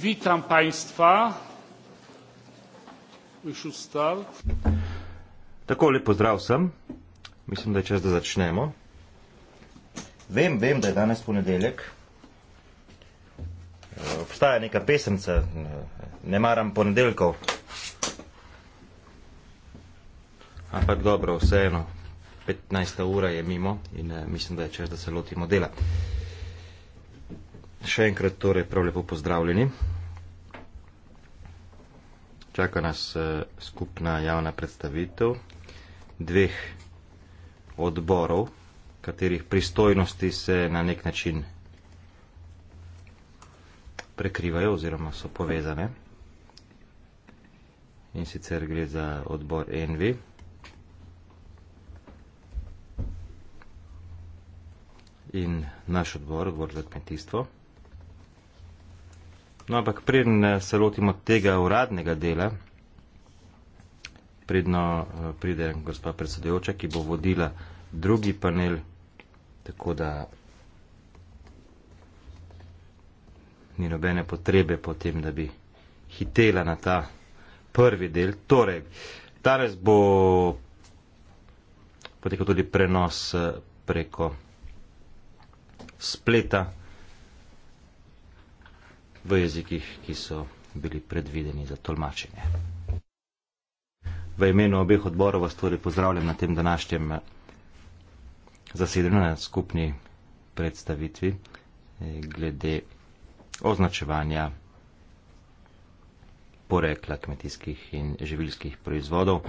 Witam Państwa. Już ustal. Takole pozdrav sem. Mislim, da je čas, da začnemo. Vem, vem, da je danes ponedeljek. Eh, obstaja neka pesemca, eh, ne maram ponedeljkov. Ampak dobro, vseeno, 15. ura je mimo in eh, mislim, da je čas, da se lotimo dela. Še enkrat torej prav lepo pozdravljeni. Čaka nas eh, skupna javna predstavitev dveh odborov, katerih pristojnosti se na nek način prekrivajo oziroma so povezane. In sicer gre za odbor NV. In naš odbor, odbor za kmetijstvo. No, ampak preden eh, se lotimo tega uradnega dela, predno eh, pride gospa predsedujoča, ki bo vodila drugi panel, tako da ni nobene potrebe potem, da bi hitela na ta prvi del. Torej, danes bo potekal tudi prenos eh, preko spleta v jezikih, ki so bili predvideni za tolmačenje. V imenu obeh odborov vas torej pozdravljam na tem današnjem eh, zasedanju na skupni predstavitvi eh, glede označevanja porekla kmetijskih in živilskih proizvodov.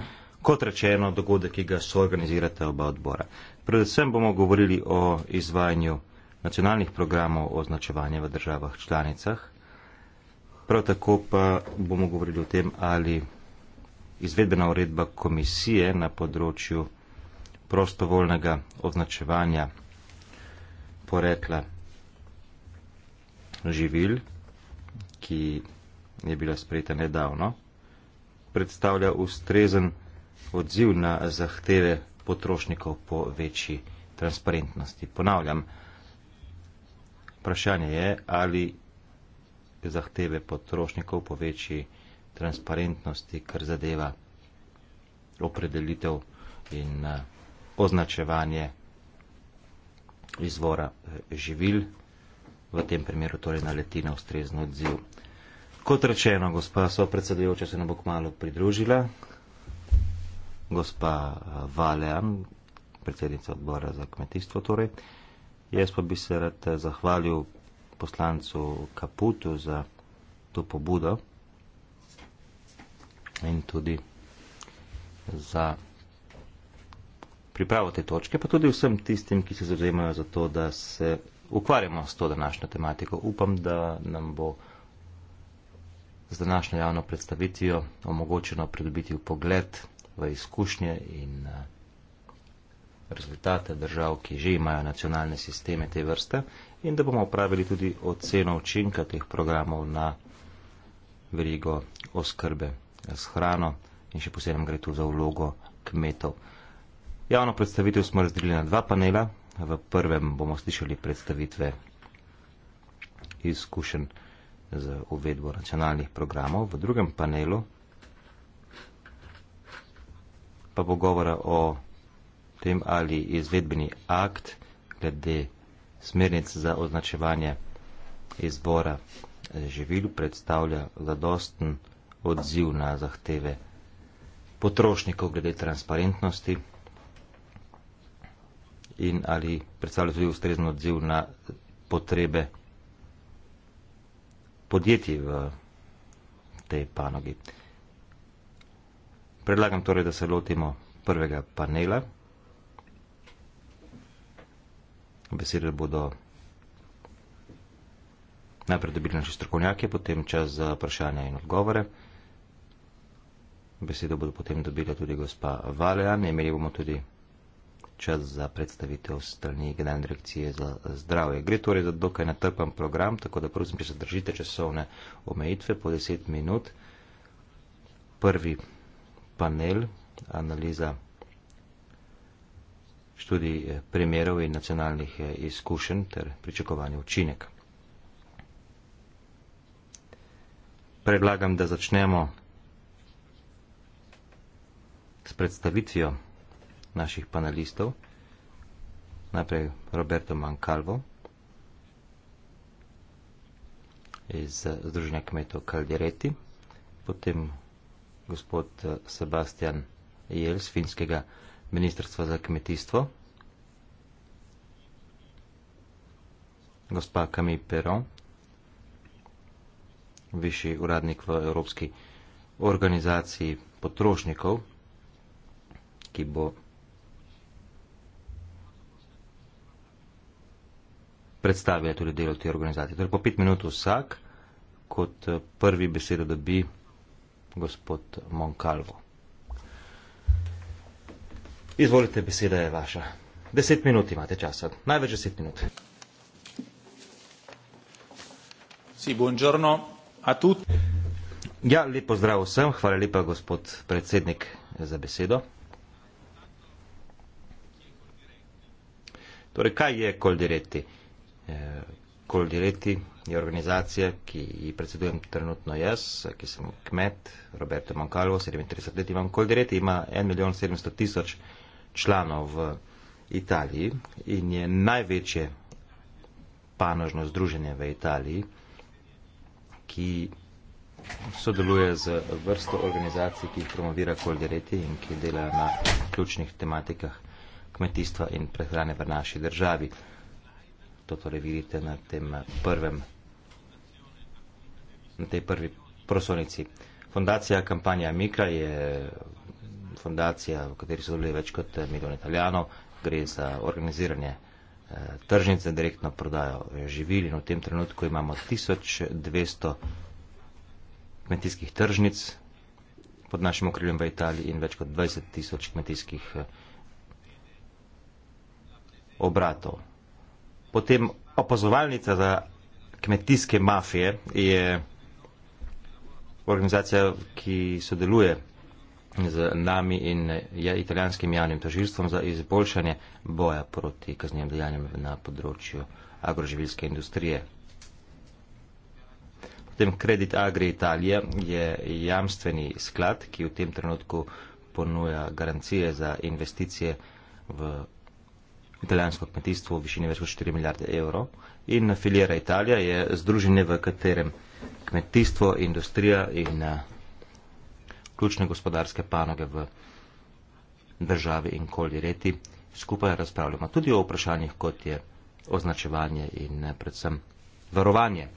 Kot rečeno, dogodek, ki ga so organizirate oba odbora. Predvsem bomo govorili o izvajanju nacionalnih programov označevanja v državah članicah, Prav tako pa bomo govorili o tem, ali izvedbena uredba komisije na področju prostovoljnega označevanja porekla živil, ki je bila sprejeta nedavno, predstavlja ustrezen odziv na zahteve potrošnikov po večji transparentnosti. Ponavljam, vprašanje je, ali zahteve potrošnikov po večji transparentnosti, kar zadeva opredelitev in eh, označevanje izvora eh, živil, v tem primeru torej naleti na ustrezno odziv. Kot rečeno, gospa so predsedujoča se nam bo kmalo pridružila, gospa eh, Valean, predsednica odbora za kmetijstvo torej. Jaz pa bi se rad zahvalil poslancu Kaputu za to pobudo in tudi za pripravo te točke, pa tudi vsem tistim, ki se zavzemajo za to, da se ukvarjamo s to današnjo tematiko. Upam, da nam bo z današnjo javno predstavitvijo omogočeno pridobiti v pogled v izkušnje in eh, rezultate držav, ki že imajo nacionalne sisteme te vrste in da bomo upravili tudi oceno učinka teh programov na verigo oskrbe s hrano in še posebej gre tu za vlogo kmetov. Javno predstavitev smo razdelili na dva panela. V prvem bomo slišali predstavitve izkušenj z uvedbo nacionalnih programov, v drugem panelu pa bo govora o tem, ali izvedbeni akt glede smernic za označevanje izbora živil predstavlja zadosten odziv na zahteve potrošnikov glede transparentnosti in ali predstavlja tudi ustrezen odziv na potrebe podjetij v tej panogi. Predlagam torej, da se lotimo prvega panela. besede bodo najprej dobili naši strokovnjaki, potem čas za vprašanja in odgovore. Besedo bodo potem dobila tudi gospa Valean. Imeli bomo tudi čas za predstavitev strani Generalne direkcije za zdravje. Gre torej za dokaj natrpan program, tako da prosim, če se držite časovne omejitve po 10 minut. Prvi panel, analiza študij eh, primerov in nacionalnih eh, izkušenj ter pričakovanje učinek. Predlagam, da začnemo s predstavitvijo naših panelistov. Najprej Roberto Mancalvo iz eh, Združenja kmetov Kaldireti, potem gospod Sebastian Jels, finskega Ministrstva za kmetijstvo. Gospa Camille Perron, višji uradnik v Evropski organizaciji potrošnikov, ki bo predstavila tudi delo te organizacije. Torej po pet minut vsak, kot prvi besedo dobi gospod Moncalvo. Izvolite, beseda je vaša. Deset minut imate časa, največ deset minut. Si, buongiorno, a tutti. Ja, lep pozdrav vsem, hvala lepa gospod predsednik za besedo. Torej, kaj je Koldireti? Eh, Koldireti je organizacija, ki ji predsedujem trenutno jaz, ki sem kmet, Roberto Moncalvo, 37 let imam. Koldireti ima 1 milijon 700 tisoč članov v Italiji in je največje panožno združenje v Italiji, ki sodeluje z vrsto organizacij, ki jih promovira Koldereti in ki dela na ključnih tematikah kmetijstva in prehrane v naši državi. To torej vidite na tem prvem, na tej prvi prosonici. Fundacija Kampanja Mikra je fundacija, v kateri so bili več kot eh, milijon italijanov, gre za organiziranje eh, tržnice, direktno prodajo eh, živili in v tem trenutku imamo 1200 kmetijskih tržnic pod našim okriljem v Italiji in več kot 20 tisoč kmetijskih eh, obratov. Potem opazovalnica za kmetijske mafije je organizacija, ki sodeluje z nami in ja, italijanskim javnim tožilstvom za izboljšanje boja proti kaznjem dejanjem na področju agroživilske industrije. Potem Kredit Agri Italija je jamstveni sklad, ki v tem trenutku ponuja garancije za investicije v italijansko kmetijstvo v višini več kot 4 milijarde evrov. In Filiera Italija je združenje, v katerem kmetijstvo, industrija in ključne gospodarske panoge v državi in koli reti, skupaj razpravljamo tudi o vprašanjih, kot je označevanje in eh, predvsem varovanje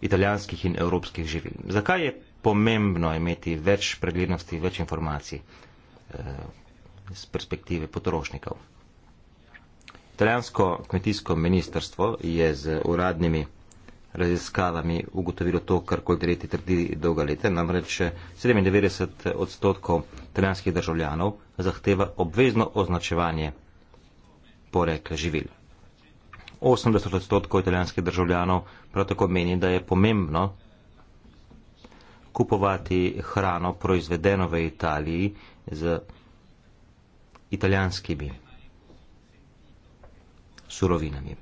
italijanskih in evropskih živil. Zakaj je pomembno imeti več preglednosti, več informacij z eh, perspektive potrošnikov? Italijansko kmetijsko ministrstvo je z uradnimi raziskavami ugotovilo to, kar Kolderiti trdi dolga leta, namreč 97 odstotkov italijanskih državljanov zahteva obvezno označevanje porekla živil. 80 odstotkov italijanskih državljanov prav tako meni, da je pomembno kupovati hrano proizvedeno v Italiji z italijanskimi surovinami.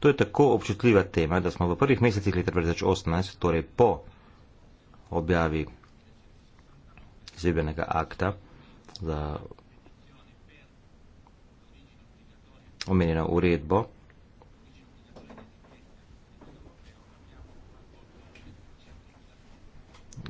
To je tako občutljiva tema, da smo v prvih mesecih leta 2018, torej po objavi izvedbenega akta za omenjeno uredbo,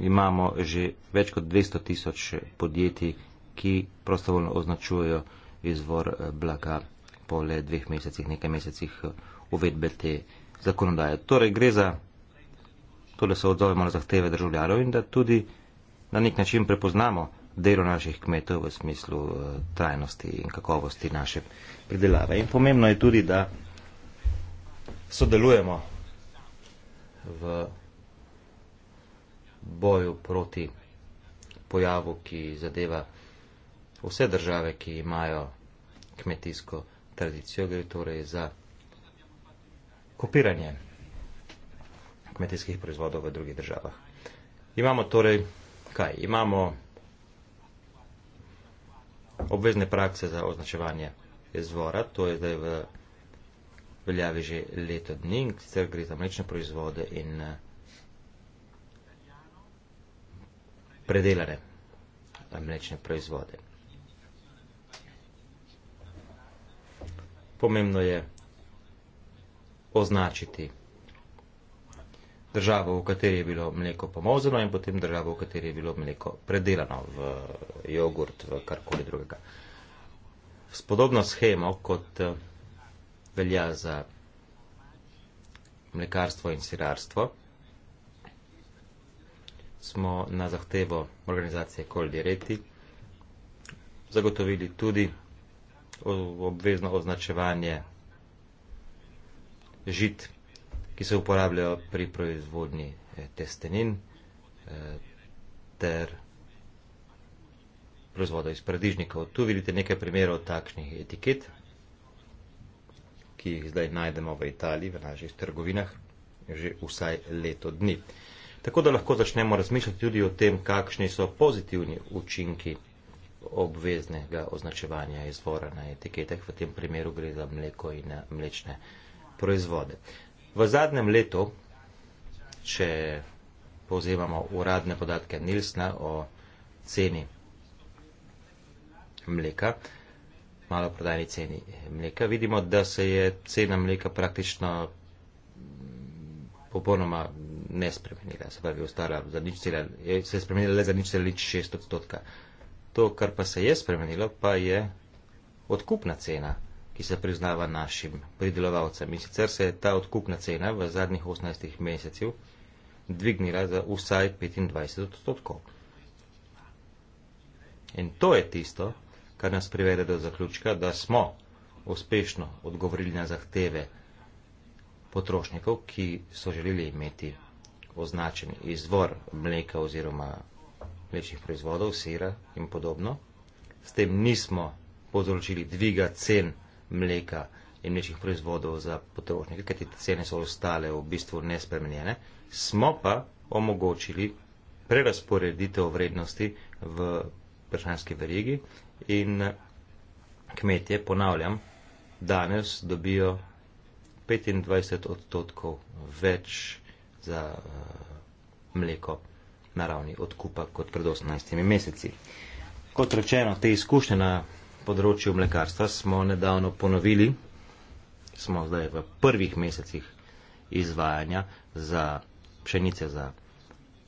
imamo že več kot 200 tisoč podjetij, ki prostovoljno označujejo izvor eh, blaga po le dveh mesecih, nekaj mesecih eh, uvedbe te zakonodaje. Torej gre za to, da se odzovemo na zahteve državljanov in da tudi na nek način prepoznamo delo naših kmetov v smislu eh, trajnosti in kakovosti naše pridelave. In pomembno je tudi, da sodelujemo v boju proti pojavu, ki zadeva vse države, ki imajo kmetijsko tradicijo. Gre torej za kopiranje kmetijskih proizvodov v drugih državah. Imamo torej, kaj? Imamo obvezne prakse za označevanje izvora, to je zdaj v veljavi že leto dni, sicer gre za mlečne proizvode in eh, predelane eh, mlečne proizvode. Pomembno je, označiti državo, v kateri je bilo mleko pomozeno in potem državo, v kateri je bilo mleko predelano v jogurt, v karkoli drugega. S podobno schemo, kot eh, velja za mlekarstvo in sirarstvo, smo na zahtevo organizacije Koldireti zagotovili tudi obvezno označevanje žit, ki se uporabljajo pri proizvodnji eh, testenin eh, ter proizvodov iz paradižnikov. Tu vidite nekaj primerov takšnih etiket, ki jih zdaj najdemo v Italiji, v naših trgovinah, že vsaj leto dni. Tako da lahko začnemo razmišljati tudi o tem, kakšni so pozitivni učinki obveznega označevanja izvora na etiketah, v tem primeru gre za mleko in eh, mlečne proizvode. V zadnjem letu, če povzemamo uradne podatke Nilsna o ceni mleka, malo prodajni ceni mleka, vidimo, da se je cena mleka praktično mm, popolnoma ne spremenila, se pravi, ostala za nič cela, se je spremenila le za nič cela nič šest odstotka. To, kar pa se je spremenilo, pa je odkupna cena ki se priznava našim pridelovalcem. In sicer se je ta odkupna cena v zadnjih 18 mesecih dvignila za vsaj 25 odstotkov. In to je tisto, kar nas privede do zaključka, da smo uspešno odgovorili na zahteve potrošnikov, ki so želeli imeti označen izvor mleka oziroma mlečnih proizvodov, sira in podobno. S tem nismo povzročili dviga cen mleka in mlečnih proizvodov za potrošnike, ker te cene so ostale v bistvu nespremenjene. Smo pa omogočili prerasporeditev vrednosti v prehranski verigi in kmetje, ponavljam, danes dobijo 25 odstotkov več za uh, mleko na ravni odkupa kot pred 18 meseci. Kot rečeno, te izkušnje na področju mlekarstva smo nedavno ponovili, smo zdaj v prvih mesecih izvajanja za pšenice, za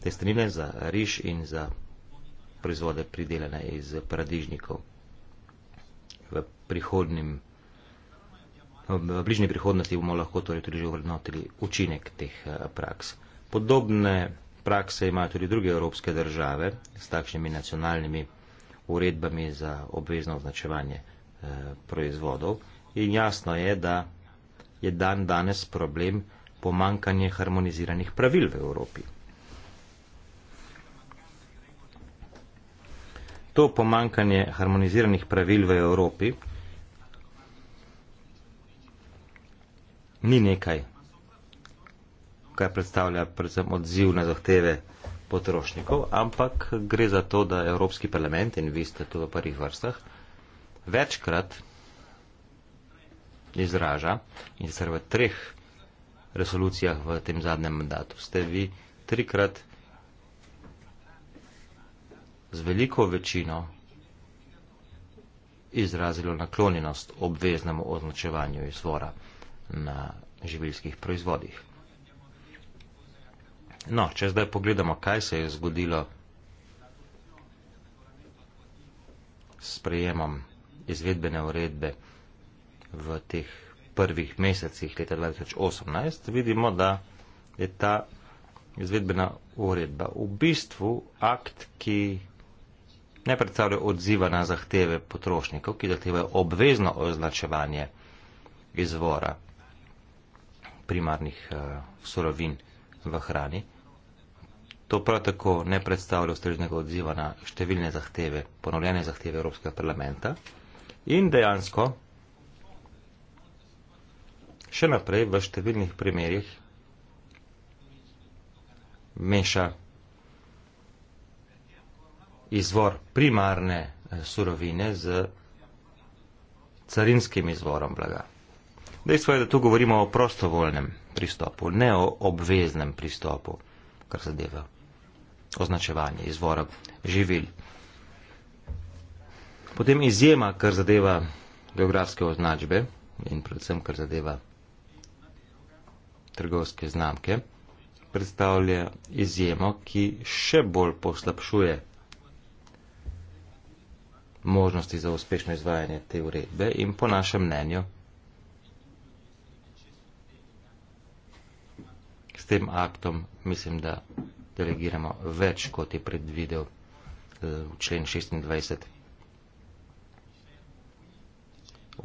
testnine, za riž in za proizvode pridelane iz paradižnikov. V, prihodnim, v bližnji prihodnosti bomo lahko torej tudi že uvrednotili učinek teh eh, praks. Podobne prakse imajo tudi druge evropske države s takšnimi nacionalnimi uredbami za obvezno označevanje e, proizvodov. In jasno je, da je dan danes problem pomankanje harmoniziranih pravil v Evropi. To pomankanje harmoniziranih pravil v Evropi ni nekaj, kar predstavlja predvsem odziv na zahteve potrošnikov, ampak gre za to, da Evropski parlament in vi ste tu v prvih vrstah večkrat izraža in sicer v treh resolucijah v tem zadnjem mandatu ste vi trikrat z veliko večino izrazilo naklonjenost obveznemu označevanju izvora na živilskih proizvodih. No, če zdaj pogledamo, kaj se je zgodilo s prejemom izvedbene uredbe v teh prvih mesecih leta 2018, vidimo, da je ta izvedbena uredba v bistvu akt, ki ne predstavlja odziva na zahteve potrošnikov, ki zahtevajo obvezno označevanje izvora primarnih uh, surovin v hrani. To prav tako ne predstavlja ustreznega odziva na številne zahteve, ponovljene zahteve Evropskega parlamenta in dejansko še naprej v številnih primerjih meša izvor primarne eh, surovine z carinskim izvorom blaga. Dejstvo je, da tu govorimo o prostovoljnem pristopu, ne o obveznem pristopu, kar zadeva označevanje izvora živil. Potem izjema, kar zadeva geografske označbe in predvsem, kar zadeva trgovske znamke, predstavlja izjemo, ki še bolj poslabšuje možnosti za uspešno izvajanje te uredbe in po našem mnenju s tem aktom mislim, da delegiramo več, kot je predvidel v eh, člen 26.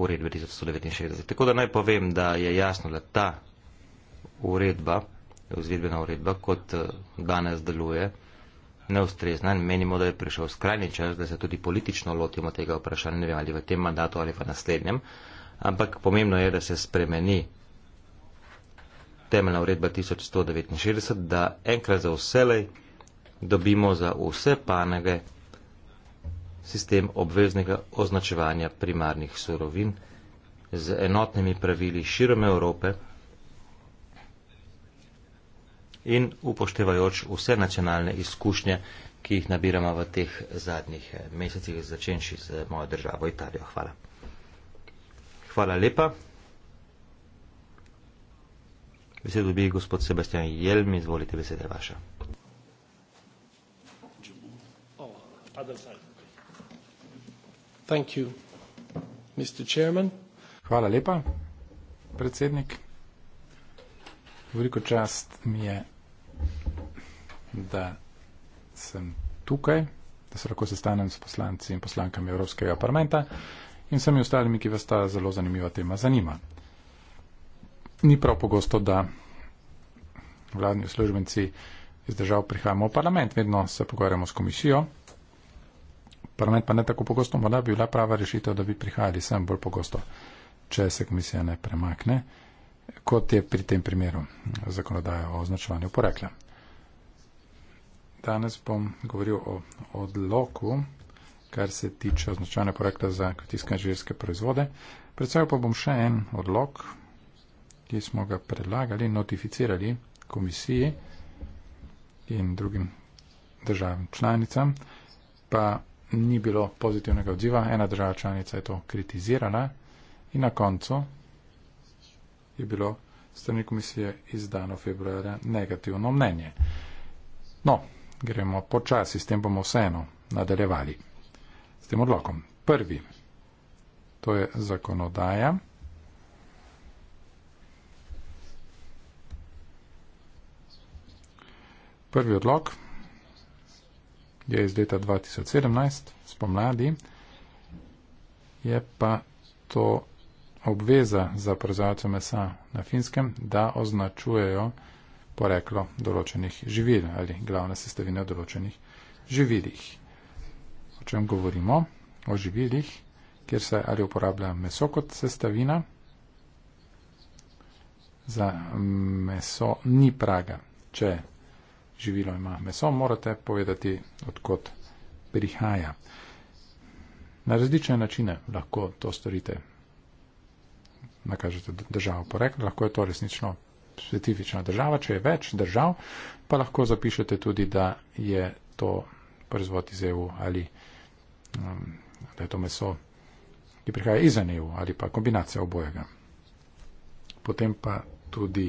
uredbe 1969. Tako da naj povem, da je jasno, da ta uredba, vzvedbena uredba, kot eh, danes deluje, neustrezna in menimo, da je prišel skrajni čas, da se tudi politično lotimo tega vprašanja, ne vem ali v tem mandatu ali v naslednjem, ampak pomembno je, da se spremeni temeljna uredba 1169, da enkrat za vselej dobimo za vse panoge sistem obveznega označevanja primarnih surovin z enotnimi pravili širom Evrope in upoštevajoč vse nacionalne izkušnje, ki jih nabiramo v teh zadnjih eh, mesecih, začenši z mojo državo Italijo. Hvala. Hvala lepa. Besedo dobi gospod Sebastian Jelmi, izvolite, beseda je vaša. Thank you, Mr. Hvala lepa, predsednik. Veliko čast mi je, da sem tukaj, da se lahko sestanem s poslanci in poslankami Evropskega parlamenta in vsemi ostalimi, ki vas ta zelo zanimiva tema zanima ni prav pogosto, da vladni uslužbenci iz držav prihajamo v parlament, vedno se pogovarjamo s komisijo. Parlament pa ne tako pogosto, morda bi bila prava rešitev, da bi prihajali sem bolj pogosto, če se komisija ne premakne, kot je pri tem primeru zakonodaja o označevanju porekla. Danes bom govoril o odloku, kar se tiče označevanja porekla za kmetijske in živirske proizvode. Predstavil pa bom še en odlok, ki smo ga predlagali, notificirali komisiji in drugim državam članicam, pa ni bilo pozitivnega odziva. Ena država članica je to kritizirala in na koncu je bilo strani komisije izdano februarja negativno mnenje. No, gremo počasi, s tem bomo vseeno nadaljevali. S tem odlokom. Prvi, to je zakonodaja. Prvi odlog je iz leta 2017, spomladi, je pa to obveza za prezajalce mesa na finskem, da označujejo poreklo določenih živil ali glavne sestavine v določenih živilih. O čem govorimo? O živilih, kjer se ali uporablja meso kot sestavina, za meso ni praga. Če živilo ima meso, morate povedati, odkot prihaja. Na različne načine lahko to storite. Nakažete državo porekla, lahko je to resnično specifična država. Če je več držav, pa lahko zapišete tudi, da je to proizvod iz EU ali um, da je to meso, ki prihaja izven EU ali pa kombinacija obojega. Potem pa tudi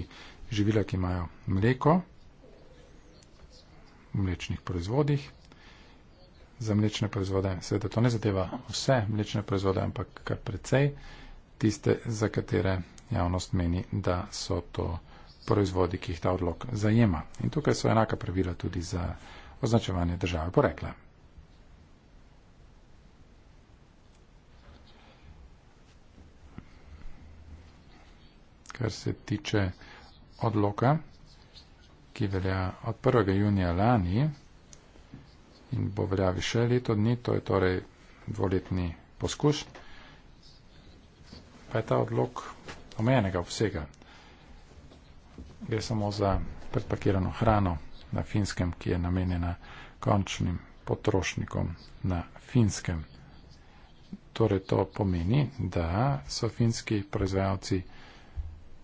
živila, ki imajo mleko, mlečnih proizvodih. Za mlečne proizvode, seveda to ne zadeva vse mlečne proizvode, ampak kar precej tiste, za katere javnost meni, da so to proizvodi, ki jih ta odlog zajema. In tukaj so enaka pravila tudi za označevanje države porekla. Kar se tiče odloka, ki velja od 1. junija lani in bo veljavi še leto dni, to je torej dvoletni poskus, pa je ta odlog omejenega obsega. Gre samo za predpakirano hrano na finskem, ki je namenjena končnim potrošnikom na finskem. Torej to pomeni, da so finski proizvajalci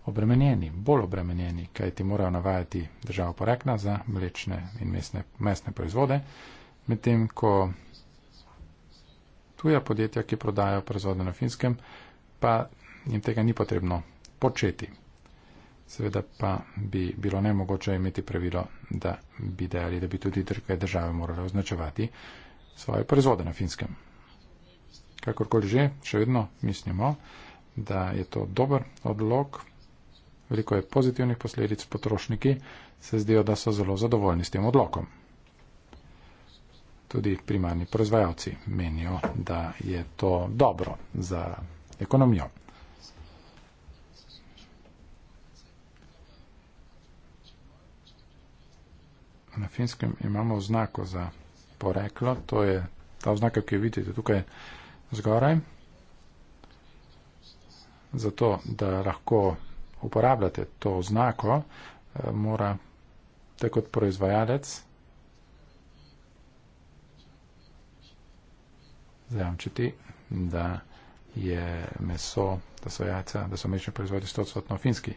obremenjeni, bolj obremenjeni, kaj ti morajo navajati državo porekna za mlečne in mesne, mesne proizvode, medtem ko tuja podjetja, ki prodajo proizvode na finskem, pa jim tega ni potrebno početi. Seveda pa bi bilo nemogoče imeti pravilo, da bi dejali, da bi tudi druge države morale označevati svoje proizvode na finskem. Kakorkoli že, še vedno mislimo, da je to dober odlog veliko je pozitivnih posledic, potrošniki se zdijo, da so zelo zadovoljni s tem odlokom. Tudi primarni proizvajalci menijo, da je to dobro za ekonomijo. Na finskem imamo oznako za poreklo, to je ta oznaka, ki jo vidite tukaj zgoraj, zato da lahko uporabljate to znako, eh, mora te kot proizvajalec. zajamčiti, da je meso, da so jajca, da so mlečni proizvodi 100% finski.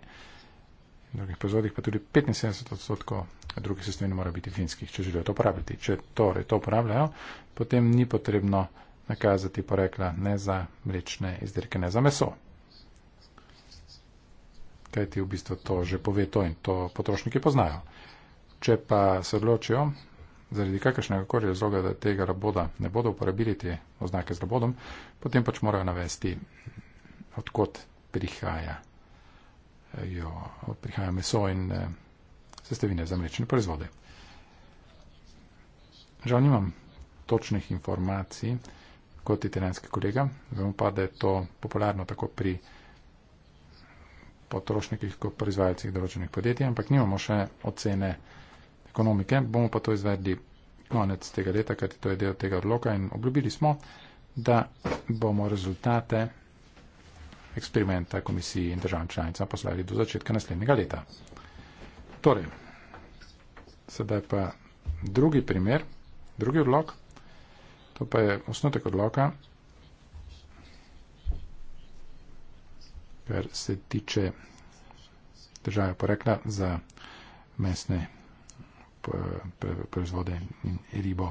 V drugih proizvodih pa tudi 75% drugih sestavin mora biti finskih, če želijo to uporabljati. Če torej to uporabljajo, potem ni potrebno nakazati porekla ne za mlečne izdelke, ne za meso kaj ti v bistvu to že pove to in to potrošniki poznajo. Če pa se odločijo zaradi kakršnega koli razloga, da tega raboda ne bodo uporabili te oznake z rabodom, potem pač morajo navesti, odkot prihaja, eh, jo, prihaja meso in eh, sestavine za mlečne proizvode. Žal nimam točnih informacij kot italijanski kolega, vemo pa, da je to popularno tako pri potrošnikih kot proizvajalcih določenih podjetij, ampak nimamo še ocene ekonomike. Bomo pa to izvedli konec tega leta, kajti to je del tega odloka in obljubili smo, da bomo rezultate eksperimenta komisiji in državna članica poslali do začetka naslednjega leta. Torej, sedaj pa drugi primer, drugi odlok. To pa je osnotek odloka, kar se tiče države porekla za mesne proizvode in ribo,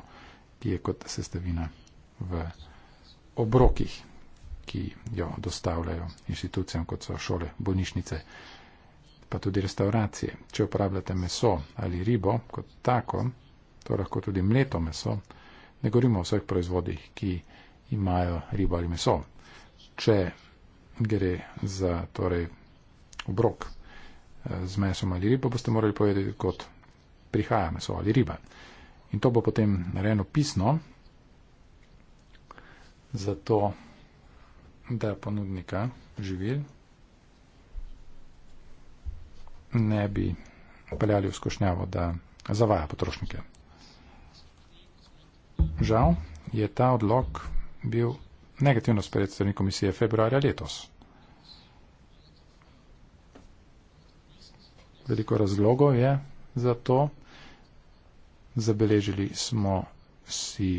ki je kot sestavina v obrokih, ki jo dostavljajo inštitucijam, kot so šole, bolnišnice, pa tudi restauracije. Če uporabljate meso ali ribo kot tako, to lahko tudi mleto meso, ne govorimo o vseh proizvodih, ki imajo ribo ali meso. Če gre za torej, obrok eh, z mesom ali ribo, boste morali povedati, kot prihaja meso ali riba. In to bo potem narejeno pisno, zato da ponudnika živil ne bi peljali v skušnjavo, da zavaja potrošnike. Žal je ta odlog bil negativno sprejet strani komisije februarja letos. Veliko razlogov je za to. Zabeležili smo si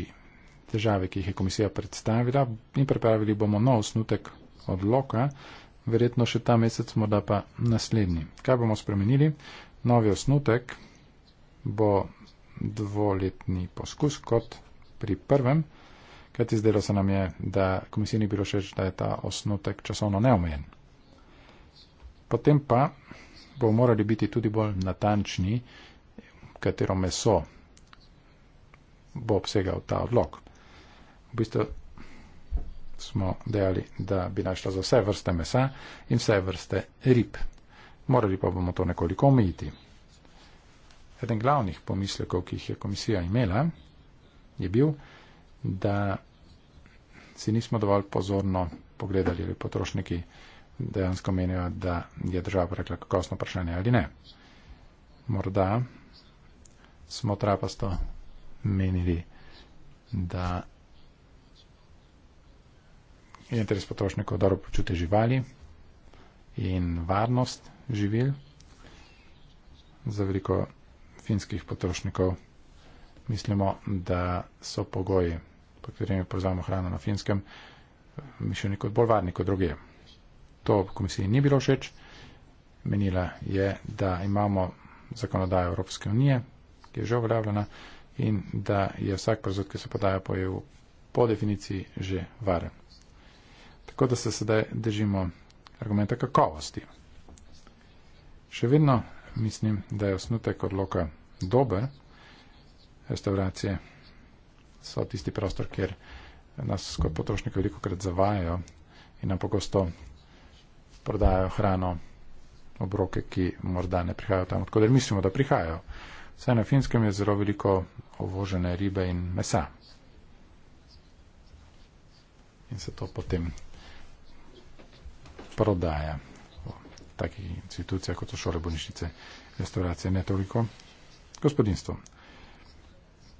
težave, ki jih je komisija predstavila in pripravili bomo nov snutek odloka, verjetno še ta mesec, morda pa naslednji. Kaj bomo spremenili? Novi osnutek bo dvoletni poskus kot pri prvem kajti zdelo se nam je, da komisiji ni bilo všeč, da je ta osnutek časovno neomejen. Potem pa bomo morali biti tudi bolj natančni, katero meso bo obsegal ta odlog. V bistvu smo dejali, da bi našla za vse vrste mesa in vse vrste rib. Morali pa bomo to nekoliko omejiti. Eden glavnih pomislekov, ki jih je komisija imela, je bil, da si nismo dovolj pozorno pogledali, ali potrošniki dejansko menijo, da je država rekla kakosno vprašanje ali ne. Morda smo trapasto menili, da je interes potrošnikov dobro počute živali in varnost živil. Za veliko finskih potrošnikov mislimo, da so pogoji po katerimi proizvajamo hrano na finskem, mišljeni kot bolj varni kot druge. To komisiji ni bilo všeč. Menila je, da imamo zakonodajo Evropske unije, ki je že uveljavljena in da je vsak proizvod, ki se podaja po EU, po definiciji že varen. Tako da se sedaj držimo argumenta kakovosti. Še vedno mislim, da je osnutek odloka dober restauracije so tisti prostor, kjer nas kot potrošniki veliko krat zavajajo in nam pogosto prodajajo hrano, obroke, ki morda ne prihajajo tam, odkud mislimo, da prihajajo. Vsaj na finskem je zelo veliko ovožene ribe in mesa. In se to potem prodaja v takih institucijah, kot so šole, bolnišnice, restauracije, ne toliko gospodinstvo.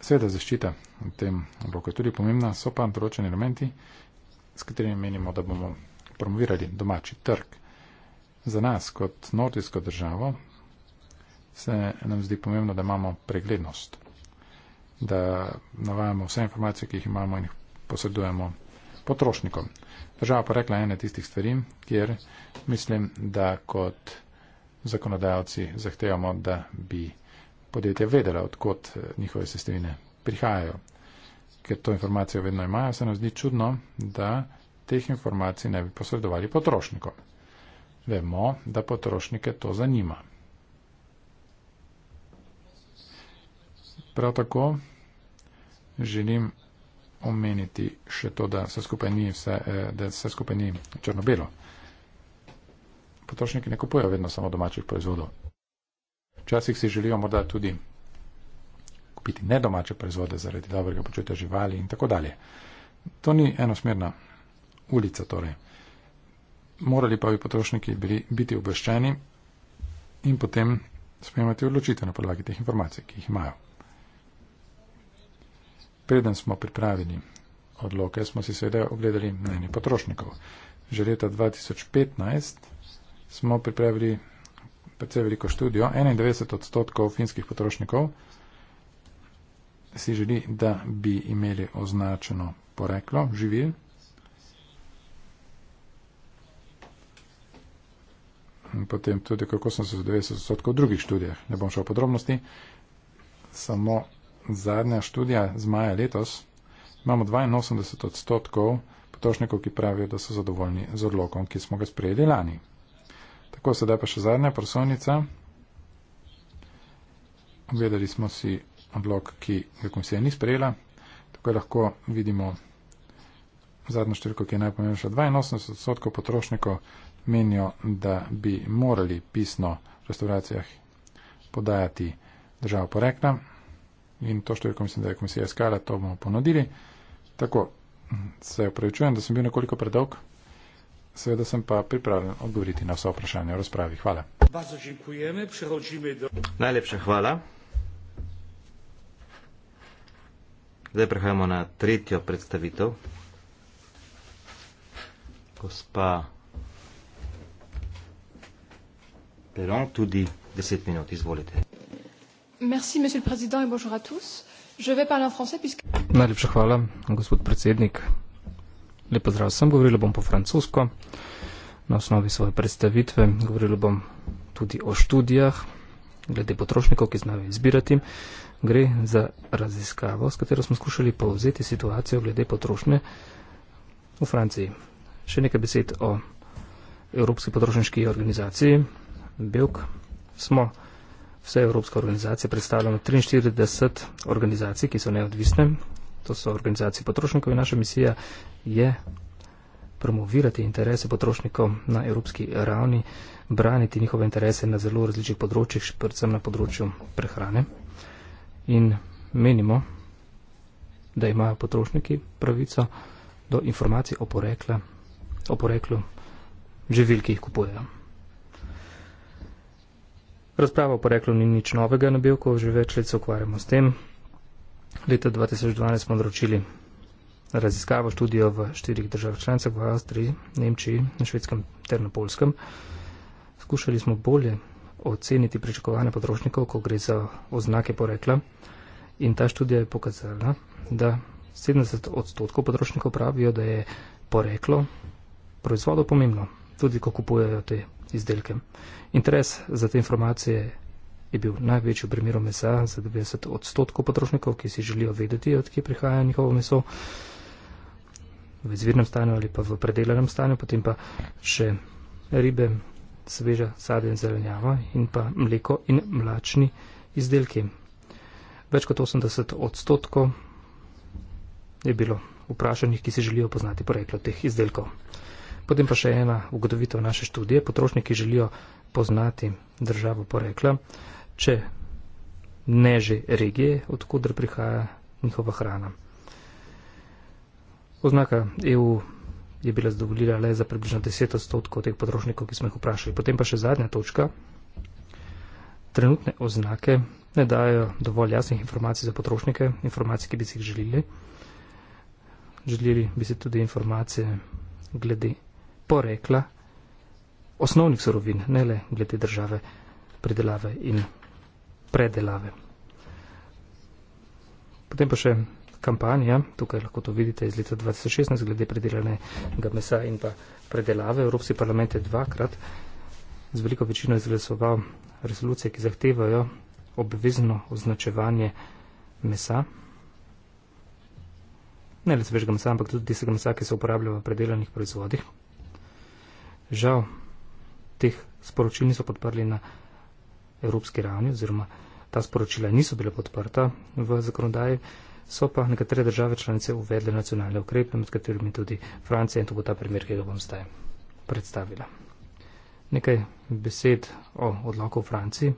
Sveda zaščita v tem obroku je tudi pomembna, so pa določeni elementi, s katerimi menimo, da bomo promovirali domači trg. Za nas kot nordijsko državo se nam zdi pomembno, da imamo preglednost, da navajamo vse informacije, ki jih imamo in jih posredujemo potrošnikom. Država pa rekla ene tistih stvari, kjer mislim, da kot zakonodajalci zahtevamo, da bi podjetja vedela, odkot eh, njihove sestavine prihajajo. Ker to informacijo vedno imajo, se nam zdi čudno, da teh informacij ne bi posredovali potrošnikom. Vemo, da potrošnike to zanima. Prav tako želim omeniti še to, da vse skupaj ni, vse, eh, da vse skupaj ni črno-belo. Potrošniki ne kupujejo vedno samo domačih proizvodov. Včasih si želijo morda tudi kupiti nedomače proizvode zaradi dobrega počutja živali in tako dalje. To ni enosmerna ulica torej. Morali pa bi potrošniki bili, biti obveščeni in potem sprejemati odločitve na podlagi teh informacij, ki jih imajo. Preden smo pripravili odloke, smo si seveda ogledali mnenje potrošnikov. Že leta 2015 smo pripravili precej veliko študijo, 91 odstotkov finskih potrošnikov si želi, da bi imeli označeno poreklo živil. Potem tudi, kako sem se za 90 odstotkov v drugih študijah. Ne bom šel v podrobnosti. Samo zadnja študija z maja letos. Imamo 82 odstotkov potrošnikov, ki pravijo, da so zadovoljni z odlokom, ki smo ga sprejeli lani. Tako sedaj pa še zadnja prosovnica. Ogledali smo si odlog, ki ga komisija ni sprejela. Tukaj lahko vidimo zadnjo številko, ki je najpomembnejša. 82 odstotkov potrošnikov menijo, da bi morali pisno v restauracijah podajati državo porekla. In to številko mislim, da je komisija iskala, to bomo ponudili. Tako se upravičujem, da sem bil nekoliko predolg. Seveda sem pa pripravljen odgovoriti na vsa vprašanja v razpravi. Hvala. Do... Najlepša hvala. Zdaj prehajamo na tretjo predstavitev. Gospa Peron, tudi deset minut, izvolite. Merci, monsieur le président, et bonjour à tous. Je vais parler en français, puisque... Najlepša hvala, gospod predsednik. Lepo zdrav vsem, govorila bom po francosko. Na osnovi svoje predstavitve govorila bom tudi o študijah, glede potrošnikov, ki znajo izbirati. Gre za raziskavo, s katero smo skušali povzeti situacijo glede potrošnje v Franciji. Še nekaj besed o Evropski potrošniški organizaciji. Bilk smo vse evropske organizacije predstavljamo 43 organizacij, ki so neodvisne, to so organizacije potrošnikov in naša misija je promovirati interese potrošnikov na evropski ravni, braniti njihove interese na zelo različnih področjih, predvsem na področju prehrane. In menimo, da imajo potrošniki pravico do informacij o, porekla, o poreklu živil, ki jih kupujejo. Razprava o poreklu ni nič novega na Bilko, že več let se ukvarjamo s tem. Leta 2012 smo naročili raziskavo študijo v štirih državah članicah, v Avstriji, Nemčiji, na švedskem ter na polskem. Skušali smo bolje oceniti pričakovanja potrošnikov, ko gre za oznake porekla in ta študija je pokazala, da 70 odstotkov potrošnikov pravijo, da je poreklo proizvodov pomembno, tudi ko kupujejo te izdelke. Interes za te informacije je bil največji v primeru mesa za 90 odstotkov potrošnikov, ki si želijo vedeti, odkje prihaja njihovo meso, v izvirnem stanju ali pa v predelanem stanju, potem pa še ribe, sveža sadje in zelenjava in pa mleko in mlačni izdelki. Več kot 80 odstotkov je bilo vprašanih, ki si želijo poznati poreklo teh izdelkov. Potem pa še ena ugotovitev naše študije. Potrošniki želijo poznati državo porekla, če ne že regije, odkudr prihaja njihova hrana. Oznaka EU je bila zadovoljila le za približno 10 odstotkov teh potrošnikov, ki smo jih vprašali. Potem pa še zadnja točka. Trenutne oznake ne dajo dovolj jasnih informacij za potrošnike, informacij, ki bi si jih želili. Želeli bi si tudi informacije glede porekla osnovnih sorovin, ne le glede države pridelave in predelave. Potem pa še kampanja, tukaj lahko to vidite iz leta 2016, glede predelanega mesa in pa predelave. Evropski parlament je dvakrat z veliko večino izglasoval resolucije, ki zahtevajo obvezno označevanje mesa. Ne le svežega mesa, ampak tudi tistega mesa, ki se uporablja v predelanih proizvodih. Žal, teh sporočil niso podprli na evropski ravni, oziroma ta sporočila niso bile podprta v zakonodaji, so pa nekatere države članice uvedle nacionalne ukrepe, med katerimi tudi Francija in to bo ta primer, ki ga bom zdaj predstavila. Nekaj besed o odloku v Franciji.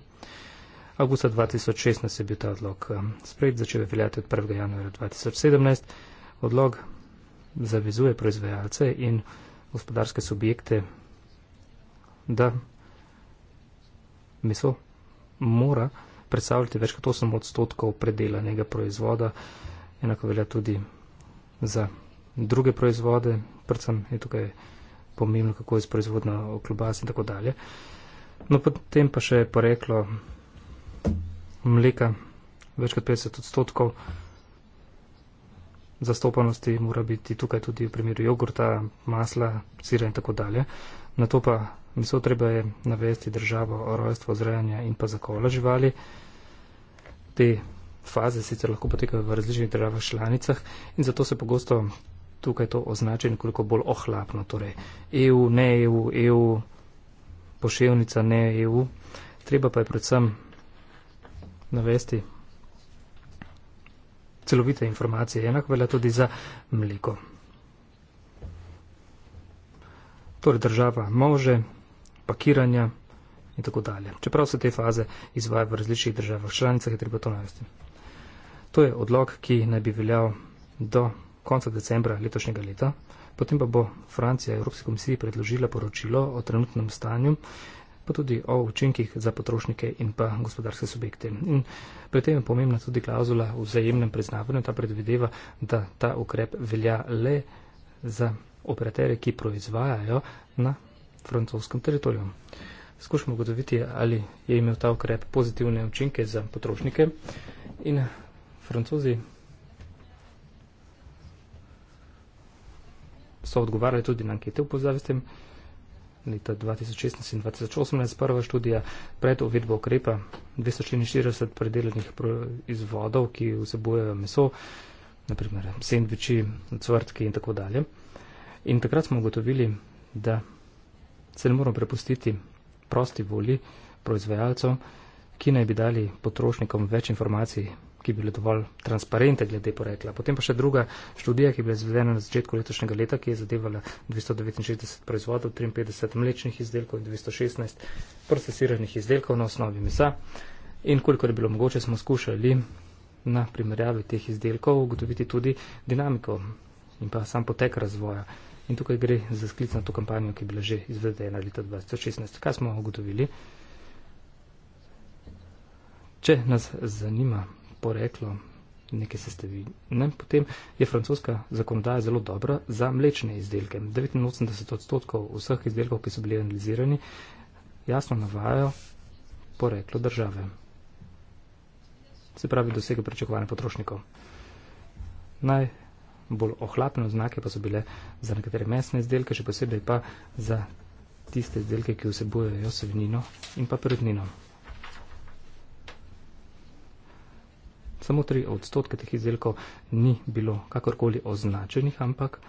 Augusta 2016 je bil ta odlog eh, sprejet, začel je veljati od 1. januarja 2017. Odlog zavezuje proizvajalce in gospodarske subjekte да, meso mora predstavljati več kot 8 odstotkov predelanega proizvoda, enako velja tudi za druge proizvode, predvsem je tukaj pomembno, kako je proizvodna oklobasa in tako dalje. No, potem pa še poreklo mleka, več kot 50 odstotkov zastopanosti mora biti tukaj tudi v primeru jogurta, masla, sira in tako dalje. Na to pa Vso treba je navesti državo o rojstvu, zrejanja in pa zakola živali. Te faze sicer lahko potekajo v različnih državah članicah in zato se pogosto tukaj to označi nekoliko bolj ohlapno. Torej EU, ne EU, EU, poševnica, ne EU. Treba pa je predvsem navesti celovite informacije, enako velja tudi za mleko. Torej država može, pakiranja in tako dalje. Čeprav se te faze izvajajo v različnih državah članicah, je treba to navesti. To je odlog, ki naj bi veljal do konca decembra letošnjega leta. Potem pa bo Francija Evropski komisiji predložila poročilo o trenutnem stanju, pa tudi o učinkih za potrošnike in pa gospodarske subjekte. In pri tem je pomembna tudi klauzula v vzajemnem priznavanju. Ta predvideva, da ta ukrep velja le za operatere, ki proizvajajo na francoskem teritoriju. Skušamo ugotoviti, ali je imel ta ukrep pozitivne učinke za potrošnike in francozi so odgovarjali tudi na ankete v pozavestem leta 2016 in 2018, prva študija pred uvedbo ukrepa 244 predelanih izvodov, ki vsebojajo meso, naprimer sendviči, cvrtki in tako dalje. In takrat smo ugotovili, da se ne moramo prepustiti prosti volji proizvajalcev, ki naj bi dali potrošnikom več informacij, ki bi bile dovolj transparente glede porekla. Potem pa še druga študija, ki je bila izvedena na začetku letošnjega leta, ki je zadevala 269 proizvodov, 53 mlečnih izdelkov in 216 procesiranih izdelkov na osnovi mesa. In koliko je bilo mogoče, smo skušali na primerjavi teh izdelkov ugotoviti tudi dinamiko in pa sam potek razvoja. In tukaj gre za sklic na to kampanjo, ki je bila že izvedena leta 2016. Kaj smo ugotovili? Če nas zanima poreklo neke sestavine, potem je francoska zakonodaja zelo dobra za mlečne izdelke. 89 odstotkov vseh izdelkov, ki so bili analizirani, jasno navajajo poreklo države. Se pravi, dosega pričakovanja potrošnikov. Naj bolj ohlapne oznake pa so bile za nekatere mesne izdelke, še posebej pa za tiste izdelke, ki vsebujejo svinino in pa prednino. Samo 3 odstotke teh izdelkov ni bilo kakorkoli označenih, ampak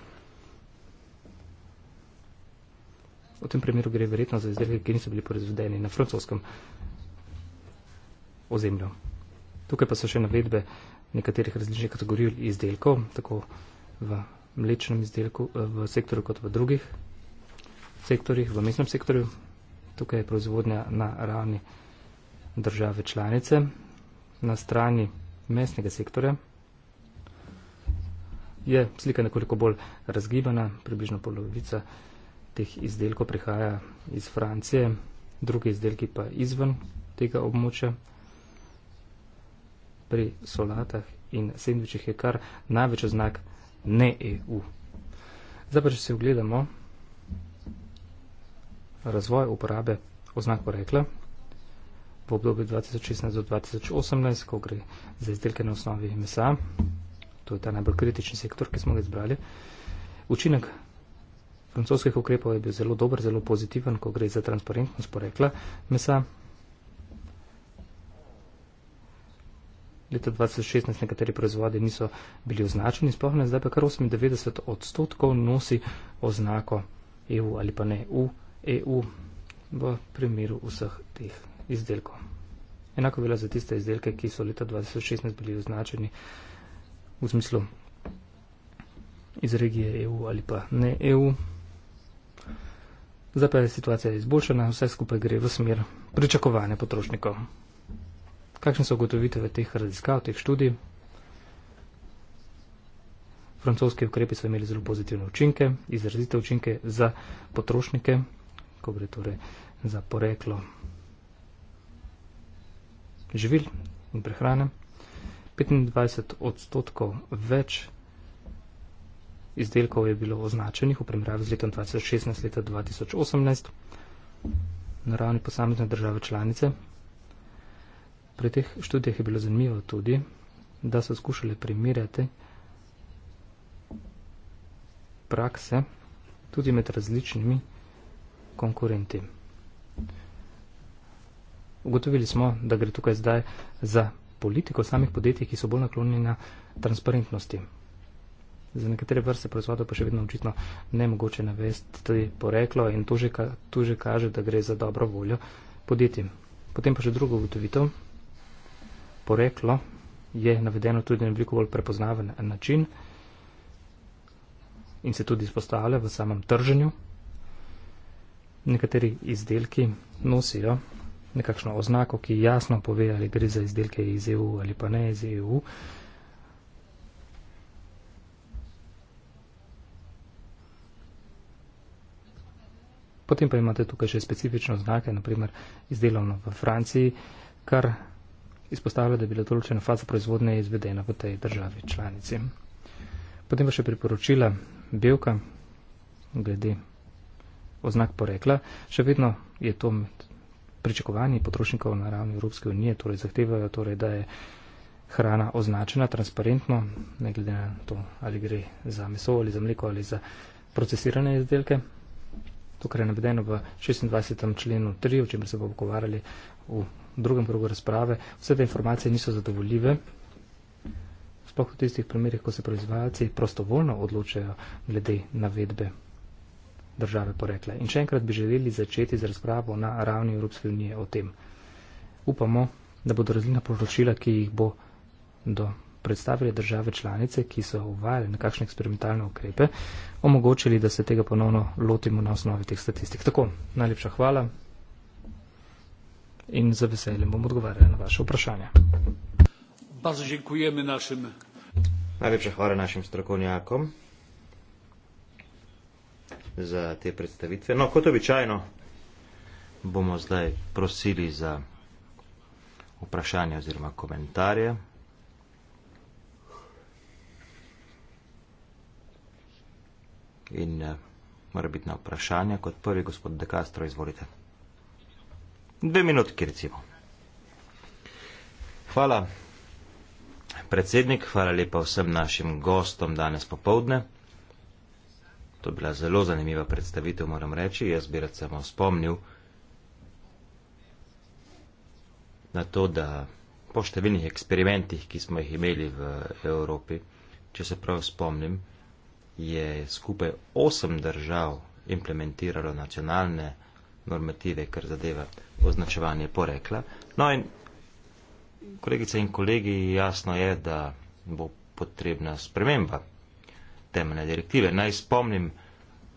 v tem primeru gre verjetno za izdelke, ki niso bili proizvedeni na francoskem ozemlju. Tukaj pa so še navedbe nekaterih različnih kategorij izdelkov, tako v mlečnem izdelku, eh, v sektorju kot v drugih sektorjih, v mestnem sektorju. Tukaj je proizvodnja na ravni države članice, na strani mestnega sektorja. Je slika nekoliko bolj razgibana, približno polovica teh izdelkov prihaja iz Francije, drugi izdelki pa izven tega območja pri solatah in sendvičih je kar največ znak ne EU. Zdaj pa, če se ogledamo razvoj uporabe oznak porekla v obdobju 2016 do 2018, ko gre za izdelke na osnovi mesa, to je ta najbolj kritični sektor, ki smo ga izbrali. Učinek francoskih ukrepov je bil zelo dober, zelo pozitiven, ko gre za transparentnost porekla mesa. leta 2016 nekateri proizvodi niso bili označeni, spohne, zdaj pa kar 98 odstotkov nosi oznako EU ali pa ne v EU v primeru vseh teh izdelkov. Enako velja za tiste izdelke, ki so leta 2016 bili označeni v smislu iz regije EU ali pa ne EU. Zdaj pa je situacija izboljšana, vse skupaj gre v smer pričakovanja potrošnikov kakšne so ugotovitve teh raziskav, teh študij. Francoski ukrepi so imeli zelo pozitivne učinke, izrazite učinke za potrošnike, ko gre torej za poreklo živil in prehrane. 25 odstotkov več izdelkov je bilo označenih v primerjavi z letom 2016 leta 2018 na ravni posamezne države članice, Pri teh študijah je bilo zanimivo tudi, da so skušali primerjati prakse tudi med različnimi konkurenti. Ugotovili smo, da gre tukaj zdaj za politiko samih podjetij, ki so bolj naklonjena transparentnosti. Za nekatere vrste proizvodov pa še vedno očitno ne mogoče navesti poreklo in to že, ka, to že kaže, da gre za dobro voljo podjetij. Potem pa še drugo ugotovitev poreklo je navedeno tudi na veliko bolj prepoznaven način in se tudi izpostavlja v samem trženju. Nekateri izdelki nosijo nekakšno oznako, ki jasno pove, ali gre za izdelke iz EU ali pa ne iz EU. Potem pa imate tukaj še specifične oznake, naprimer izdelano v Franciji, kar izpostavlja, da je bila določena faza proizvodnje izvedena v tej državi članici. Potem pa še priporočila Belka glede oznak porekla. Še vedno je to pričakovanje potrošnikov na ravni Evropske unije, torej zahtevajo, torej, da je hrana označena transparentno, ne glede na to, ali gre za meso ali za mleko ali za procesirane izdelke. Tukaj je navedeno v 26. členu 3, o čem se bomo pogovarjali v drugem krogu razprave, vse te informacije niso zadovoljive, sploh v tistih primerjih, ko se proizvajalci prostovoljno odločajo glede navedbe države porekla. In še enkrat bi želeli začeti z razpravo na ravni Evropske unije o tem. Upamo, da bodo različna poročila, ki jih bo do predstavili države članice, ki so uvajali nekakšne eksperimentalne ukrepe, omogočili, da se tega ponovno lotimo na osnovi teh statistik. Tako, najlepša hvala in za veseljem bom odgovarjal na vaše vprašanje. Bardzo dziękujemy naszym. Najlepša hvala našim strokovnjakom za te predstavitve. No, kot običajno, bomo zdaj prosili za vprašanje oziroma komentarje. In eh, mora biti na vprašanje kot prvi gospod De Castro, izvolite. Dve minutki, recimo. Hvala, predsednik, hvala lepa vsem našim gostom danes popovdne. To je bila zelo zanimiva predstavitev, moram reči. Jaz bi rad samo spomnil na to, da po številnih eksperimentih, ki smo jih imeli v Evropi, če se prav spomnim, je skupaj osem držav implementiralo nacionalne normative, kar zadeva označevanje porekla. No in kolegice in kolegi, jasno je, da bo potrebna sprememba temeljne direktive. Naj spomnim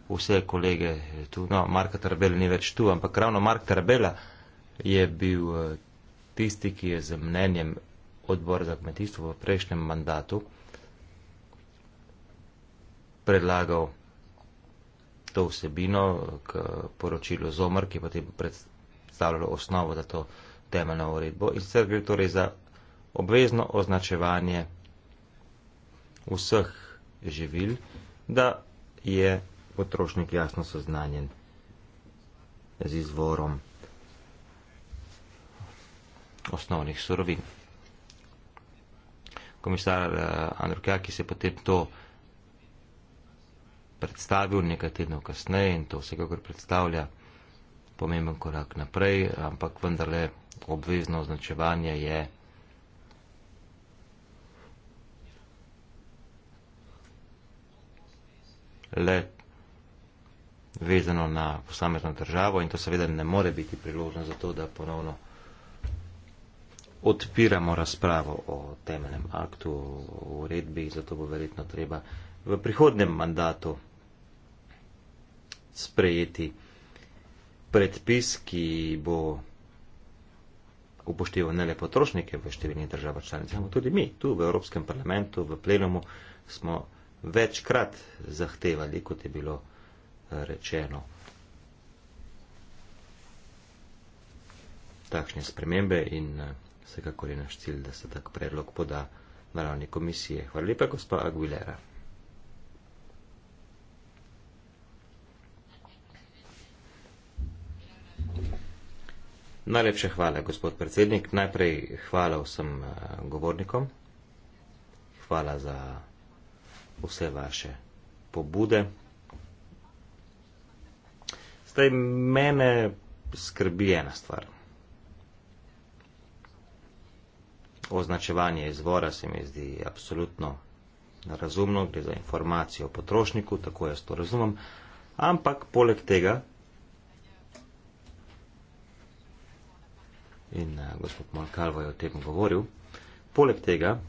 vse kolege tu, no, Marka Tarabela ni več tu, ampak ravno Mark Tarabela je bil eh, tisti, ki je z mnenjem odbora za kmetijstvo v prejšnjem mandatu predlagal to vsebino k poročilu Zomar, ki je potem predstavljalo osnovo za to temeljno uredbo. In sicer gre torej za obvezno označevanje vseh živil, da je potrošnik jasno seznanjen z izvorom osnovnih surovin. Komisar eh, Andrukjaki se potem to predstavil nekaj tednov kasneje in to vsekakor predstavlja pomemben korak naprej, ampak vendarle obvezno označevanje je le vezano na posamezno državo in to seveda ne more biti priložno za to, da ponovno odpiramo razpravo o temeljem aktu, o uredbi, zato bo verjetno treba v prihodnem mandatu sprejeti predpis, ki bo upošteval ne le potrošnike v številnih državah članicah, ampak tudi mi tu v Evropskem parlamentu, v plenumu, smo večkrat zahtevali, kot je bilo eh, rečeno, takšne spremembe in eh, vsekakor je naš cilj, da se tak predlog poda na ravni komisije. Hvala lepa, gospa Aguilera. Najlepše hvala, gospod predsednik. Najprej hvala vsem eh, govornikom. Hvala za vse vaše pobude. Zdaj, mene skrbi ena stvar. Označevanje izvora se mi zdi absolutno razumno, gre za informacijo o potrošniku, tako jaz to razumem. Ampak poleg tega in uh, gospod Malkalvo je o tem govoril. Poleg tega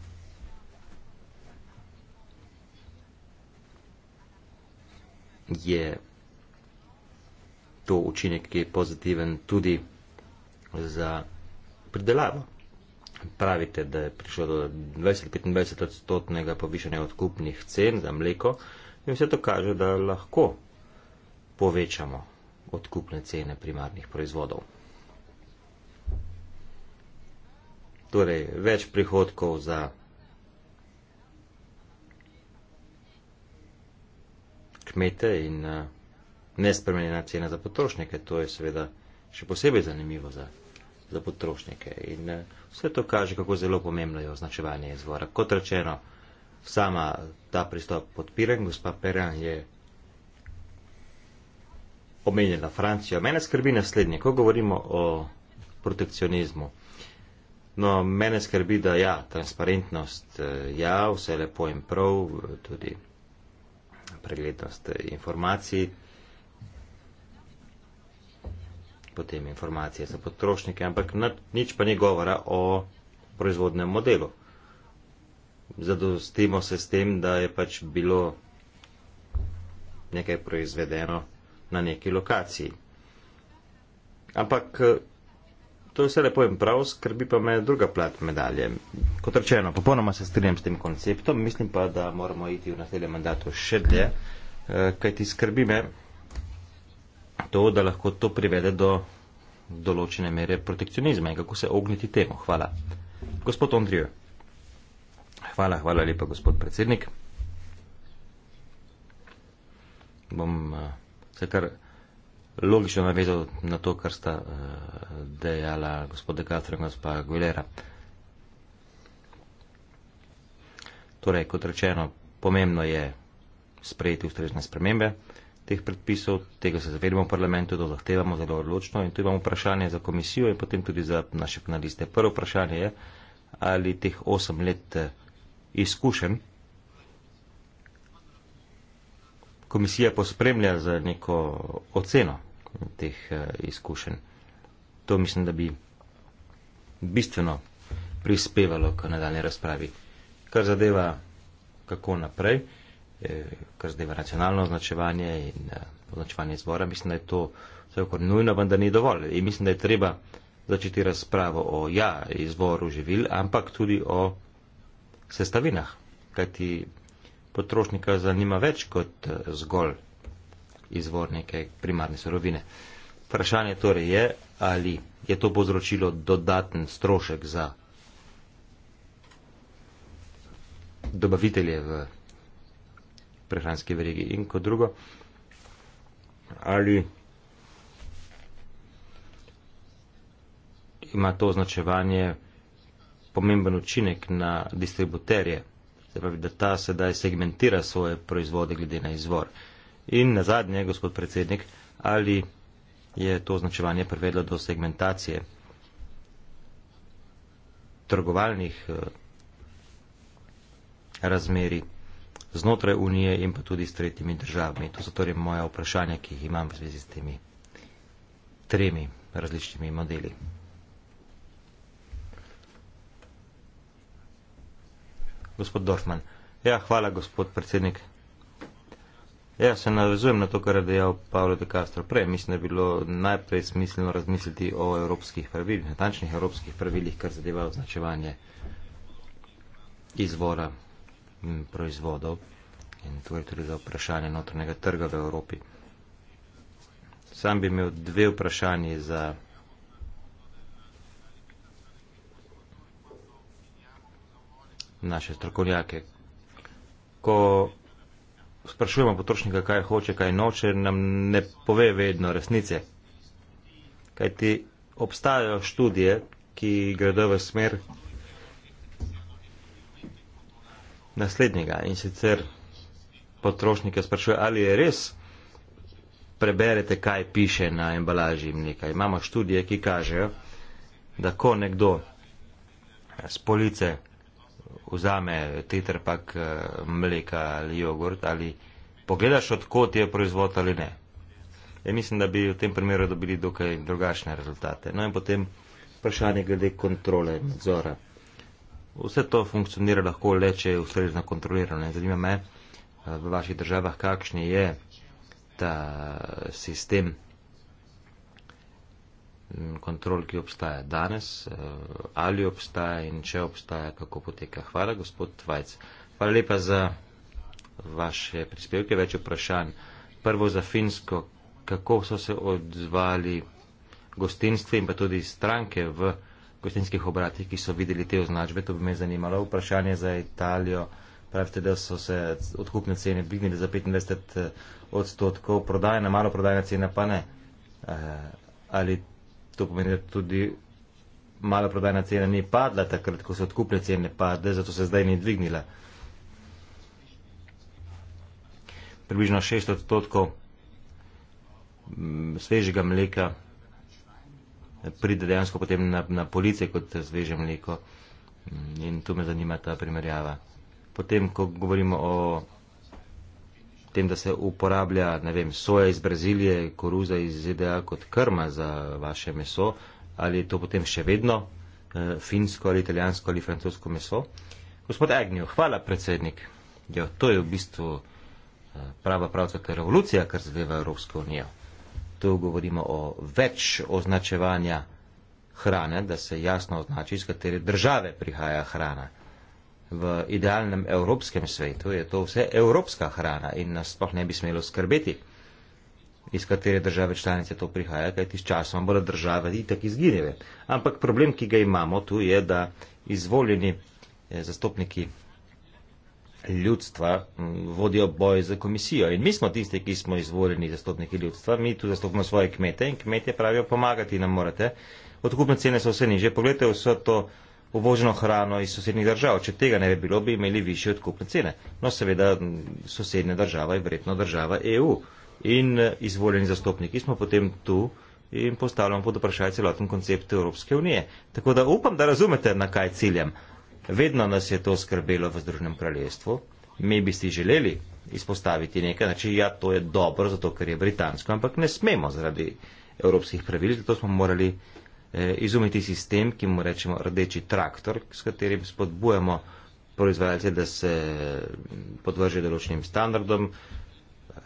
je to učinek, ki je pozitiven tudi za pridelavo. Pravite, da je prišlo do 20-25 odstotnega povišanja odkupnih cen za mleko in vse to kaže, da lahko povečamo odkupne cene primarnih proizvodov. torej več prihodkov za kmete in eh, nespremenjena cena za potrošnike. To je seveda še posebej zanimivo za, za potrošnike. In eh, vse to kaže, kako zelo pomembno je označevanje izvora. Kot rečeno, sama ta pristop podpiram, gospa Peran je omenjena Francijo. Mene skrbi naslednje, ko govorimo o protekcionizmu. No, mene skrbi, da ja, transparentnost, eh, ja, vse lepo in prav, tudi preglednost eh, informacij, potem informacije za potrošnike, ampak nič pa ni govora o proizvodnem modelu. Zadostimo se s tem, da je pač bilo nekaj proizvedeno na neki lokaciji. Ampak eh, to je vse lepo in prav, skrbi pa me druga plat medalje. Kot rečeno, popolnoma se strinjam s tem konceptom, mislim pa, da moramo iti v naslednjem mandatu še dlje, eh, kaj ti skrbi me to, da lahko to privede do določene mere protekcionizma in kako se ogniti temu. Hvala. Gospod Ondrijo. Hvala, hvala lepa, gospod predsednik. Bom uh, se kar logično navezal na to, kar sta uh, dejala gospod Dekatra in gospa Guilera. Torej, kot rečeno, pomembno je sprejeti ustrezne spremembe teh predpisov, tega se zavedamo v parlamentu, to zahtevamo zelo odločno in tu imamo vprašanje za komisijo in potem tudi za naše panaliste. Prvo vprašanje je, ali teh osem let eh, izkušenj komisija pospremlja z neko oceno teh eh, izkušenj. To mislim, da bi bistveno prispevalo k nadaljni razpravi. Kar zadeva kako naprej, eh, kar zadeva nacionalno označevanje in eh, označevanje zbora, mislim, da je to vsekakor nujno, vendar ni dovolj. In mislim, da je treba začeti razpravo o ja, izvoru živil, ampak tudi o sestavinah. Kajti potrošnika zanima več kot eh, zgolj izvor neke primarne sorovine. Vprašanje torej je, ali je to povzročilo dodaten strošek za dobavitelje v prehranski verigi in kot drugo, ali ima to označevanje pomemben učinek na distributerje se pravi, da ta sedaj segmentira svoje proizvode glede na izvor. In na zadnje, gospod predsednik, ali je to označevanje privedlo do segmentacije trgovalnih eh, razmeri znotraj Unije in pa tudi s tretjimi državami. To so torej moja vprašanja, ki jih imam v zvezi s temi tremi različnimi modeli. gospod Dorfman. Ja, hvala, gospod predsednik. Ja, se navezujem na to, kar je dejal Pavlo de Castro prej. Mislim, da je bilo najprej smiselno razmisliti o evropskih pravilih, natančnih evropskih pravilih, kar zadeva označevanje izvora in proizvodov in tudi, tudi za vprašanje notranjega trga v Evropi. Sam bi imel dve vprašanje za. naše strokovnjake. Ko sprašujemo potrošnika, kaj hoče, kaj noče, nam ne pove vedno resnice. Kaj ti obstajajo študije, ki gredo v smer naslednjega in sicer potrošnike sprašuje, ali je res, preberete, kaj piše na embalaži mleka. Imamo študije, ki kažejo, da ko nekdo z police vzame tetrapak eh, mleka ali jogurt ali pogledaš, odkot je proizvod ali ne. E, mislim, da bi v tem primeru dobili dokaj drugačne rezultate. No in potem vprašanje glede kontrole in nadzora. Vse to funkcionira lahko le, če je ustrezno kontrolirano. Zanima me eh, v vaših državah, kakšen je ta sistem. Mm, kontrol, ki obstaja danes, eh, ali obstaja in če obstaja, kako poteka. Hvala, gospod Tvajc. Hvala lepa za vaše prispevke. Več vprašanj. Prvo za Finsko, kako so se odzvali gostinstvo in pa tudi stranke v gostinskih obratih, ki so videli te označbe. To bi me zanimalo. Vprašanje za Italijo. Pravite, da so se odkupne cene dvignile za 25 eh, odstotkov, prodajna, malo prodajna cena pa ne. Eh, ali To pomeni, da tudi malo prodajna cena ni padla takrat, ko so odkupne cene padle, zato se zdaj ni dvignila. Približno 6 odstotkov mm, svežega mleka eh, pride dejansko potem na, na police kot sveže mleko. Mm, In tu me zanima ta primerjava. Potem, ko govorimo o tem, da se uporablja, ne vem, soja iz Brazilije, koruza iz ZDA kot krma za vaše meso, ali je to potem še vedno eh, finsko ali italijansko ali francosko meso? Gospod Agnew, hvala predsednik. Jo, ja, to je v bistvu eh, prava pravcata revolucija, kar zadeva Evropsko unijo. Tu govorimo o več označevanja hrane, da se jasno označi, iz katere države prihaja hrana v idealnem evropskem svetu je to vse evropska hrana in nas sploh ne bi smelo skrbeti, iz katere države članice to prihaja, kajti s časom bodo države itak izginile. Ampak problem, ki ga imamo tu, je, da izvoljeni eh, zastopniki ljudstva vodijo boj za komisijo. In mi smo tisti, ki smo izvoljeni zastopniki ljudstva, mi tu zastopimo svoje kmete in kmete pravijo pomagati nam morate. Odkupne cene so vse niže. Poglejte vse to uvoženo hrano iz sosednjih držav. Če tega ne bi bilo, bi imeli više odkupne cene. No, seveda, sosednja država je vredno država EU in e, izvoljeni zastopniki smo potem tu in postavljamo pod vprašanje celoten koncept Evropske unije. Tako da upam, da razumete, na kaj ciljem. Vedno nas je to skrbelo v Združenem kraljestvu. Mi bi si želeli izpostaviti nekaj, znači ja, to je dobro, zato ker je britansko, ampak ne smemo zaradi evropskih pravil, zato smo morali eh, izumiti sistem, ki mu rečemo rdeči traktor, s katerim spodbujamo proizvajalce, da se podvržejo določenim standardom. Eh,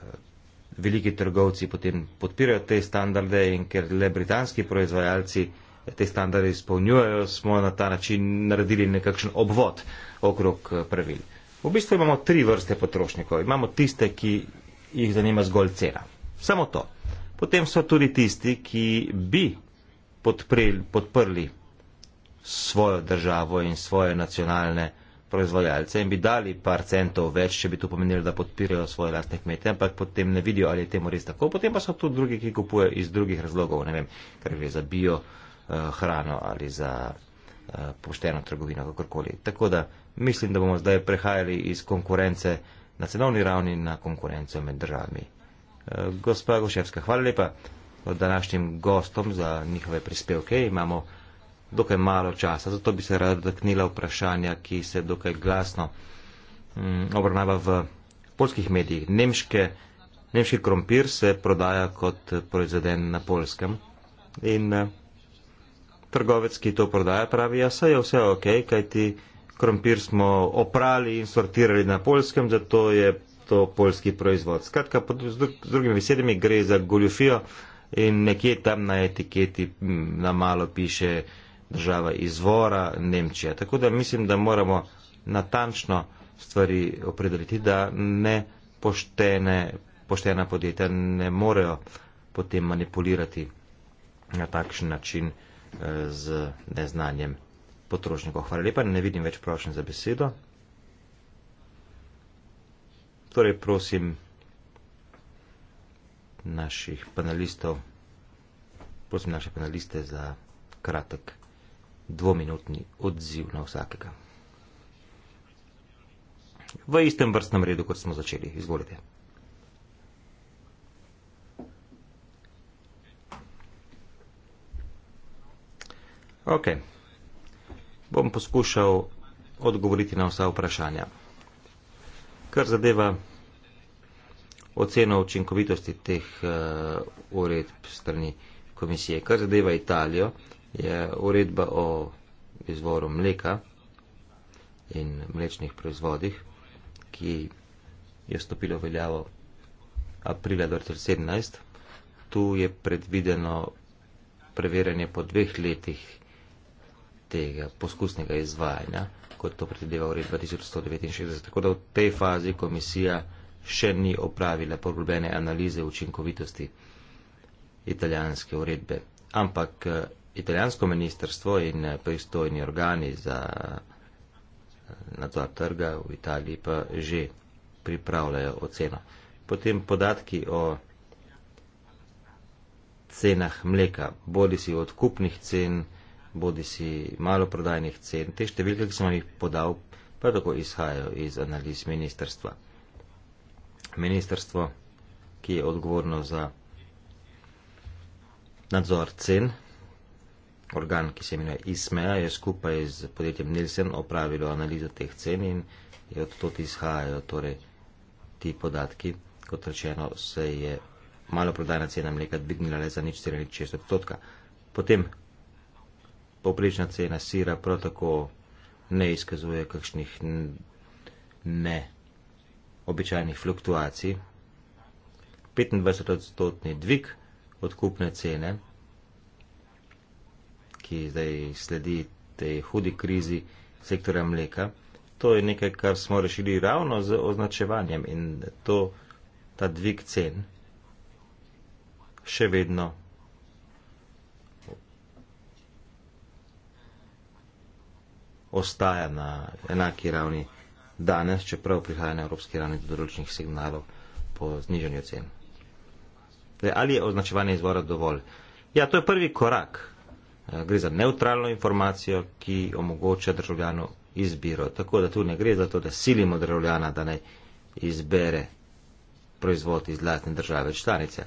veliki trgovci potem podpirajo te standarde in ker le britanski proizvajalci eh, te standarde izpolnjujejo, smo na ta način naredili nekakšen obvod okrog eh, pravil. V bistvu imamo tri vrste potrošnikov. Imamo tiste, ki jih zanima zgolj cena. Samo to. Potem so tudi tisti, ki bi podprili, podprli svojo državo in svoje nacionalne proizvajalce in bi dali par centov več, če bi to pomenilo, da podpirajo svoje lastne kmete, ampak potem ne vidijo, ali je temu res tako. Potem pa so tu drugi, ki kupujejo iz drugih razlogov, ne vem, ker gre za bio eh, hrano ali za eh, pošteno trgovino, kakorkoli. Tako da mislim, da bomo zdaj prehajali iz konkurence na cenovni ravni na konkurenco med državami. Eh, gospa Goševska, hvala lepa današnjim gostom za njihove prispevke. Imamo dokaj malo časa, zato bi se rada dotaknila vprašanja, ki se dokaj glasno mm, obravnava v polskih medijih. Nemške, nemški krompir se prodaja kot proizveden na polskem in eh, trgovec, ki to prodaja, pravi, ja, saj je vse ok, kajti krompir smo oprali in sortirali na polskem, zato je to polski proizvod. Skratka, z drugimi besedami gre za goljufijo, in nekje tam na etiketi mm, na malo piše država izvora Nemčija. Tako da mislim, da moramo natančno stvari opredeliti, da ne poštene, poštena podjetja ne morejo potem manipulirati na takšen način eh, z neznanjem potrošnikov. Hvala lepa, ne vidim več prošen za besedo. Torej, prosim naših panelistov, prosim naše panaliste za kratek dvominutni odziv na vsakega. V istem vrstnem redu, kot smo začeli. Izvolite. Ok. Bom poskušal odgovoriti na vsa vprašanja. Kar zadeva oceno učinkovitosti teh uh, uredb strani komisije. Kar zadeva Italijo, je uredba o izvoru mleka in mlečnih proizvodih, ki je stopila v veljavo aprila 2017. Tu je predvideno preverjanje po dveh letih tega poskusnega izvajanja, kot to predvideva uredba 1169. Tako da v tej fazi komisija še ni opravila poglobljene analize učinkovitosti italijanske uredbe. Ampak eh, italijansko ministrstvo in eh, pristojni organi za eh, nadzor trga v Italiji pa že pripravljajo oceno. Potem podatki o cenah mleka, bodi si odkupnih cen, bodi si maloprodajnih cen. Te številke, ki sem jih podal, prav tako izhajajo iz analiz ministrstva ministrstvo, ki je odgovorno za nadzor cen, organ, ki se imenuje ISMEA, je skupaj z podjetjem Nielsen opravilo analizo teh cen in od tudi izhajajo torej, ti podatki. Kot rečeno, se je malo prodajna cena mleka dvignila le za nič 4,6 odstotka. Potem poprečna cena sira prav tako ne izkazuje kakšnih ne običajnih fluktuacij, 25 odstotni dvig odkupne cene, ki zdaj sledi tej hudi krizi sektora mleka, to je nekaj, kar smo rešili ravno z označevanjem in to, ta dvig cen še vedno. ostaja na enaki ravni 25% danes, čeprav prihaja na evropski ravni do določenih signalov po znižanju cen. Zdaj, ali je označevanje izvora dovolj? Ja, to je prvi korak. Eh, gre za neutralno informacijo, ki omogoča državljanu izbiro. Tako da tu ne gre za to, da silimo državljana, da naj izbere proizvod iz latne države članice.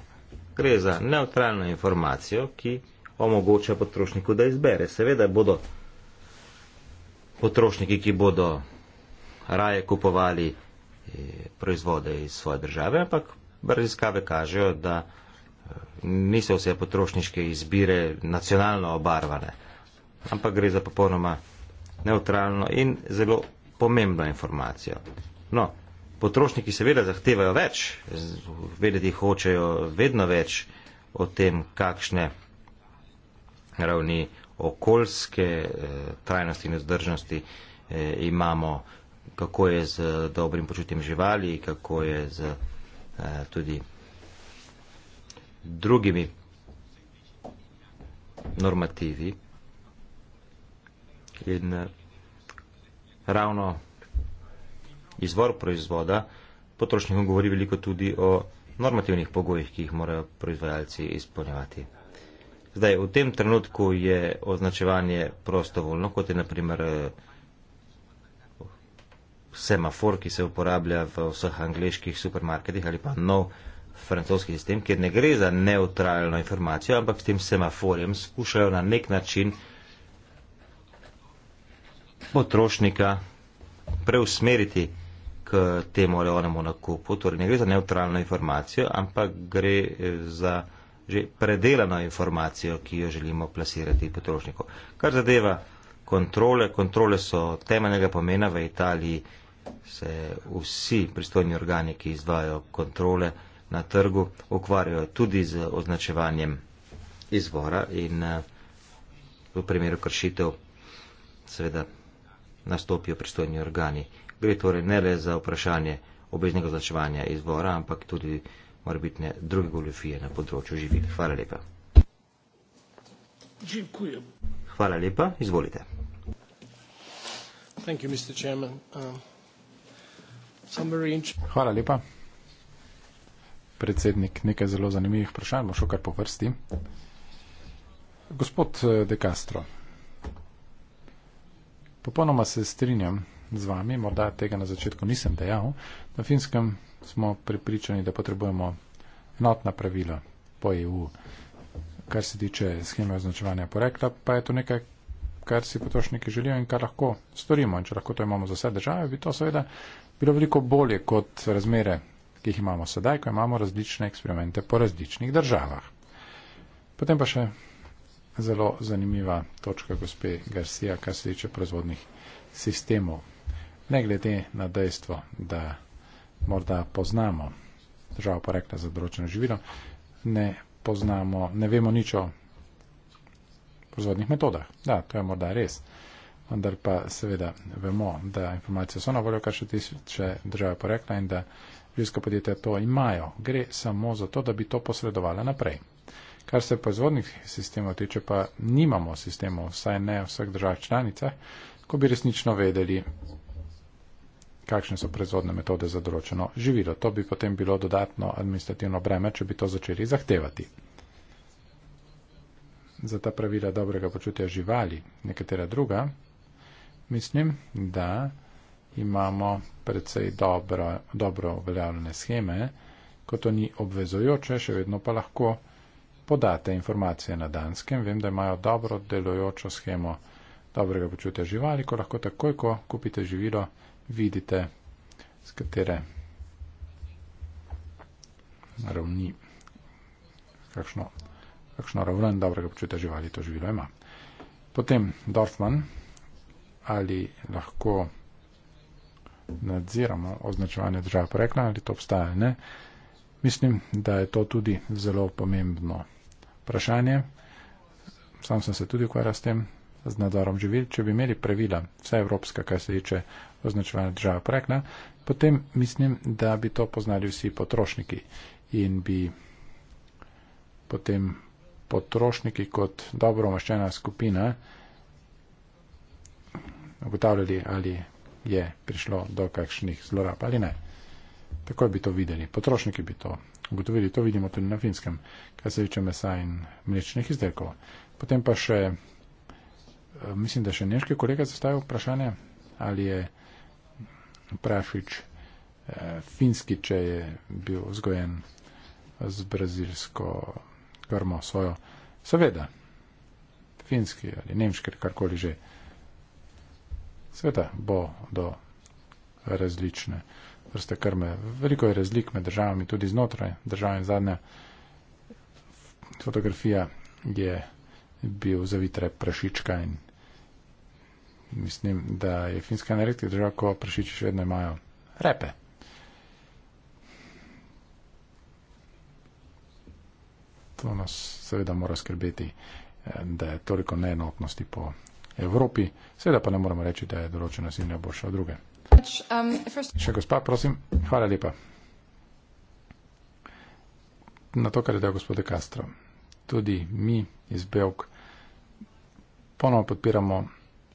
Gre za neutralno informacijo, ki omogoča potrošniku, da izbere. Seveda bodo potrošniki, ki bodo raje kupovali eh, proizvode iz svoje države, ampak raziskave kažejo, da eh, niso vse potrošniške izbire nacionalno obarvane, ampak gre za popolnoma neutralno in zelo pomembno informacijo. No, potrošniki seveda zahtevajo več, vedeti hočejo vedno več o tem, kakšne ravni okoljske eh, trajnosti in vzdržnosti eh, imamo kako je z dobrim počutjem živali, kako je z eh, tudi drugimi normativi. In eh, ravno izvor proizvoda potrošnikom govori veliko tudi o normativnih pogojih, ki jih morajo proizvajalci izpolnjevati. Zdaj, v tem trenutku je označevanje prostovoljno, kot je naprimer eh, semafor, ki se uporablja v vseh angliških supermarketih ali pa nov francoski sistem, kjer ne gre za neutralno informacijo, ampak s tem semaforjem skušajo na nek način potrošnika preusmeriti k temu ali onemu nakupu. Torej ne gre za neutralno informacijo, ampak gre eh, za že predelano informacijo, ki jo želimo plasirati potrošnikov. Kar zadeva kontrole, kontrole so temeljnega pomena v Italiji se vsi pristojni organi, ki izvajo kontrole na trgu, ukvarjajo tudi z označevanjem izvora in eh, v primeru kršitev seveda nastopijo pristojni organi. Gre torej ne le za vprašanje obveznega označevanja izvora, ampak tudi morbitne druge goljofije na področju živil. Hvala lepa. Džinkujem. Hvala lepa, izvolite. Thank you, Mr. Chairman. Uh... Hvala lepa. Predsednik, nekaj zelo zanimivih vprašanj, bo šel kar po vrsti. Gospod eh, De Castro, popolnoma se strinjam z vami, morda tega na začetku nisem dejal, na finskem smo prepričani, da potrebujemo enotna pravila po EU, kar se tiče scheme označevanja porekla, pa je to nekaj kar si potrošniki želijo in kar lahko storimo. In če lahko to imamo za vse države, bi to seveda bilo veliko bolje kot razmere, ki jih imamo sedaj, ko imamo različne eksperimente po različnih državah. Potem pa še zelo zanimiva točka gospe Garcia, kar se tiče proizvodnih sistemov. Ne glede na dejstvo, da morda poznamo državo porekla za določeno živilo, ne poznamo, ne vemo nič o proizvodnih metodah. Da, to je morda res vendar pa seveda vemo, da informacije so na voljo, kar še tiče države porekla in da ljudska podjetja to imajo. Gre samo za to, da bi to posredovala naprej. Kar se proizvodnih sistemov tiče, pa nimamo sistemov, vsaj ne v vseh državah članicah, ko bi resnično vedeli, kakšne so proizvodne metode za določeno živilo. To bi potem bilo dodatno administrativno breme, če bi to začeli zahtevati. Za ta pravila dobrega počutja živali, nekatera druga, mislim, da imamo predvsej dobro, dobro uveljavljene scheme, ko to ni obvezojoče, še vedno pa lahko podate informacije na danskem. Vem, da imajo dobro delojočo schemo dobrega počutja živali, ko lahko takoj, ko kupite živilo, vidite, z katere ravni, kakšno, kakšno ravno dobrega počutja živali to živilo ima. Potem Dorfman ali lahko nadziramo označevanje držav porekla, ali to obstaja, ne. Mislim, da je to tudi zelo pomembno vprašanje. Sam sem se tudi ukvarjal s tem, z nadarom živil. Če bi imeli pravila, vse evropska, kaj se tiče označevanja držav porekla, potem mislim, da bi to poznali vsi potrošniki in bi potem potrošniki kot dobro omaščena skupina, ugotavljali, ali je prišlo do kakšnih zlorab ali ne. Tako bi to videli. Potrošniki bi to ugotovili. To vidimo tudi na finskem, kar se tiče mesa in mlečnih izdelkov. Potem pa še, eh, mislim, da še nemški kolega zastavil vprašanje, ali je prašič eh, finski, če je bil vzgojen z brazilsko krmo svojo. Seveda, finski ali nemški, karkoli že. Sveda bo do različne vrste krme. Veliko je razlik med državami, tudi znotraj države. Zadnja fotografija je bil zavitre prašička in mislim, da je finska nerekti država, ko prašiči še vedno imajo repe. To nas seveda mora skrbeti, eh, da je toliko neenotnosti po Evropi, seveda pa ne moramo reči, da je določena nasilja boljša od druge. Pač, um, Še gospa, prosim, hvala lepa. Na to, kar je dal gospod Castro, tudi mi iz Belk ponovno podpiramo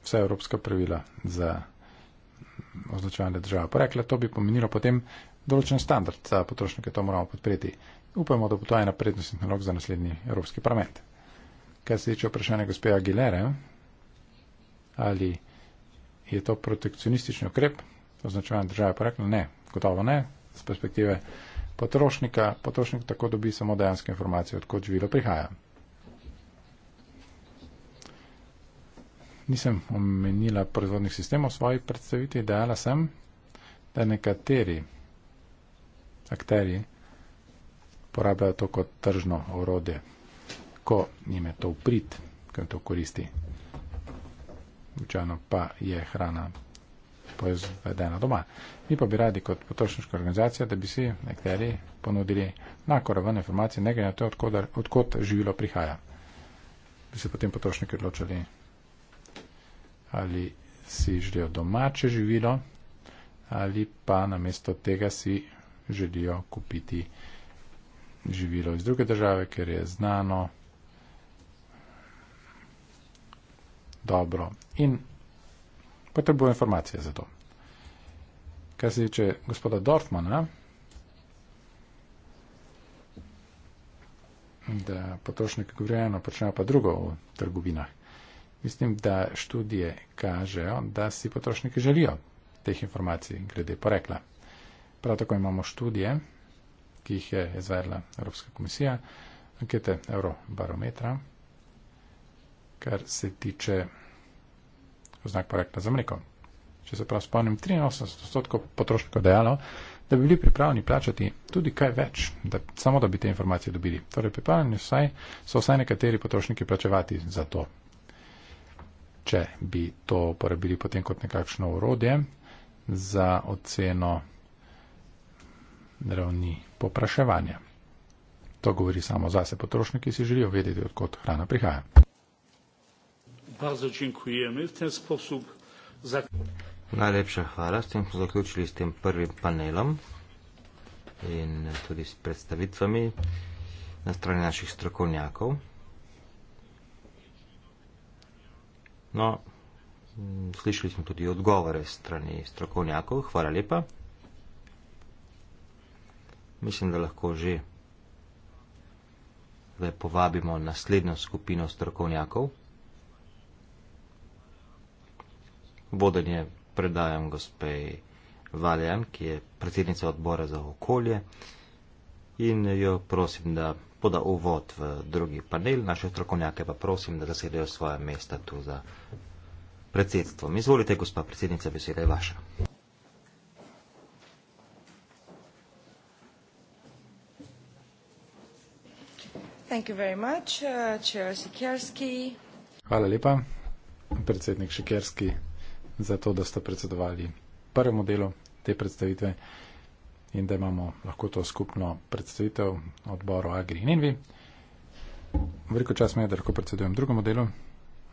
vse evropska pravila za označevanje države porekla. To bi pomenilo potem določen standard za potrošnike, to moramo podpreti. Upamo, da bo to ena prednostnih nalog za naslednji evropski parlament. Kar se tiče vprašanja gospe Aguilera, ali je to protekcionistični okrep, označevanje države porekla, ne, gotovo ne, z perspektive potrošnika, potrošnik tako dobi samo dejanske informacije, odkot živilo prihaja. Nisem omenila proizvodnih sistemov svojih predstaviti, dejala sem, da nekateri akteri porabljajo to kot tržno orodje, ko jim je to uprit, ko jim to koristi. Včano pa je hrana poizvedena doma. Mi pa bi radi kot potrošniška organizacija, da bi si nekateri ponudili nakoravane informacije, ne glede na to, odkot živilo prihaja. Bi se potem potrošniki odločili, ali si želijo domače živilo, ali pa namesto tega si želijo kupiti živilo iz druge države, ker je znano, dobro in potrebuje informacije za to. Kar se tiče gospoda Dorfmana, da potrošniki govorijo eno, počnejo pa drugo v trgovinah. Mislim, da študije kažejo, da si potrošniki želijo teh informacij glede porekla. Prav tako imamo študije, ki jih je izvedla Evropska komisija, ankete Eurobarometra kar se tiče oznak porekla za mleko. Če se prav spomnim, 83 odstotkov potrošnikov dejalo, da bi bili pripravljeni plačati tudi kaj več, da, samo da bi te informacije dobili. Torej, pripravljeni vsaj, so vsaj nekateri potrošniki plačevati za to. Če bi to uporabili potem kot nekakšno urodje za oceno ravni popraševanja. To govori samo zase potrošniki, ki si želijo vedeti, odkot hrana prihaja bardzo dziękujemy. W ten sposób. Najlepsza chwała. Z tym zakończyliśmy z tym pierwszym panelem i tudi z przedstawicami na stronie naszych strokolniaków. No, słyszeliśmy tutaj odgovore z strony strokolniaków. Chwała lepa. Myślę, że lahko już Zdaj povabimo naslednjo skupino strokovnjakov. vodenje predajam gospe Valjan, ki je predsednica odbora za okolje in jo prosim, da poda uvod v drugi panel, naše strokovnjake pa prosim, da zasedejo svoje mesta tu za predsedstvom. Izvolite, gospa predsednica, beseda je vaša. Thank you very much, uh, Chair Sikersky. Hvala lepa, predsednik Sikersky, za to, da ste predsedovali prvemu delu te predstavitve in da imamo lahko to skupno predstavitev odboru Agri in Envi. Veliko čas me je, da lahko predsedujem drugemu delu,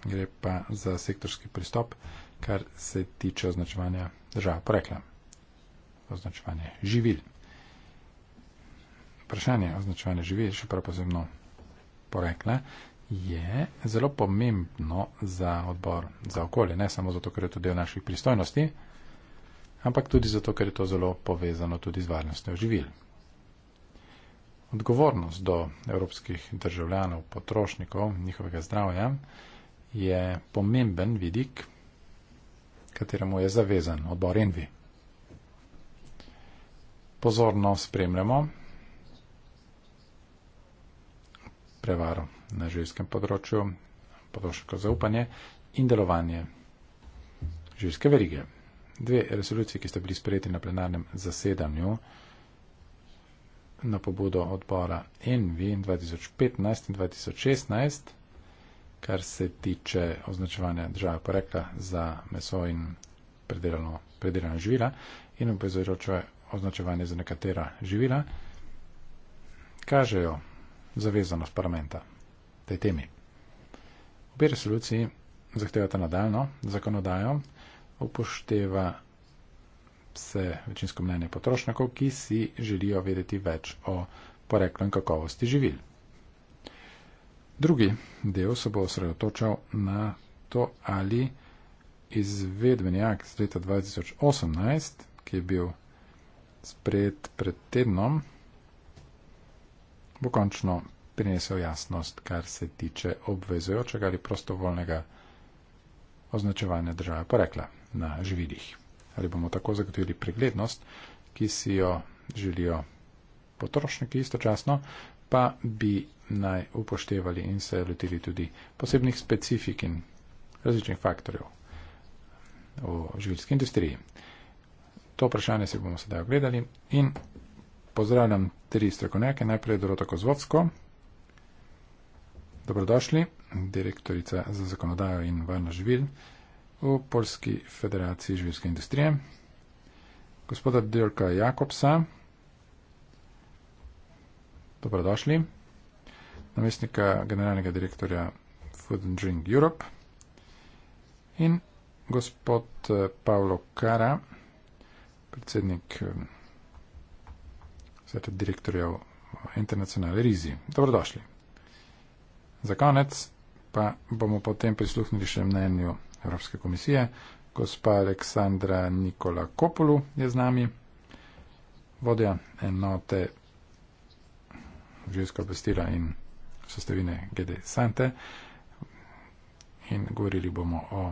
gre pa za sektorski pristop, kar se tiče označevanja država porekla, označevanje živil. Vprašanje označevanja živil, še prav posebno porekla, je zelo pomembno za odbor za okolje, ne samo zato, ker je to del naših pristojnosti, ampak tudi zato, ker je to zelo povezano tudi z varnostjo živil. Odgovornost do evropskih državljanov, potrošnikov, njihovega zdravja je pomemben vidik, kateremu je zavezan odbor Envi. Pozorno spremljamo prevaro na življenskem področju, potrošniško zaupanje in delovanje življenske verige. Dve resolucije, ki ste bili sprejeti na plenarnem zasedanju na pobudo odbora ENVI 2015 in 2016, kar se tiče označevanja države porekla za meso in predelana živila in obvezujoče označevanje za nekatera živila, kažejo zavezanost parlamenta tej temi. Obe resoluciji zahtevata nadaljno zakonodajo, upošteva se večinsko mnenje potrošnikov, ki si želijo vedeti več o poreklu in kakovosti živil. Drugi del se bo osredotočal na to, ali izvedbeni akt z leta 2018, ki je bil sprejet pred tednom, bo končno prinesel jasnost, kar se tiče obvezujočega ali prostovoljnega označevanja države porekla na živilih. Ali bomo tako zagotovili preglednost, ki si jo želijo potrošniki istočasno, pa bi naj upoštevali in se lotili tudi posebnih specifik in različnih faktorjev v živilski industriji. To vprašanje si bomo sedaj ogledali in pozdravljam tri strokovnjake, najprej Doroto Kozvodsko, Dobrodošli, direktorica za zakonodajo in varno živil v Polski federaciji živilske industrije. Gospoda Dirka Jakobsa, dobrodošli, namestnika generalnega direktorja Food and Drink Europe in gospod eh, Pavlo Kara, predsednik eh, direktorjev internacionalne rizi. Dobrodošli. Za konec pa bomo potem prisluhnili še mnenju Evropske komisije. Gospa Aleksandra Nikola Kopolu je z nami, vodja enote živjska obvestila in sestavine GD Sante. In govorili bomo o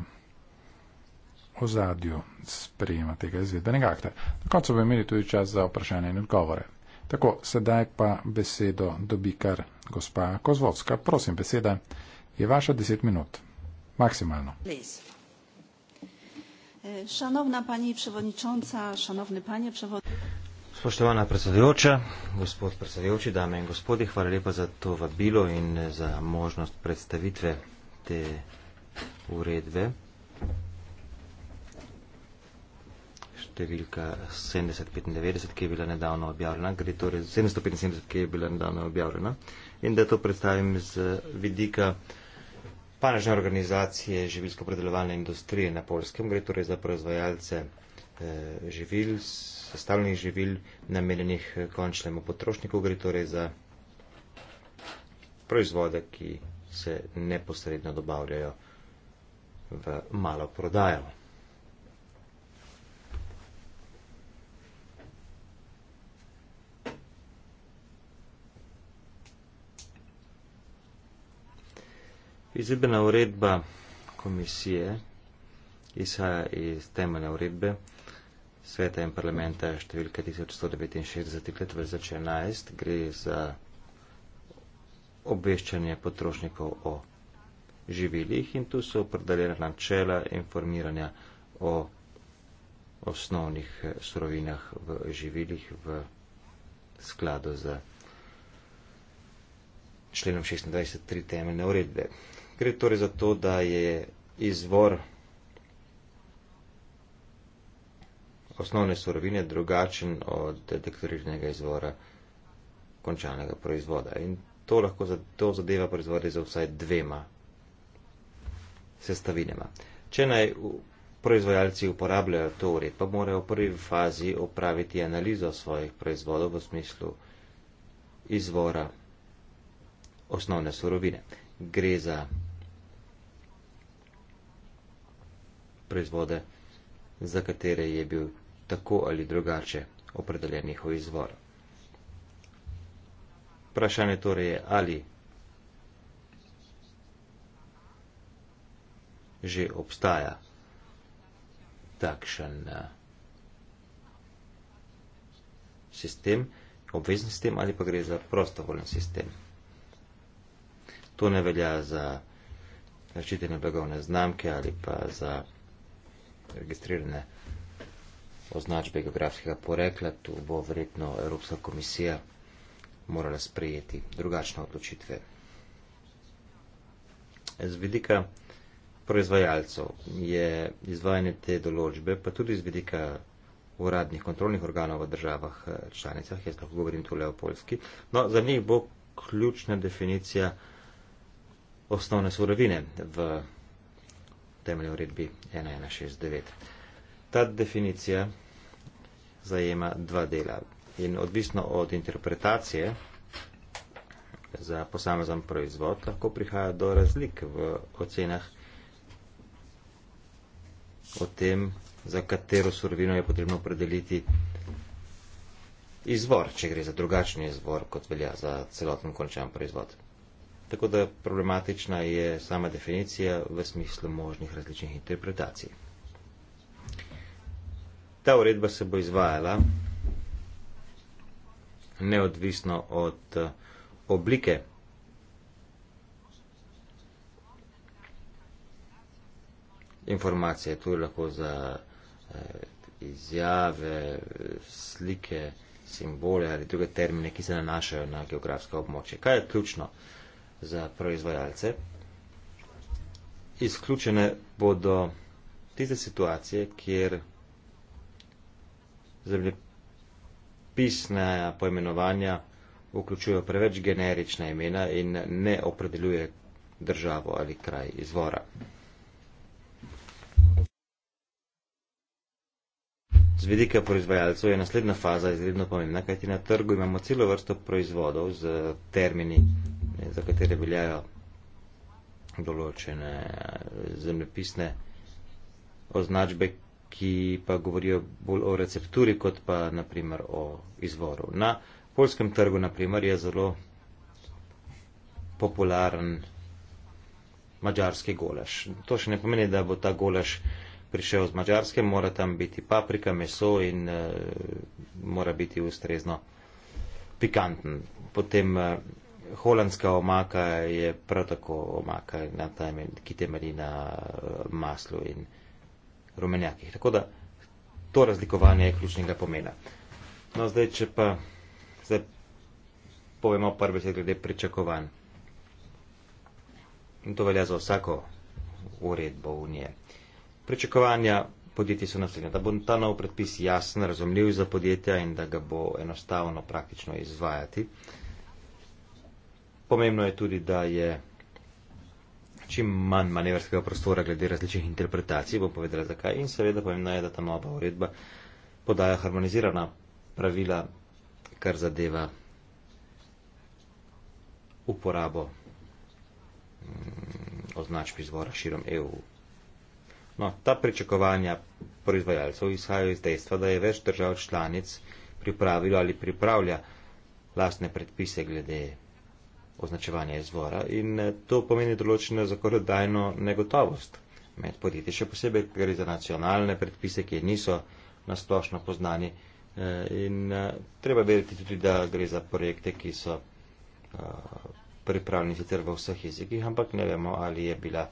ozadju sprejema tega izvedbenega akta. Na koncu bomo imeli tudi čas za vprašanje in odgovore. Tako, sedaj pa besedo dobi kar Gospa Kozvodska, prosim, beseda je vaša deset minut. Maksimalno. E, Spoštovana predsedujoča, gospod predsedujoči, dame in gospodje, hvala lepa za to vabilo in za možnost predstavitve te uredbe številka 7095, ki je bila nedavno objavljena, gre torej 775, ki je bila nedavno objavljena, in da to predstavim z vidika panažne organizacije živilsko-predelovalne industrije na polskem, gre torej za proizvajalce eh, živil, sestavljenih živil, namenjenih eh, končnemu potrošniku, gre torej za proizvode, ki se neposredno dobavljajo v malo prodajo. Izvedbena uredba komisije izhaja iz temeljne uredbe sveta in parlamenta številka 1169 let v 11. Gre za obveščanje potrošnikov o živilih in tu so opredeljena načela informiranja o osnovnih surovinah v živilih v skladu z členom 26.3 temeljne uredbe. Gre torej za to, da je izvor osnovne sorovine drugačen od deklariranega izvora končanega proizvoda. In to lahko za, to zadeva proizvode za vsaj dvema sestavinama. Če naj proizvajalci uporabljajo to uredbo, morajo v prvi fazi opraviti analizo svojih proizvodov v smislu izvora osnovne sorovine. Gre za proizvode, za katere je bil tako ali drugače opredeljen njihov izvor. Vprašanje torej je, ali že obstaja takšen eh, sistem, obvezen sistem ali pa gre za prostovoljen sistem. To ne velja za zaščitene blagovne znamke ali pa za registrirane označbe geografskega porekla, tu bo verjetno Evropska komisija morala sprejeti drugačne odločitve. Z vidika proizvajalcev je izvajanje te določbe, pa tudi z vidika uradnih kontrolnih organov v državah eh, članicah, jaz lahko govorim tole o Poljski, no, za njih bo ključna definicija osnovne surovine v temelju uredbi 1169. Ta definicija zajema dva dela in odvisno od interpretacije za posamezen proizvod lahko prihaja do razlik v ocenah o tem, za katero surovino je potrebno opredeliti izvor, če gre za drugačen izvor, kot velja za celoten končan proizvod tako da problematična je sama definicija v smislu možnih različnih interpretacij. Ta uredba se bo izvajala neodvisno od eh, oblike informacije, tu lahko za eh, izjave, slike, simbole ali druge termine, ki se nanašajo na geografsko območje. Kaj je ključno? za proizvajalce. Izključene bodo tiste situacije, kjer zemljepisna poimenovanja vključujejo preveč generična imena in ne opredeljuje državo ali kraj izvora. Z vidika proizvajalcev je naslednja faza izredno pomembna, kajti na trgu imamo celo vrsto proizvodov z termini, za katere veljajo določene eh, zemljepisne označbe, ki pa govorijo bolj o recepturi, kot pa naprimer o izvoru. Na polskem trgu naprimer je zelo popularen mađarski golaš. To še ne pomeni, da bo ta golaš prišel z Mačarske, mora tam biti paprika, meso in uh, mora biti ustrezno pikanten. Potem uh, holandska omaka je prav tako omaka, ki temelji na uh, maslu in rumenjakih. Tako da to razlikovanje je ključnega pomena. No, zdaj, če pa zdaj povemo prve besede glede pričakovanj. In to velja za vsako uredbo unije. Pričakovanja podjetij so naslednja, da bo ta nov predpis jasen, razumljiv za podjetja in da ga bo enostavno praktično izvajati. Pomembno je tudi, da je čim manj manevrskega prostora glede različnih interpretacij, bom povedala zakaj, in seveda pomembno je, da ta nova uredba podaja harmonizirana pravila, kar zadeva uporabo mm, označb izvora širom EU. No, ta pričakovanja proizvajalcev izhajajo iz dejstva, da je več držav članic pripravilo ali pripravlja lastne predpise glede označevanja izvora in eh, to pomeni določeno zakonodajno negotovost med podjetji, še posebej, ker gre za nacionalne predpise, ki niso nasplošno poznani eh, in eh, treba verjeti tudi, da gre za projekte, ki so pripravljeni sicer v vseh jezikih, ampak ne vemo, ali je bila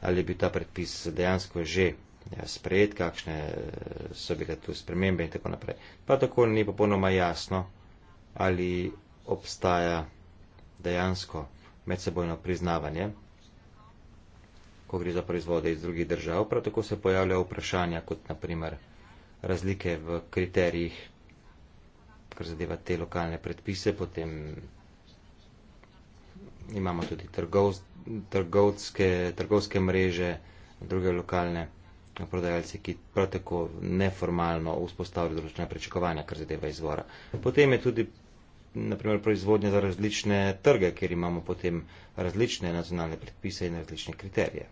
ali je bil ta predpis dejansko že ja, sprejet, kakšne eh, so bile tu spremembe in tako naprej. Pa tako ni popolnoma jasno, ali obstaja dejansko medsebojno priznavanje, ko gre za proizvode iz drugih držav. Prav tako se pojavljajo vprašanja, kot naprimer razlike v kriterijih, kar zadeva te lokalne predpise, potem imamo tudi trgovst, trgovske, trgovske mreže, druge lokalne prodajalce, ki prav tako neformalno vzpostavljajo določene prečakovanja, kar zadeva izvora. Potem je tudi naprimer proizvodnja za različne trge, kjer imamo potem različne nacionalne predpise in različne kriterije.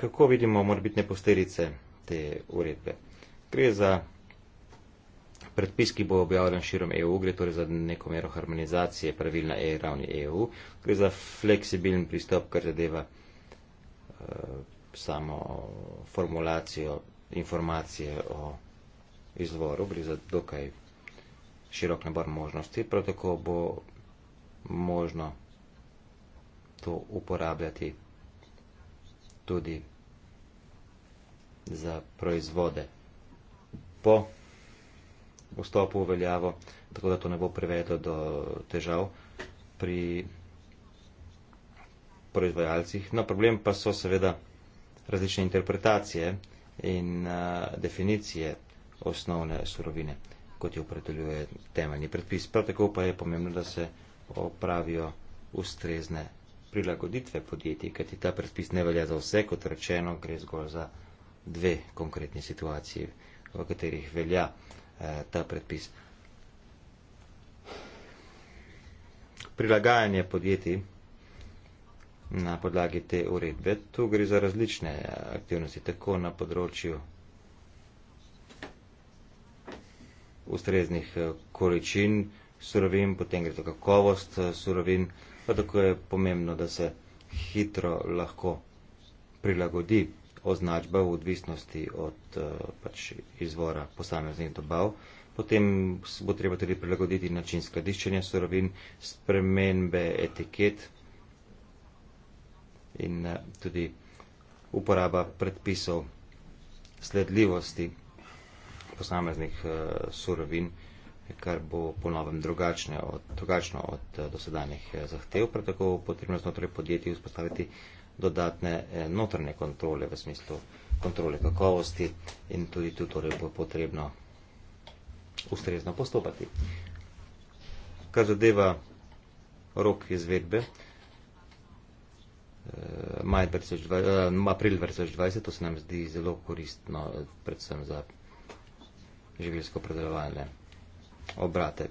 Kako vidimo morbitne posledice te uredbe? Gre za Predpis, ki bo objavljen širom EU, gre torej za neko mero harmonizacije pravil na e ravni EU, gre za fleksibilen pristop, kar zadeva uh, samo formulacijo informacije o izvoru, gre za dokaj širok nabor možnosti, prav tako bo možno to uporabljati tudi za proizvode. Po vstopu v veljavo, tako da to ne bo privedlo do težav pri proizvajalcih. No, problem pa so seveda različne interpretacije in uh, definicije osnovne surovine, kot jo opredeljuje temeljni predpis. Prav tako pa je pomembno, da se opravijo ustrezne prilagoditve podjetij, kajti ta predpis ne velja za vse, kot rečeno, gre zgolj za dve konkretni situaciji, v katerih velja uh, Eh, ta predpis. Prilagajanje podjetij na podlagi te uredbe, tu gre za različne eh, aktivnosti, tako na področju ustreznih eh, količin surovin, potem gre za kakovost surovin, pa tako je pomembno, da se hitro lahko prilagodi označba v odvisnosti od eh, pač, izvora posameznih dobav. Potem bo treba tudi prilagoditi način skladiščenja sorovin, spremenbe etiket in eh, tudi uporaba predpisov sledljivosti posameznih eh, sorovin, kar bo ponovem drugačno od, od dosedanjih zahtev. Prav tako bo potrebno znotraj podjetij vzpostaviti dodatne eh, notrne kontrole v smislu kontrole kakovosti in tudi tu torej bo potrebno ustrezno postopati. Kar zadeva rok izvedbe, eh, maj 2020, eh, april 2020, to se nam zdi zelo koristno, predvsem za živilsko predelovalne obrate.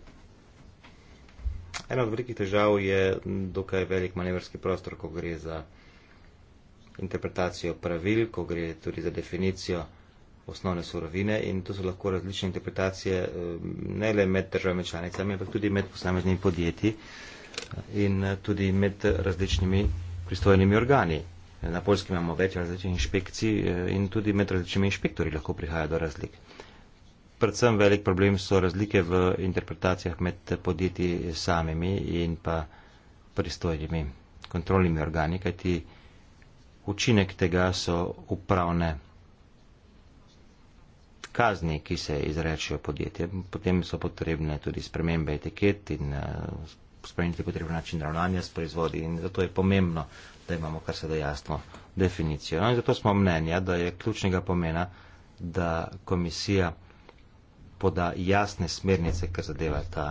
Ena od velikih težav je dokaj velik manevrski prostor, ko gre za interpretacijo pravil, ko gre tudi za definicijo osnovne surovine in to so lahko različne interpretacije eh, ne le med državami članicami, ampak tudi med posameznimi podjetji eh, in eh, tudi med različnimi pristojnimi organi. Na Polski imamo več različnih inšpekcij in tudi med različnimi inšpektori lahko prihaja do razlik. Predvsem velik problem so razlike v interpretacijah med podjetji samimi in pa pristojnimi kontrolnimi organi, kajti ti učinek tega so upravne kazni, ki se izrečijo podjetje. Potem so potrebne tudi spremembe etiket in eh, spremeniti potrebno način ravnanja s proizvodi in zato je pomembno, da imamo kar se da jasno definicijo. No in zato smo mnenja, da je ključnega pomena, da komisija poda jasne smernice, kar zadeva ta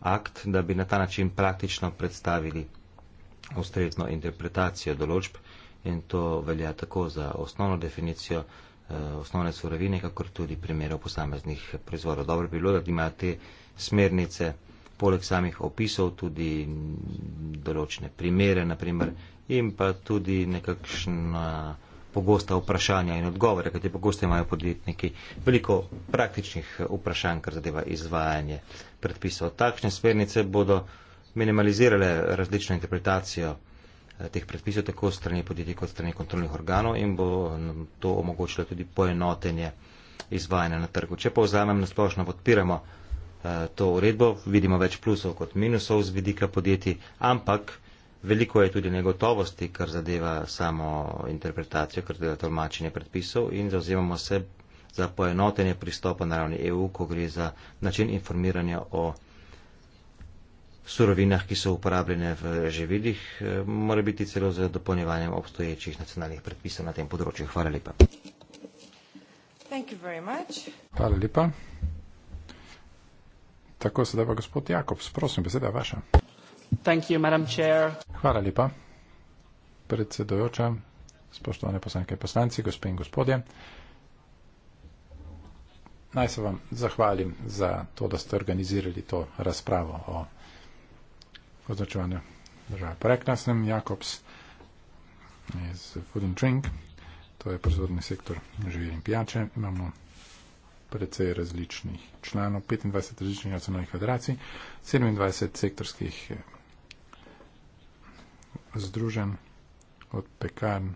akt, da bi na ta način praktično predstavili ustrezno interpretacijo določb in to velja tako za osnovno definicijo eh, osnovne surovine, kakor tudi primerov posameznih proizvodov. Dobro bi bilo, da imajo te smernice poleg samih opisov tudi določene primere, naprimer, in pa tudi nekakšna pogosta vprašanja in odgovore, kajti pogosto imajo podjetniki veliko praktičnih vprašanj, kar zadeva izvajanje predpisov. Takšne smernice bodo minimalizirale različno interpretacijo Eh, teh predpisov, tako strani podjetij kot strani kontrolnih organov in bo nam mm, to omogočilo tudi poenotenje izvajanja na trgu. Če pa vzamem na splošno, podpiramo eh, to uredbo, vidimo več plusov kot minusov z vidika podjetij, ampak veliko je tudi negotovosti, kar zadeva samo interpretacijo, kar zadeva tolmačenje predpisov in zauzemamo se za poenotenje pristopa na ravni EU, ko gre za način informiranja o surovinah, ki so uporabljene v živilih, eh, mora biti celo z dopolnjevanjem obstoječih nacionalnih predpisov na tem področju. Hvala lepa. Hvala lepa. Tako sedaj pa gospod Jakobs, prosim, beseda je vaša. You, Hvala lepa, predsedojoča, spoštovane poslanke in poslanci, gospe in gospodje. Naj se vam zahvalim za to, da ste organizirali to razpravo o označevanja države. Porekla sem Jakobs iz Food and Drink, to je proizvodni sektor živil in pijače. Imamo precej različnih članov, 25 različnih nacionalnih federacij, 27 sektorskih eh, združen, od pekarn,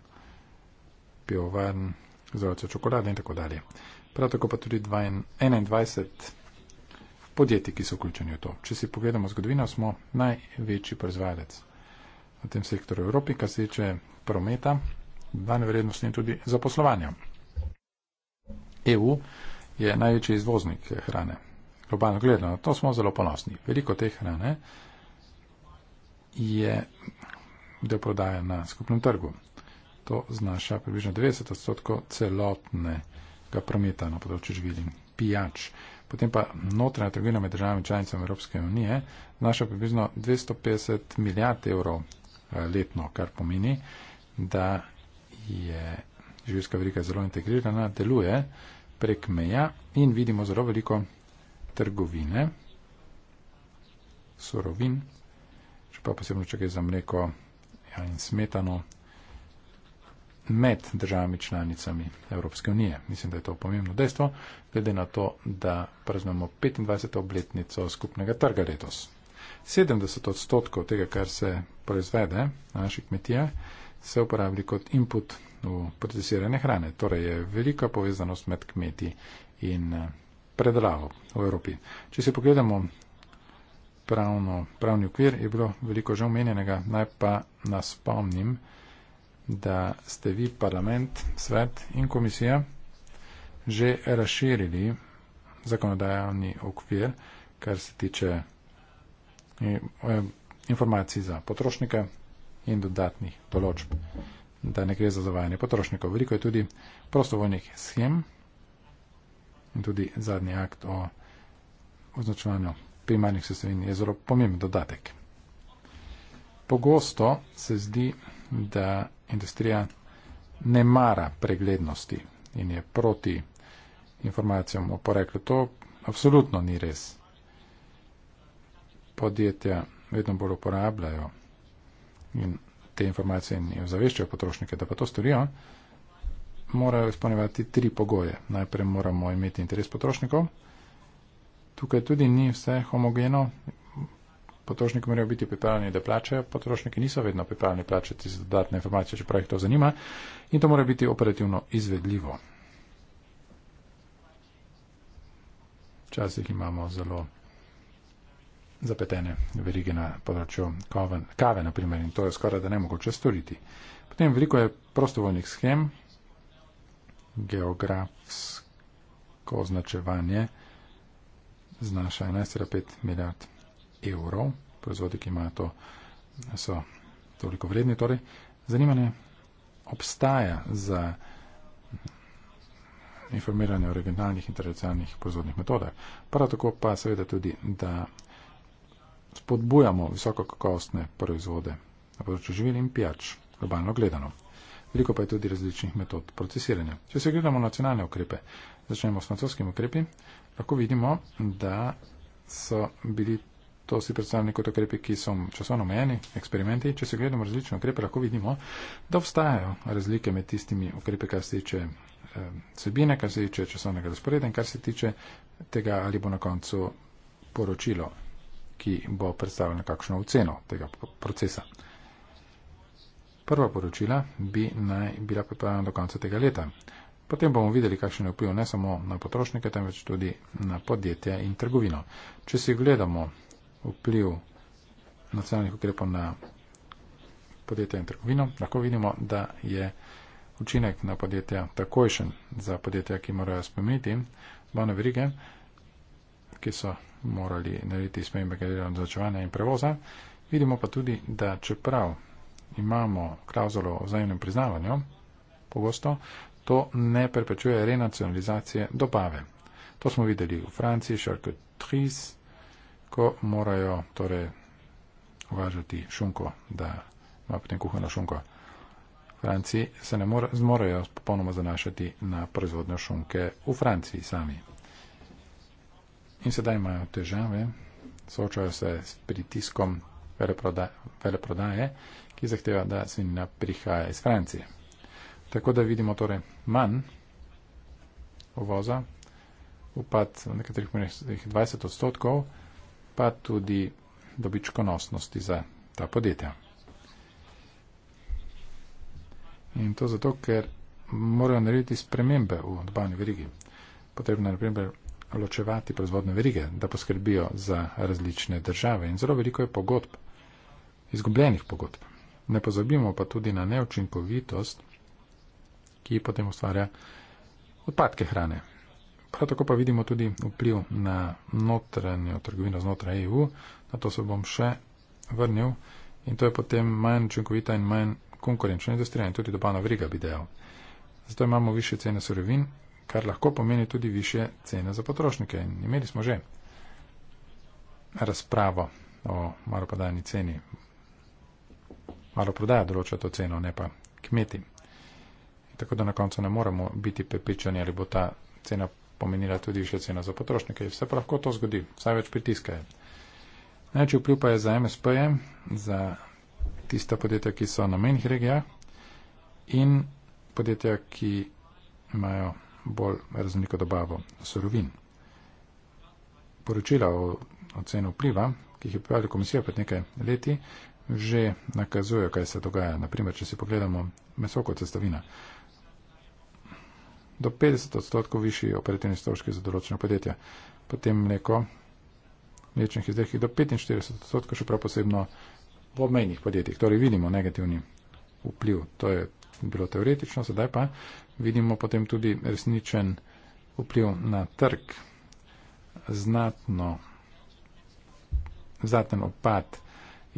pivovarn, zelo čokolade in tako dalje. Prav tako pa tudi 21 podjetij, ki so vključeni v to. Če si pogledamo zgodovino, smo največji proizvajalec v tem sektorju v Evropi, kar se tiče prometa, dane vrednosti in tudi zaposlovanja. EU je največji izvoznik hrane. Globalno gledano, to smo zelo ponosni. Veliko te hrane je del prodaje na skupnem trgu. To znaša približno 90 odstotkov celotnega prometa na področju živil in pijač potem pa notranja trgovina med državami članicami Evropske unije znaša približno 250 milijard evrov eh, letno, kar pomeni, da je živilska verika zelo integrirana, deluje prek meja in vidimo zelo veliko trgovine, surovin, še pa posebno, če gre za mleko ja, in smetano med državami članicami Evropske unije. Mislim, da je to pomembno dejstvo, glede na to, da praznujemo 25. obletnico skupnega trga letos. 70 odstotkov tega, kar se proizvede na naših kmetijah, se uporabi kot input v procesiranje hrane. Torej je velika povezanost med kmeti in eh, predelavo v Evropi. Če si pogledamo pravno, pravni okvir, je bilo veliko že omenjenega. Naj pa nas spomnim, da ste vi parlament, svet in komisija že razširili zakonodajni okvir, kar se tiče eh, informacij za potrošnike in dodatnih določb, da ne gre za zavajanje potrošnikov. Veliko je tudi prostovoljnih schem in tudi zadnji akt o označevanju primarnih sestavin je zelo pomemben dodatek. Pogosto se zdi, da industrija ne mara preglednosti in je proti informacijam o poreklu. To absolutno ni res. Podjetja vedno bolj uporabljajo in te informacije in jo zaveščajo potrošnike, da pa to storijo, morajo izpolnjevati tri pogoje. Najprej moramo imeti interes potrošnikov. Tukaj tudi ni vse homogeno, potrošniki morajo biti pripravljeni, da plačajo, potrošniki niso vedno pripravljeni plačati za dodatne informacije, čeprav jih to zanima in to mora biti operativno izvedljivo. Včasih imamo zelo zapetene verige na področju koven, kave, naprimer, in to je skoraj da nemogoče storiti. Potem veliko je prostovoljnih schem, geografsko označevanje znaša 11,5 milijard evrov, proizvodi, ki imajo to, so toliko vredni. Torej, zanimanje obstaja za informiranje o regionalnih in tradicionalnih proizvodnih metodah. Prav tako pa seveda tudi, da spodbujamo visokokakostne proizvode na področju živil in pijač, globalno gledano. Veliko pa je tudi različnih metod procesiranja. Če se gledamo nacionalne ukrepe, začnemo s francoskim ukrepi, lahko vidimo, da so bili To si predstavljamo kot ukrepe, ki so časovno omejeni, eksperimenti. Če se gledamo različne ukrepe, lahko vidimo, da obstajajo razlike med tistimi ukrepe, kar se tiče eh, sebine, kar se tiče časovnega razporeda in kar se tiče tega, ali bo na koncu poročilo, ki bo predstavljeno kakšno oceno tega procesa. Prva poročila bi naj bila pripravljena do konca tega leta. Potem bomo videli, kakšen je vpliv ne samo na potrošnike, temveč tudi na podjetja in trgovino. Če si gledamo vpliv nacionalnih ukrepov na podjetja in trgovino, lahko vidimo, da je učinek na podjetja takojšen za podjetja, ki morajo spremeniti bane verige, ki so morali narediti spremembe glede na začevanje in prevoza. Vidimo pa tudi, da čeprav imamo klauzulo o vzajemnem priznavanju, pogosto to ne preprečuje renacionalizacije dobave. To smo videli v Franciji, Šarko Tris, ko morajo torej uvažati šunko, da ima potem kuhano šunko. Franci se ne more, zmorejo popolnoma zanašati na proizvodnjo šunke v Franciji sami. In sedaj imajo težave, soočajo se s pritiskom veleproda, veleprodaje, ki zahteva, da svinjina prihaja iz Francije. Tako da vidimo torej manj uvoza, upad na nekaterih primerih 20 odstotkov pa tudi dobičkonosnosti za ta podjetja. In to zato, ker morajo narediti spremembe v odbavni verigi. Potrebno je, na primer, ločevati proizvodne verige, da poskrbijo za različne države. In zelo veliko je pogodb, izgubljenih pogodb. Ne pozabimo pa tudi na neučinkovitost, ki potem ustvarja odpadke hrane. Prav tako pa vidimo tudi vpliv na notranjo trgovino znotraj EU, na to se bom še vrnil in to je potem manj učinkovita in manj konkurenčna industrija in tudi dobana vriga bi dejal. Zato imamo više cene surovin, kar lahko pomeni tudi više cene za potrošnike in imeli smo že razpravo o maropodajni ceni. Maloprodaja določa to ceno, ne pa kmeti. Tako da na koncu ne moremo biti prepričani, ali bo ta cena pomenila tudi više cena za potrošnike. Vse pa lahko to zgodi, vsaj več pritiska je. Največji vpliv pa je za MSP-je, za tista podjetja, ki so na menjih regijah in podjetja, ki imajo bolj razliko dobavo sorovin. Poročila o oceni vpliva, ki jih je pripravila komisija pred nekaj leti, že nakazujejo, kaj se dogaja. Naprimer, če si pogledamo meso kot sestavina do 50 odstotkov višji operativni stroški za določeno podjetje. Potem mleko mlečnih izdelkih do 45 odstotkov, še prav posebno v obmejnih podjetjih. Torej vidimo negativni vpliv, to je bilo teoretično, sedaj pa vidimo potem tudi resničen vpliv na trg. Znatno, znaten opad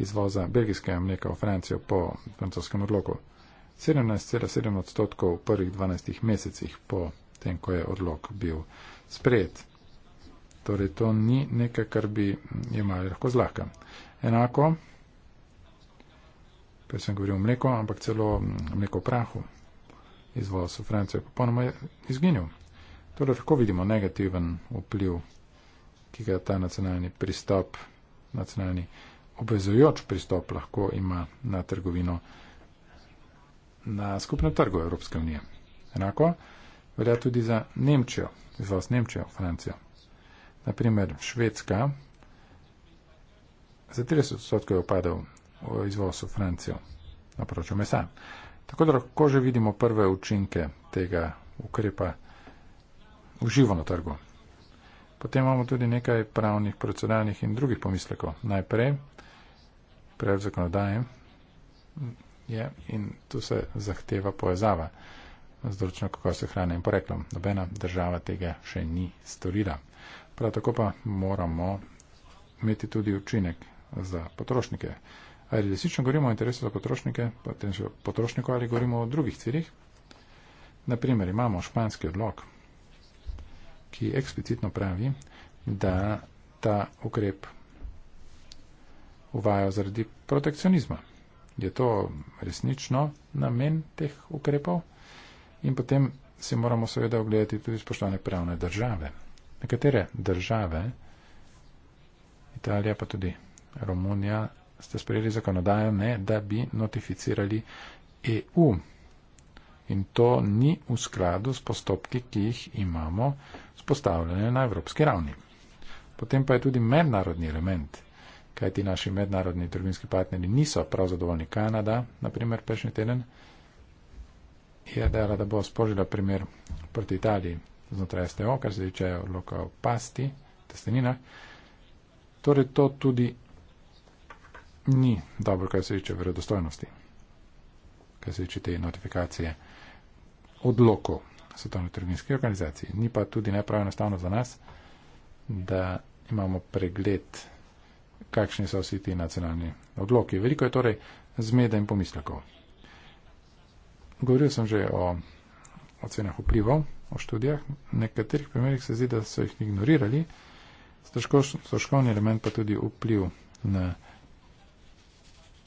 izvoza belgijskega mleka v Francijo po francoskem odloku. 17,7 odstotkov v prvih 12 mesecih po tem, ko je odlog bil sprejet. Torej, to ni nekaj, kar bi imali lahko zlahka. Enako, pa sem govoril o mleko, ampak celo mleko v prahu izvoz v Francijo je popolnoma izginil. Torej, lahko vidimo negativen vpliv, ki ga ta nacionalni pristop, nacionalni obvezujoč pristop lahko ima na trgovino na skupnem trgu Evropske unije. Enako velja tudi za Nemčijo, izvoz Nemčijo, Francijo. Naprimer, Švedska za 30 odstotkov je opadal v izvoz v Francijo na proču mesa. Tako da lahko že vidimo prve učinke tega ukrepa v živo na trgu. Potem imamo tudi nekaj pravnih, proceduralnih in drugih pomislekov. Najprej, prej zakonodaje, je in tu se zahteva povezava z določeno kakovostjo hrane in poreklom. Nobena država tega še ni storila. Prav tako pa moramo imeti tudi učinek za potrošnike. Ali resnično govorimo o interesu za potrošnike, potem še potrošnikov ali govorimo o drugih ciljih. Naprimer, imamo španski odlog, ki eksplicitno pravi, da ta ukrep uvajo zaradi protekcionizma je to resnično namen teh ukrepov. In potem si moramo seveda ogledati tudi spoštovane pravne države. Nekatere države, Italija pa tudi Romunija, ste sprejeli zakonodajo, ne, da bi notificirali EU. In to ni v skladu s postopki, ki jih imamo spostavljene na evropski ravni. Potem pa je tudi mednarodni element kaj ti naši mednarodni trgovinski partneri niso prav zadovoljni. Kanada, naprimer, prejšnji teden je dejala, da bo spožila primer proti Italiji znotraj STO, kar se tiče odloka o pasti, testeninah. Torej, to tudi ni dobro, kar se tiče verodostojnosti, kar se tiče te notifikacije odlokov Svetovne trgovinske organizacije. Ni pa tudi nepravno enostavno za nas, da imamo pregled kakšni so vsi ti nacionalni odloki. Veliko je torej zmede in pomislekov. Govoril sem že o ocenah vplivov, o študijah. V nekaterih primerjih se zdi, da so jih ignorirali. Stroškovni element pa tudi vpliv na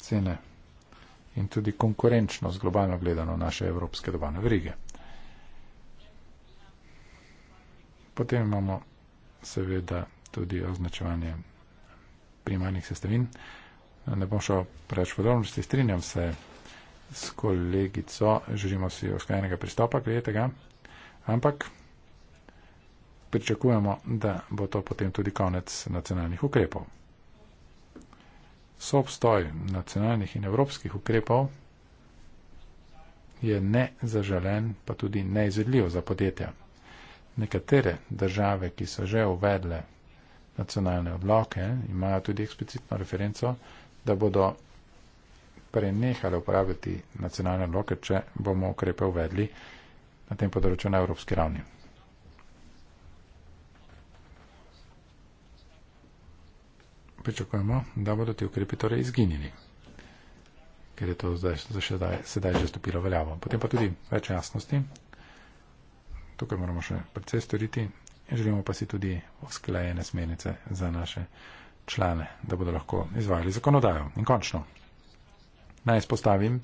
cene in tudi konkurenčnost globalno gledano naše evropske dobane verige. Potem imamo seveda tudi označevanje primarnih sestavin. Ne bom šel preveč podrobnosti, strinjam se s kolegico, želimo si oskajnega pristopa, gledajte ga, ampak pričakujemo, da bo to potem tudi konec nacionalnih ukrepov. Sobstoj nacionalnih in evropskih ukrepov je nezaželen, pa tudi neizvedljiv za podjetja. Nekatere države, ki so že uvedle nacionalne obloke, imajo tudi eksplicitno referenco, da bodo prenehali uporabljati nacionalne obloke, če bomo ukrepe uvedli na tem področju na evropski ravni. Pričakujemo, da bodo ti ukrepi torej izginili, ker je to zdaj, za sedaj, sedaj že stopilo veljavo. Potem pa tudi več jasnosti. Tukaj moramo še precej storiti, Želimo pa si tudi usklajene smernice za naše člane, da bodo lahko izvajali zakonodajo. In končno, naj spostavim,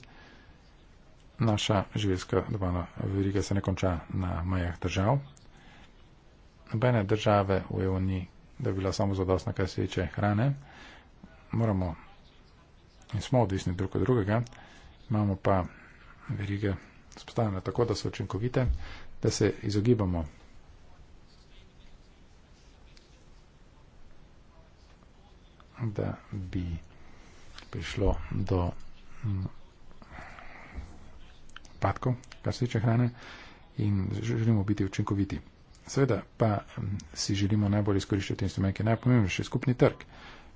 naša živelska dobana veriga se ne konča na majah držav. Nobene države v EU ni, da bi bila samo zadostna, kar se tiče hrane. Moramo in smo odvisni drug od drugega. Imamo pa verige spostavljene tako, da so učinkovite, da se izogibamo da bi prišlo do mm, padkov, kar se tiče hrane in želimo biti učinkoviti. Seveda pa mm, si želimo najbolj izkoriščati instrument, ki je najpomembnejši, skupni trg.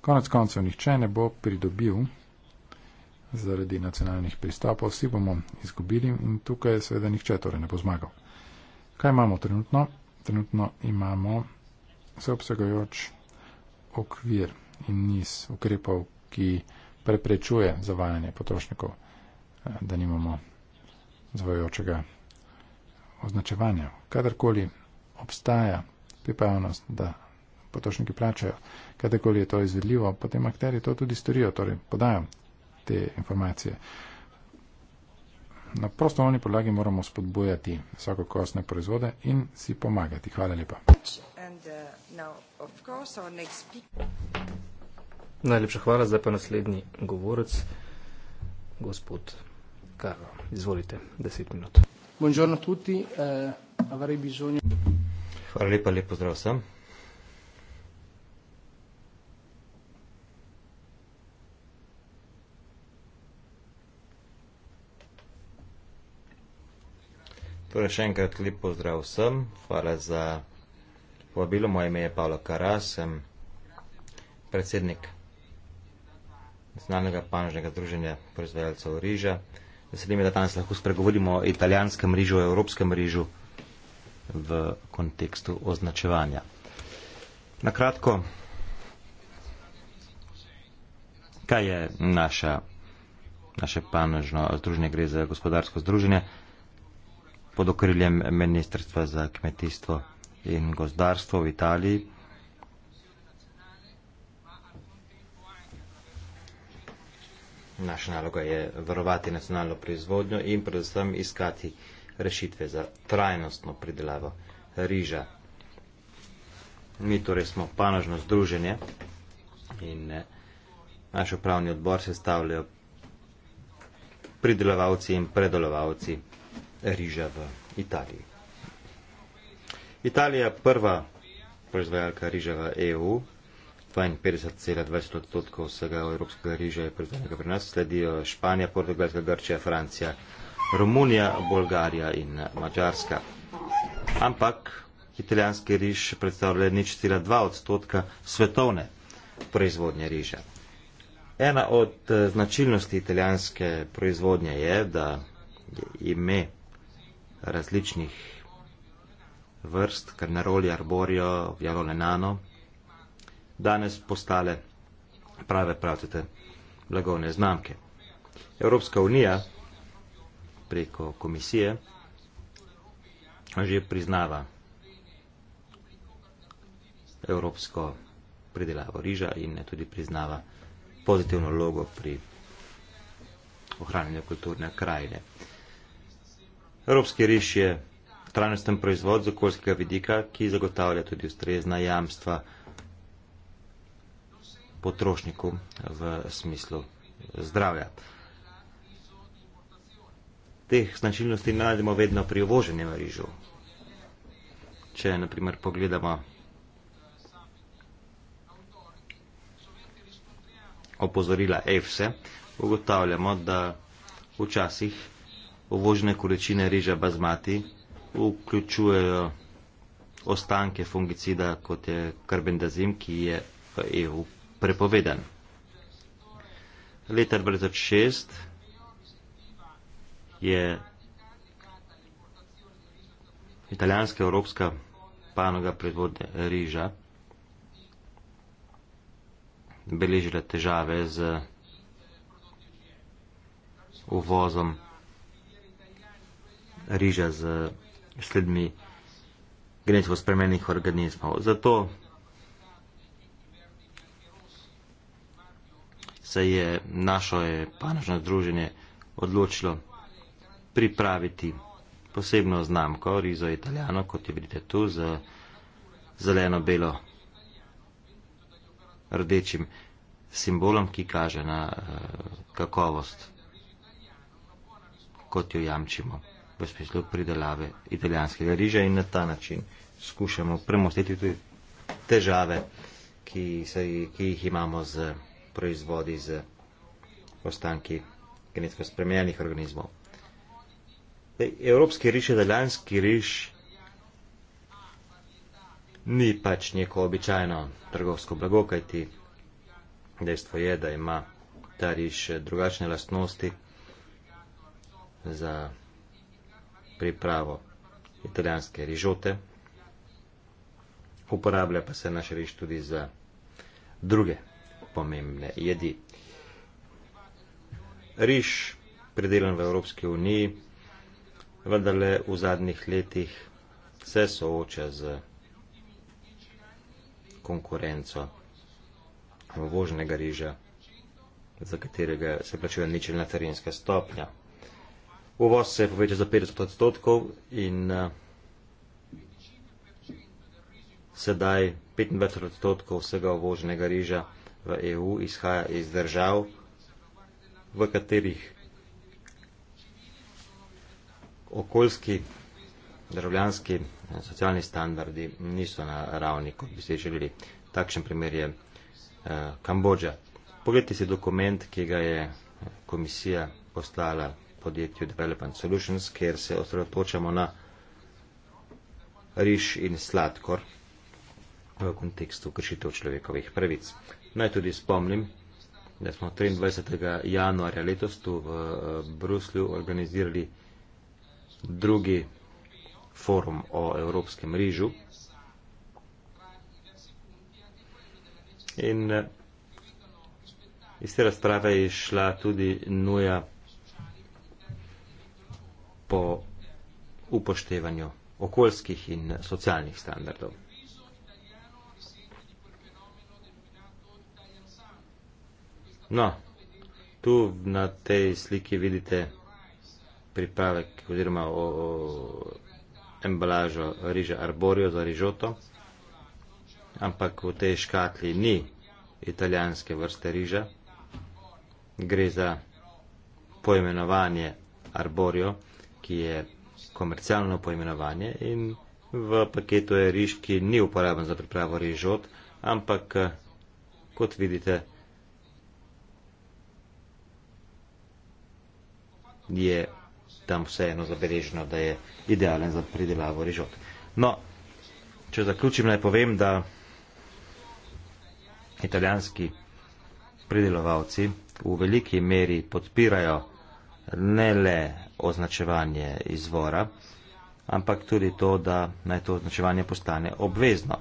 Konec koncev nihče ne bo pridobil zaradi nacionalnih pristopov, vsi bomo izgubili in tukaj seveda nihče torej ne bo zmagal. Kaj imamo trenutno? Trenutno imamo vseobsegajoč okvir in niz ukrepov, ki preprečuje zavajanje potrošnikov, eh, da nimamo zvojočega označevanja. Kadarkoli obstaja pripravljenost, da potrošniki plačajo, kadarkoli je to izvedljivo, potem akteri to tudi storijo, torej podajo te informacije. Na prostovoljni podlagi moramo spodbujati vsakokosne proizvode in si pomagati. Hvala lepa. And, uh, now, Najlepša hvala, zdaj pa naslednji govorec, gospod Karlo. Izvolite, deset minut. Buongiorno tutti, eh, avrei bisogno... Hvala lepa, lepo zdrav vsem. Torej še enkrat lepo zdrav vsem, hvala za povabilo, moje ime je Paolo Kara, sem predsednik nacionalnega panžnega druženja proizvajalcev riža. Veselim je, da danes lahko spregovorimo o italijanskem rižu, o evropskem rižu v kontekstu označevanja. Na kratko, kaj je naša, naše panožno združenje, gre za gospodarsko združenje pod okriljem Ministrstva za kmetijstvo in gozdarstvo v Italiji, Naša naloga je varovati nacionalno proizvodnjo in predvsem iskati rešitve za trajnostno pridelavo riža. Mi torej smo panožno združenje in eh, naš upravni odbor se stavljajo pridelovalci in predelovalci riža v Italiji. Italija je prva proizvajalka riža v EU, 52,20 odstotkov vsega evropskega riža je proizvedenega pri nas, sledijo Španija, Portugalska, Grčija, Francija, Romunija, Bolgarija in Mačarska. Ampak italijanski riž predstavlja le 0,2 odstotka svetovne proizvodnje riža. Ena od eh, značilnosti italijanske proizvodnje je, da je ime različnih vrst, karnaroli, arborio, vjalone nano, danes postale prave pravcete blagovne znamke. Evropska unija preko komisije že priznava evropsko pridelavo riža in ne tudi priznava pozitivno logo pri ohranjanju kulturne krajine. Evropski riž je trajnosten proizvod z okoljskega vidika, ki zagotavlja tudi ustrezna jamstva potrošniku v smislu zdravja. Teh značilnosti najdemo vedno pri uvoženem rižu. Če naprimer pogledamo opozorila EFSE, ugotavljamo, da včasih uvožene količine riža bazmati vključujejo ostanke fungicida, kot je karbendazim, ki je v EU prepovedan. Leta 2006 je italijanska evropska panoga predvodne riža beležila težave z uvozom riža z sledmi genetsko spremenjenih organizmov. Zato se je našo je panožno druženje odločilo pripraviti posebno znamko Rizo Italijano, kot je vidite tu, z zeleno-belo rdečim simbolom, ki kaže na eh, kakovost, kot jo jamčimo v smislu pridelave italijanskega riža in na ta način skušamo premostiti tudi težave, ki, se, ki jih imamo z proizvodi z ostanki genetsko spremenjenih organizmov. Evropski riš, italijanski riš, ni pač neko običajno trgovsko blago, kajti dejstvo je, da ima ta riš drugačne lastnosti za pripravo italijanske rižote. Uporablja pa se naš riš tudi za druge pomembne jedi. Riž, predelan v Evropski uniji, vendarle v zadnjih letih se sooča z konkurenco vožnega riža, za katerega se plačuje ničelna terenska stopnja. Uvoz se je povečal za 50 odstotkov in uh, sedaj 25 odstotkov vsega uvoženega riža v EU izhaja iz držav, v katerih okoljski, državljanski, socialni standardi niso na ravni, kot bi se želeli. Takšen primer je eh, Kambodža. Poglejte si dokument, ki ga je komisija poslala podjetju Development Solutions, kjer se osredotočamo na riž in sladkor v kontekstu kršitev človekovih pravic. Naj tudi spomnim, da smo 23. januarja letos tu v eh, Bruslju organizirali drugi forum o evropskem mrežu. In eh, iz te razprave je šla tudi nuja po upoštevanju okoljskih in socialnih standardov. No, tu na tej sliki vidite pripravek oziroma o, o, embalažo riža Arborio za rižoto, ampak v tej škatli ni italijanske vrste riža. Gre za poimenovanje Arborio, ki je komercialno poimenovanje in v paketu je riž, ki ni uporaben za pripravo rižot, ampak kot vidite, je tam vseeno zabeleženo, da je idealen za pridelavo rižot. No, če zaključim, naj povem, da italijanski pridelovalci v veliki meri podpirajo ne le označevanje izvora, ampak tudi to, da naj to označevanje postane obvezno.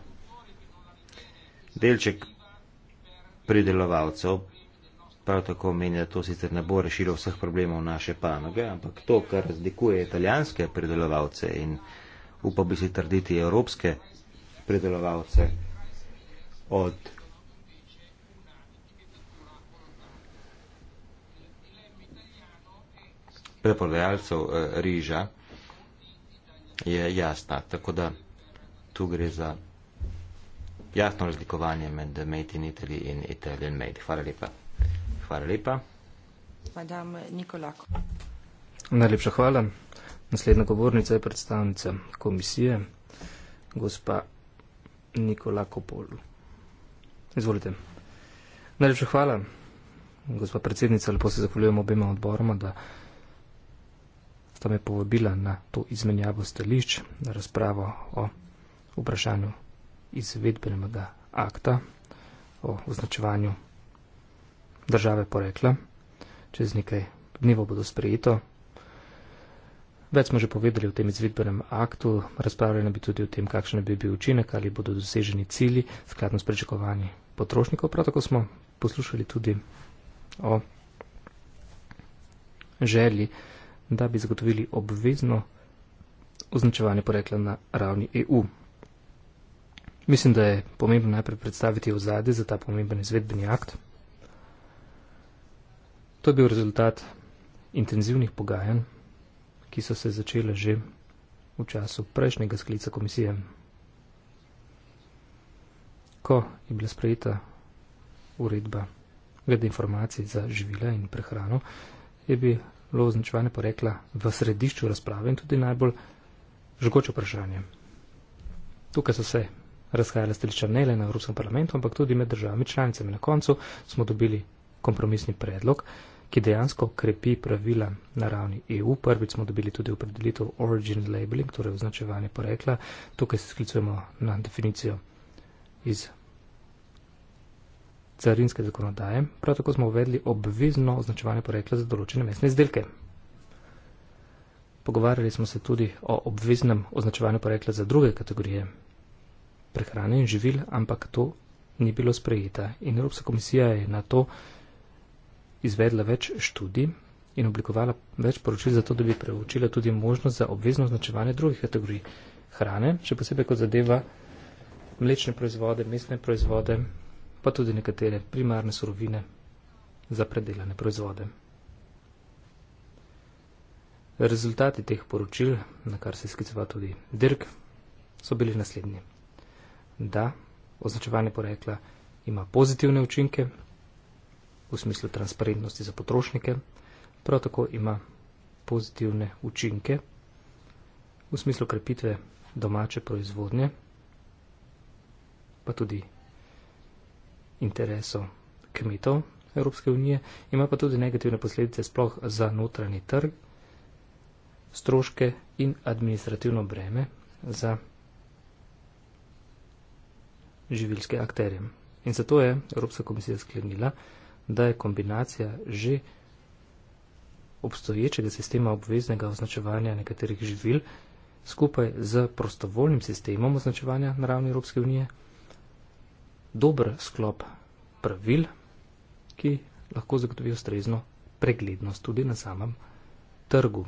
Delček pridelovalcev Prav tako meni, da to sicer ne bo rešilo vseh problemov naše panoge, ampak to, kar razlikuje italijanske predelovalce in upam bi si trditi evropske predelovalce od preprodajalcev eh, riža, je jasna. Tako da tu gre za jasno razlikovanje med made in Italy in Italian made. Hvala lepa. Hvala lepa. Madame Nikolako. Najlepša hvala. Naslednja govornica je predstavnica komisije, gospa Nikolako Polu. Izvolite. Najlepša hvala, gospa predsednica, lepo se zahvaljujem obima odboroma, da sta me povabila na to izmenjavo stališč, na razpravo o vprašanju izvedbenega akta o označevanju države porekla. Čez nekaj dnevo bodo sprejeto. Več smo že povedali o tem izvedbenem aktu, razpravljali bi tudi o tem, kakšen bi bil učinek ali bodo doseženi cilji skladno s pričakovanji potrošnikov. Prav tako smo poslušali tudi o želji, da bi zagotovili obvezno označevanje porekla na ravni EU. Mislim, da je pomembno najprej predstaviti ozadje za ta pomemben izvedbeni akt. To je bil rezultat intenzivnih pogajanj, ki so se začele že v času prejšnjega sklica komisije. Ko je bila sprejeta uredba glede informacij za živila in prehrano, je bilo označevanje porekla v središču razprave in tudi najbolj žgoče vprašanje. Tukaj so se razhajale stališča ne le na Evropskem parlamentu, ampak tudi med državami članicami. Na koncu smo dobili kompromisni predlog ki dejansko krepi pravila na ravni EU. Prvič smo dobili tudi opredelitev origin labeling, torej označevanje porekla. Tukaj se sklicujemo na definicijo iz carinske zakonodaje. Prav tako smo uvedli obvezno označevanje porekla za določene mesne izdelke. Pogovarjali smo se tudi o obveznem označevanju porekla za druge kategorije prehrane in živil, ampak to ni bilo sprejeta. In Evropska komisija je na to izvedla več študij in oblikovala več poročil za to, da bi preučila tudi možnost za obvezno označevanje drugih kategorij hrane, še posebej kot zadeva mlečne proizvode, mesne proizvode, pa tudi nekatere primarne surovine za predelane proizvode. Rezultati teh poročil, na kar se skiceva tudi Dirk, so bili naslednji. Da, označevanje porekla ima pozitivne učinke v smislu transparentnosti za potrošnike, prav tako ima pozitivne učinke v smislu krepitve domače proizvodnje, pa tudi interesov kmetov Evropske unije, ima pa tudi negativne posledice sploh za notranji trg, stroške in administrativno breme za živilske akterje. In zato je Evropska komisija sklenila, da je kombinacija že obstoječega sistema obveznega označevanja nekaterih živil skupaj z prostovoljnim sistemom označevanja na ravni Evropske unije dober sklop pravil, ki lahko zagotovi ustrezno preglednost tudi na samem trgu.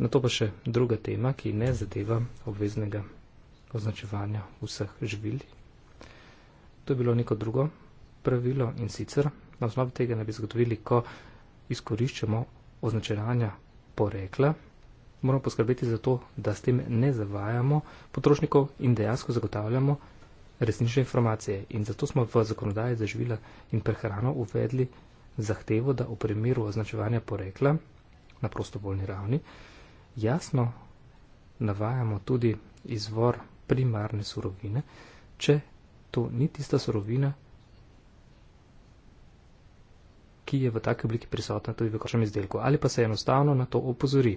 Na to pa še druga tema, ki ne zadeva obveznega označevanja vseh živil. To je bilo neko drugo pravilo in sicer na osnovi tega ne bi zgodovili, ko izkoriščamo označevanja porekla, moramo poskrbeti za to, da s tem ne zavajamo potrošnikov in dejansko zagotavljamo resnične informacije. In zato smo v zakonodaji za živila in prehrano uvedli zahtevo, da v primeru označevanja porekla na prostovoljni ravni jasno navajamo tudi izvor primarne surovine, če to ni tista surovina, ki je v taki obliki prisotna tudi v kakšnem izdelku, ali pa se enostavno na to opozori.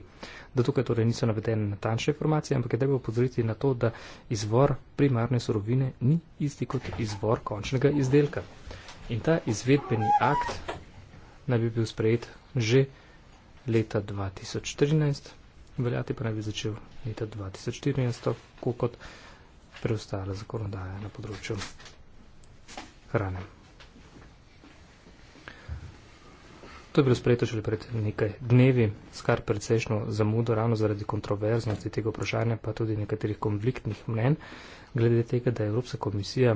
Da tukaj torej niso navedene natančne informacije, ampak je treba opozoriti na to, da izvor primarne surovine ni isti kot izvor končnega izdelka. In ta izvedbeni akt naj bi bil sprejet že leta 2013 veljati pa naj bi začel leta 2014, kot preostale zakonodaje na področju hrane. To je bilo sprejeto šele pred nekaj dnevi, skar precejšno zamudo, ravno zaradi kontroverznosti tega vprašanja, pa tudi nekaterih konfliktnih mnen, glede tega, da je Evropska komisija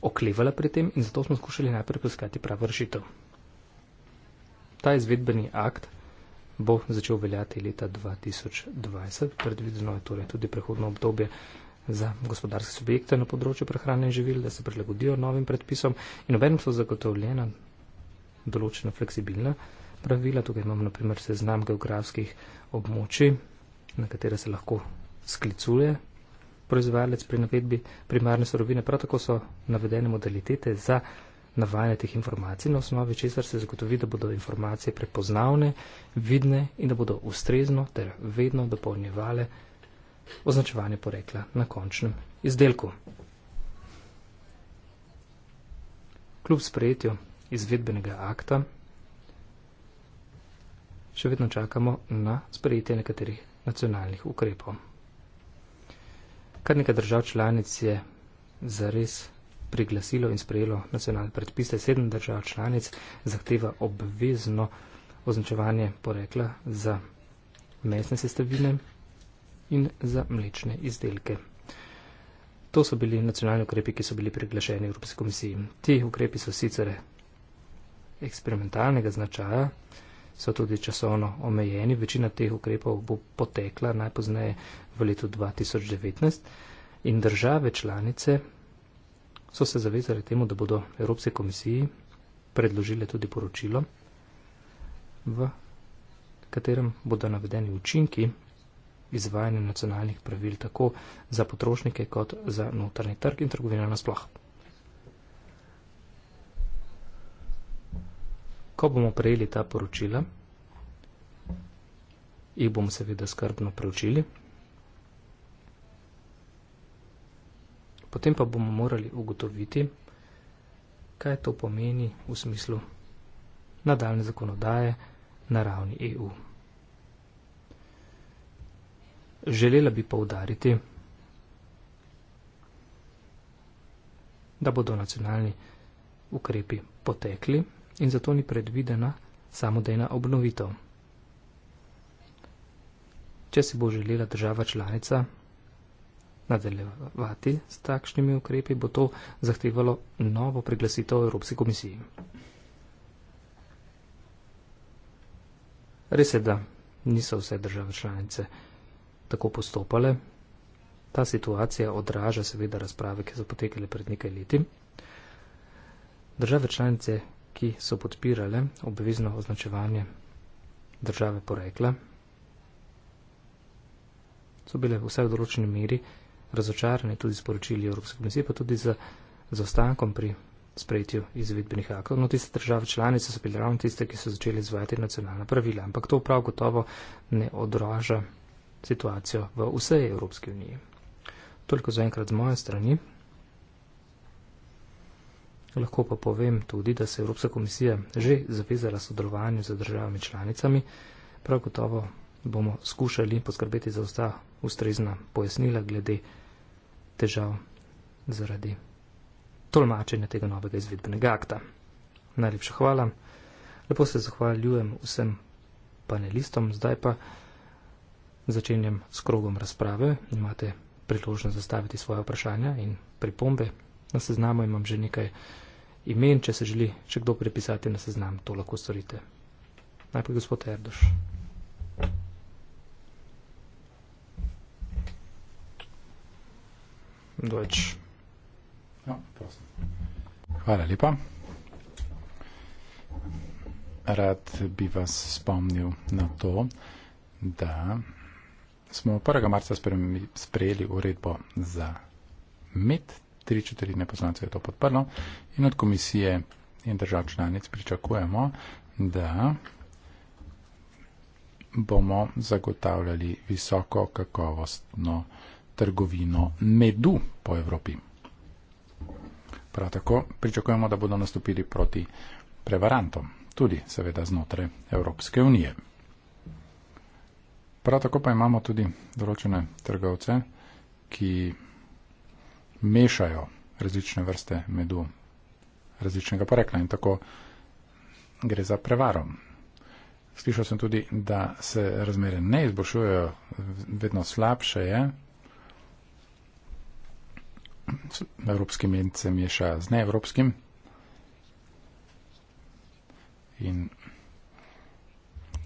oklevala pri tem in zato smo skušali najprej poskati pravo rešitev. Ta izvedbeni akt bo začel veljati leta 2020. Predvideno je torej tudi prehodno obdobje za gospodarske subjekte na področju prehrane in živil, da se prilagodijo novim predpisom in obenem so zagotovljena določena fleksibilna pravila. Tukaj imamo na primer seznam geografskih območij, na katere se lahko sklicuje proizvajalec pri navedbi primarne sorovine. Prav tako so navedene modalitete za navajanje teh informacij, na osnovi česar se zagotovi, da bodo informacije prepoznavne, vidne in da bodo ustrezno ter vedno dopolnjevale označevanje porekla na končnem izdelku. Kljub sprejetju izvedbenega akta še vedno čakamo na sprejetje nekaterih nacionalnih ukrepov. Kar nekaj držav članic je zares priglasilo in sprejelo nacionalne predpise sedem držav članic, zahteva obvezno označevanje porekla za mesne sestavine in za mlečne izdelke. To so bili nacionalni ukrepi, ki so bili priglašeni Evropske komisiji. Ti ukrepi so sicer eksperimentalnega značaja, so tudi časovno omejeni. Večina teh ukrepov bo potekla najpozneje v letu 2019 in države članice so se zavezali temu, da bodo Evropske komisiji predložile tudi poročilo, v katerem bodo navedeni učinki izvajanja nacionalnih pravil tako za potrošnike kot za notrni trg in trgovino nasploh. Ko bomo prejeli ta poročila, jih bomo seveda skrbno preučili. Potem pa bomo morali ugotoviti, kaj to pomeni v smislu nadaljne zakonodaje na ravni EU. Želela bi poudariti, da bodo nacionalni ukrepi potekli in zato ni predvidena samodejna obnovitev. Če si bo želela država članica nadaljevati s takšnimi ukrepi, bo to zahtevalo novo priglasitev Evropske komisije. Res je, da niso vse države članice tako postopale. Ta situacija odraža seveda razprave, ki so potekale pred nekaj leti. Države članice, ki so podpirale obvezno označevanje države porekla, so bile vse v določeni meri razočarani tudi sporočili Evropske komisije, pa tudi za zaostankom pri sprejetju izvedbenih aktov. No, tiste države članice so bile ravno tiste, ki so začeli izvajati nacionalna pravila, ampak to prav gotovo ne odraža situacijo v vsej Evropski uniji. Toliko zaenkrat z moje strani. Lahko pa povem tudi, da se je Evropska komisija že zavezala sodelovanju z državami članicami. Prav gotovo bomo skušali poskrbeti za vsta ustrezna pojasnila glede težav zaradi tolmačenja tega novega izvedbenega akta. Najlepša hvala. Lepo se zahvaljujem vsem panelistom. Zdaj pa začenjam s krogom razprave. Imate priložnost zastaviti svoje vprašanja in pripombe. Na seznamu imam že nekaj imen. Če se želi še kdo prepisati na seznam, to lahko storite. Najprej gospod Erdoš. Doč. Ja, Hvala lepa. Rad bi vas spomnil na to, da smo 1. marca sprejeli uredbo za med, tri četrtine poslancev je to podprlo in od komisije in držav članic pričakujemo, da bomo zagotavljali visoko kakovostno no, trgovino medu po Evropi. Prav tako pričakujemo, da bodo nastopili proti prevarantom, tudi seveda znotraj Evropske unije. Prav tako pa imamo tudi določene trgovce, ki mešajo različne vrste medu različnega porekla in tako gre za prevaro. Slišal sem tudi, da se razmere ne izboljšujejo, vedno slabše je evropskim in se meša z neevropskim. In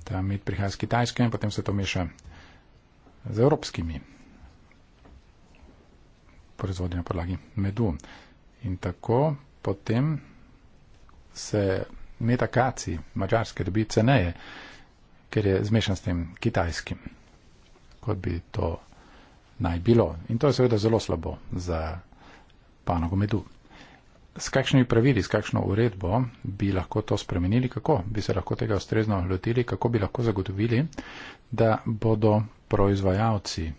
ta med prihaja z Kitajske in potem se to meša z evropskimi proizvodi na podlagi medu. In tako potem se med akaci mačarske dobi ceneje, ker je zmešan s tem kitajskim, kot bi to naj bilo. In to je seveda zelo slabo za panogo medu. S kakšnimi pravili, s kakšno uredbo bi lahko to spremenili, kako bi se lahko tega ustrezno lotili, kako bi lahko zagotovili, da bodo proizvajalci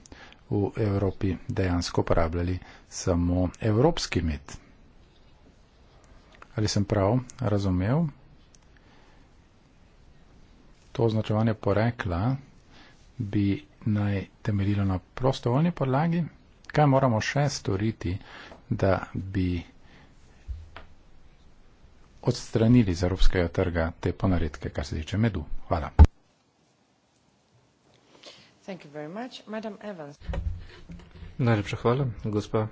v Evropi dejansko uporabljali samo evropski med. Ali sem prav razumel? To označevanje porekla bi naj temeljilo na prostovoljni podlagi. Kaj moramo še storiti, da bi odstranili iz evropskega trga te ponaredke, kar se tiče medu. Hvala. Thank you very much. Madam Evans. Najlepša hvala, gospa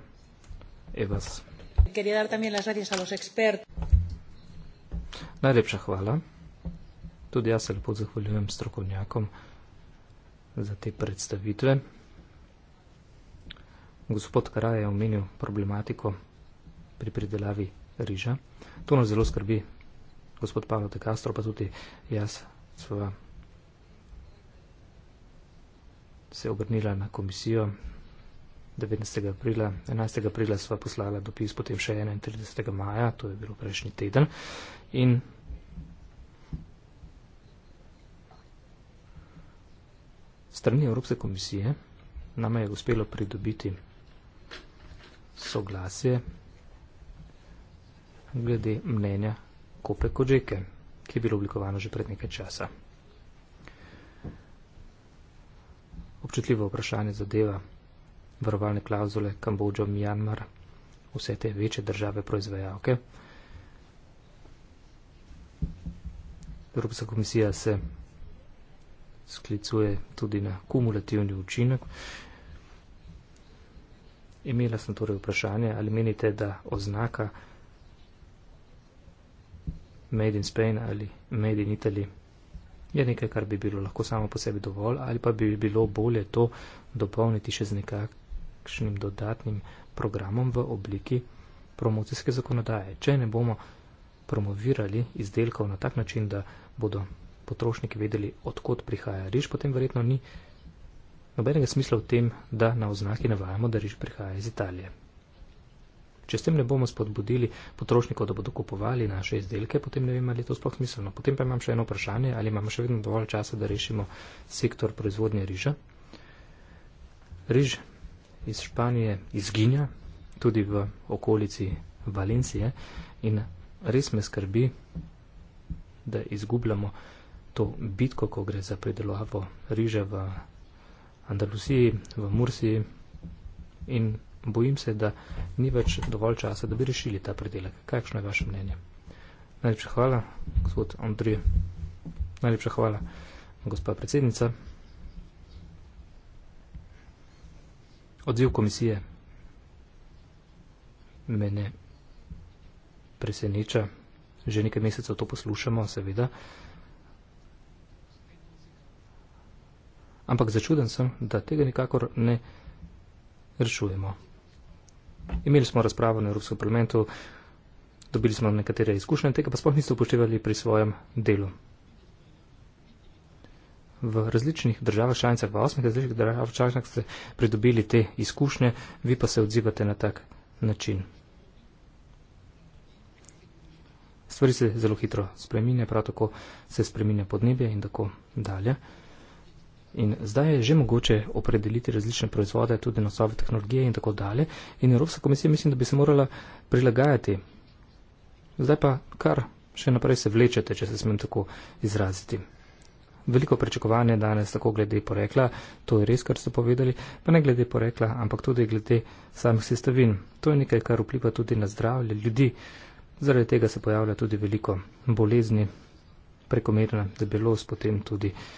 Evans. Quería dar también las gracias a los expertos. Najlepša hvala. Tudi jaz se lepo zahvaljujem strokovnjakom za te predstavitve. Gospod Kraj je omenil problematiko pri pridelavi riža. To nas zelo skrbi, gospod Pavlo de Castro, pa tudi jaz sva se obrnila na komisijo 19. aprila. 11. aprila sva poslala dopis, potem še 31. maja, to je bilo prejšnji teden. In strani Evropske komisije nama je uspelo pridobiti soglasje glede mnenja Kope Kođeke, ki je bilo oblikovano že pred nekaj časa. Občutljivo vprašanje zadeva varovalne klauzule Kambodžo, Mjanmar, vse te večje države proizvajalke. Evropska komisija se sklicuje tudi na kumulativni učinek Imela sem torej vprašanje, ali menite, da oznaka Made in Spain ali Made in Italy je nekaj, kar bi bilo lahko samo po sebi dovolj, ali pa bi bilo bolje to dopolniti še z nekakšnim dodatnim programom v obliki promocijske zakonodaje. Če ne bomo promovirali izdelkov na tak način, da bodo potrošniki vedeli, odkot prihaja riž, potem verjetno ni. Nobenega smisla v tem, da na oznaki navajamo, da riž prihaja iz Italije. Če s tem ne bomo spodbudili potrošnikov, da bodo kupovali naše izdelke, potem ne vem, ali je to sploh smiselno. Potem pa imam še eno vprašanje, ali imamo še vedno dovolj časa, da rešimo sektor proizvodnje riža. Riž iz Španije izginja tudi v okolici Valencije in res me skrbi, da izgubljamo to bitko, ko gre za predelavo riža v Andalusiji, v Mursiji in bojim se, da ni več dovolj časa, da bi rešili ta predelek. Kakšno je vaše mnenje? Najlepša hvala, gospod Andrej. Najlepša hvala, gospa predsednica. Odziv komisije mene preseneča. Že nekaj mesecev to poslušamo, seveda. ampak začuden sem, da tega nikakor ne rešujemo. Imeli smo razpravo na Evropskem parlamentu, dobili smo nekatere izkušnje, tega pa sploh niste upoštevali pri svojem delu. V različnih državah članicah, v osmih različnih državah članicah ste pridobili te izkušnje, vi pa se odzivate na tak način. Stvari se zelo hitro spreminja, prav tako se spreminja podnebje in tako dalje. In zdaj je že mogoče opredeliti različne proizvode, tudi nosove tehnologije in tako dalje. In Evropska komisija mislim, da bi se morala prilagajati. Zdaj pa kar še naprej se vlečete, če se smem tako izraziti. Veliko prečakovanje danes tako glede porekla, to je res, kar ste povedali, pa ne glede porekla, ampak tudi glede samih sestavin. To je nekaj, kar vpliva tudi na zdravje ljudi. Zaradi tega se pojavlja tudi veliko bolezni, prekomerna debelost, potem tudi. Uh,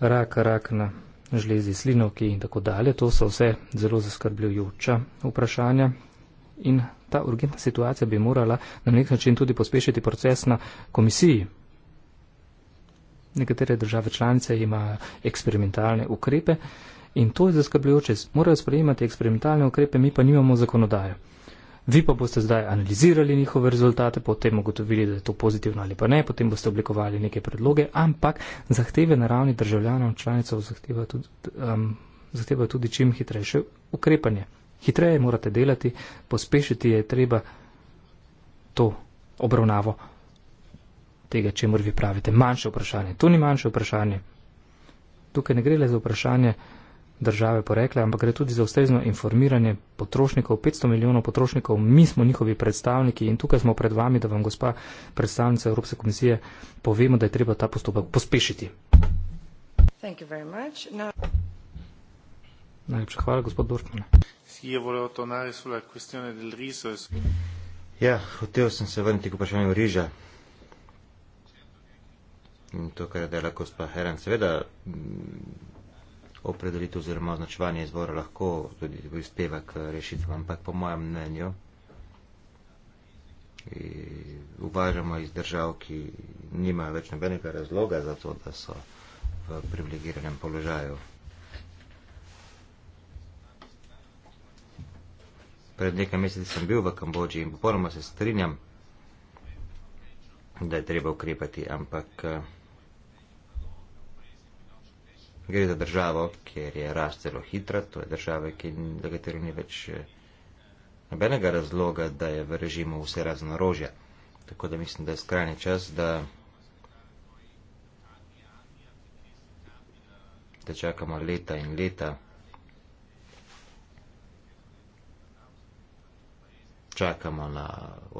rak, rak na žlezi slinovki in tako dalje. To so vse zelo zaskrbljujoča vprašanja. In ta urgentna situacija bi morala na nek način tudi pospešiti proces na komisiji. Nekatere države članice imajo eksperimentalne ukrepe in to je zaskrbljujoče. Morajo sprejemati eksperimentalne ukrepe, mi pa nimamo zakonodaje vi pa boste zdaj analizirali njihove rezultate, potem ugotovili, da je to pozitivno ali pa ne, potem boste oblikovali neke predloge, ampak zahteve na ravni državljanov članicov zahteva tudi, um, zahteva tudi čim hitrejše ukrepanje. Hitreje morate delati, pospešiti je treba to obravnavo tega, čemu vi pravite. Manjše vprašanje. To ni manjše vprašanje. Tukaj ne gre le za vprašanje države porekle, ampak gre tudi za ustrezno informiranje potrošnikov. 500 milijonov potrošnikov, mi smo njihovi predstavniki in tukaj smo pred vami, da vam gospa predstavnica Evropske komisije povemo, da je treba ta postopek pospešiti. Najlepša hvala, gospod Dorfman. E ja, hotel sem se vrniti k vprašanju riža. In to, kar je dela gospa Heran, seveda opredelitev oziroma označevanje izvora lahko tudi prispeva k rešitvam, ampak po mojem mnenju uvažamo iz držav, ki nimajo več nobenega razloga za to, da so v privilegiranem položaju. Pred nekaj meseci sem bil v Kambodži in popolnoma se strinjam, da je treba ukrepati, ampak uh, gre za državo, kjer je rast zelo hitra, to je država, za katero ni več eh, nobenega razloga, da je v režimu vse razno rožje. Tako da mislim, da je skrajni čas, da, da čakamo leta in leta. Čakamo na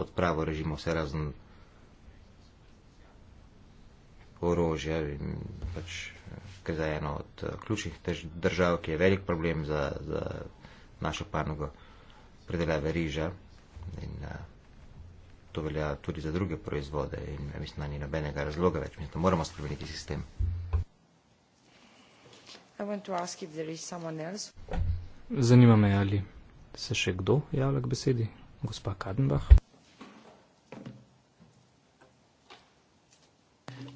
odpravo režima vse razno orožja in pač ker je ena od eh, ključnih držav, ki je velik problem za, za našo panogo predelave riža. In, eh, To velja tudi za druge proizvode in eh, mislim, da ni nobenega razloga več. Mislim, da moramo spremeniti sistem. Zanima me, ali se še kdo javlja k besedi? Gospa Kadenbach.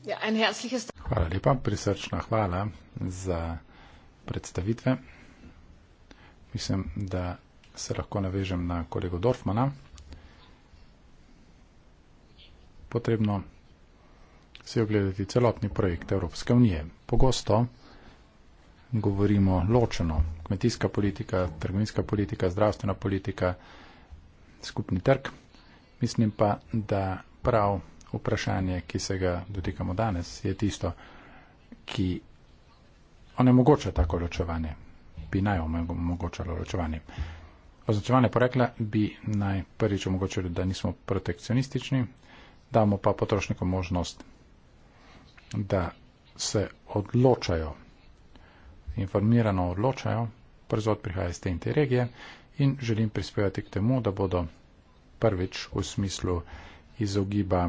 Ja, en herzlich ist. Hvala lepa, prisrčna hvala za predstavitve. Mislim, da se lahko navežem na kolego Dorfmana. Potrebno se ogledati celotni projekt Evropske unije. Pogosto govorimo ločeno. Kmetijska politika, trgovinska politika, zdravstvena politika, skupni trg. Mislim pa, da prav vprašanje, ki se ga dotikamo danes, je tisto, ki onemogoča tako ločevanje, bi naj omogočalo ločevanje. Označevanje porekla bi naj prvič omogočilo, da nismo protekcionistični, damo pa potrošnikom možnost, da se odločajo, informirano odločajo, proizvod prihaja iz te in te regije in želim prispevati k temu, da bodo prvič v smislu izogiba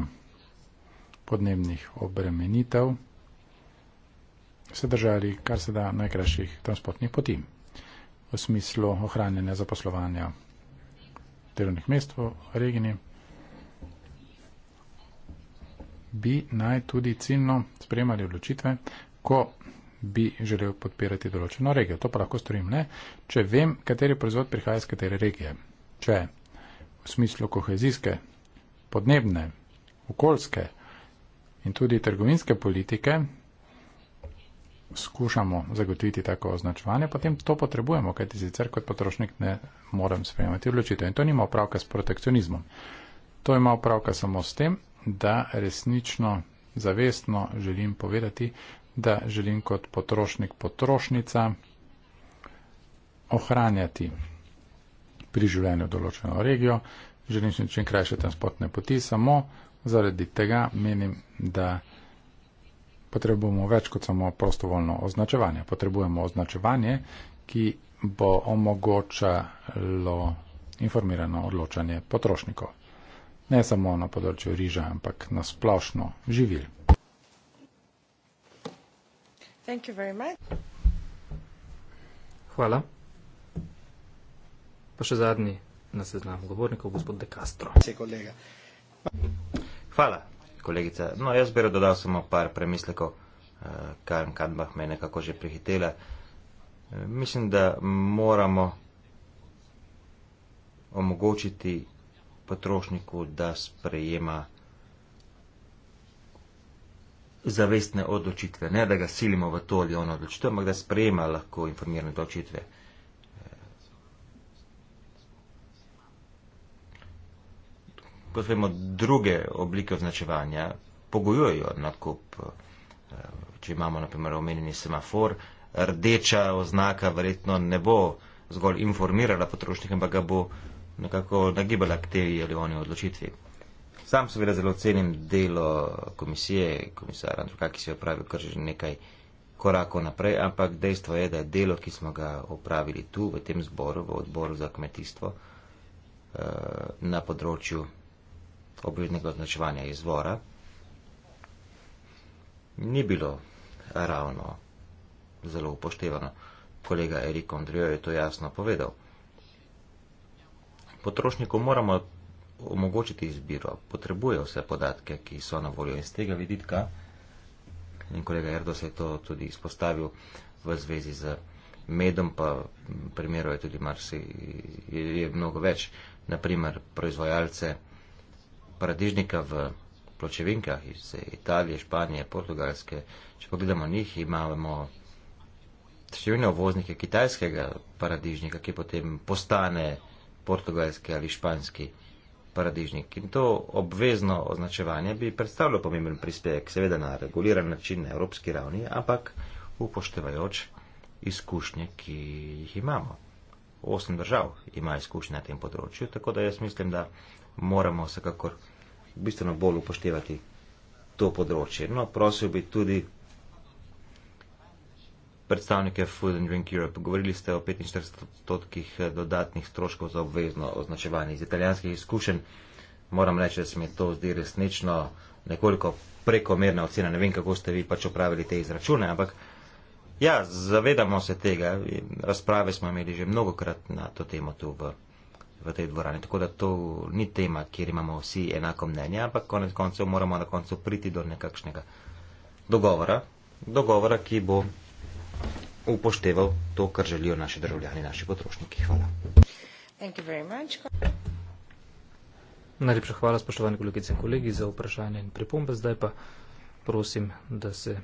podnebnih obremenitev, se držali kar se da najkrajših transportnih poti v smislu ohranjanja zaposlovanja delovnih mest v regini, bi naj tudi ciljno sprejemali odločitve, ko bi želel podpirati določeno regijo. To pa lahko storim le, če vem, kateri proizvod prihaja iz katere regije. Če v smislu kohezijske, podnebne, okoljske in tudi trgovinske politike skušamo zagotoviti tako označevanje, potem to potrebujemo, kajti sicer kot potrošnik ne morem sprejemati odločitev. In to nima opravka s protekcionizmom. To ima opravka samo s tem, da resnično, zavestno želim povedati, da želim kot potrošnik potrošnica ohranjati pri življenju določeno regijo, želim čim krajše transportne poti, samo Zaradi tega menim, da potrebujemo več kot samo prostovoljno označevanje. Potrebujemo označevanje, ki bo omogočalo informirano odločanje potrošnikov. Ne samo na področju riža, ampak na splošno živil. Hvala. Pa še zadnji na seznamu govornikov, gospod De Castro. Se, Hvala, kolegica. No, jaz bi rad dodal samo par premislekov, eh, kar in kadbah me nekako že prihitela. Eh, mislim, da moramo omogočiti potrošniku, da sprejema zavestne odločitve, ne da ga silimo v to ali ono odločitev, ampak da sprejema lahko informirane odločitve. kot vemo, druge oblike označevanja pogojujejo nakup. Eh, če imamo, naprimer, omenjeni semafor, rdeča oznaka verjetno ne bo zgolj informirala potrošnika, ampak ga bo nekako nagibala k tej ali oni odločitvi. Sam seveda zelo cenim delo komisije, komisar Andruka, ki se je opravil kar že nekaj korakov naprej, ampak dejstvo je, da je delo, ki smo ga opravili tu v tem zboru, v odboru za kmetijstvo, eh, na področju obrednega označevanja izvora, ni bilo ravno zelo upoštevano. Kolega Erik Andrejo je to jasno povedal. Potrošnikom moramo omogočiti izbiro, potrebujejo vse podatke, ki so na voljo in z tega vidika, in kolega Erdo se je to tudi izpostavil v zvezi z medom, pa primerov je tudi marsi, je, je mnogo več, naprimer proizvajalce, paradižnika v pločevinkah iz Italije, Španije, Portugalske, če pogledamo njih, imamo številne uvoznike kitajskega paradižnika, ki potem postane portugalski ali španski paradižnik. In to obvezno označevanje bi predstavljalo pomemben prispevek, seveda na reguliran način na evropski ravni, ampak upoštevajoč izkušnje, ki jih imamo. Osem držav ima izkušnje na tem področju, tako da jaz mislim, da moramo vsekakor bistveno bolj upoštevati to področje. No, prosil bi tudi predstavnike Food and Drink Europe. Govorili ste o 45-odstotkih eh, dodatnih stroškov za obvezno označevanje. Iz italijanskih izkušenj moram reči, da se mi to zdi resnično nekoliko prekomerna ocena. Ne vem, kako ste vi pač opravili te izračune, ampak. Ja, zavedamo se tega. Razprave smo imeli že mnogokrat na to temo tu v v tej dvorani. Tako da to ni tema, kjer imamo vsi enako mnenje, ampak konec koncev moramo na koncu priti do nekakšnega dogovora, dogovora, ki bo upošteval to, kar želijo naši državljani, naši potrošniki. Hvala. Najlepša hvala, spoštovani kolegice in kolegi, za vprašanje in pripombe. Zdaj pa prosim, da se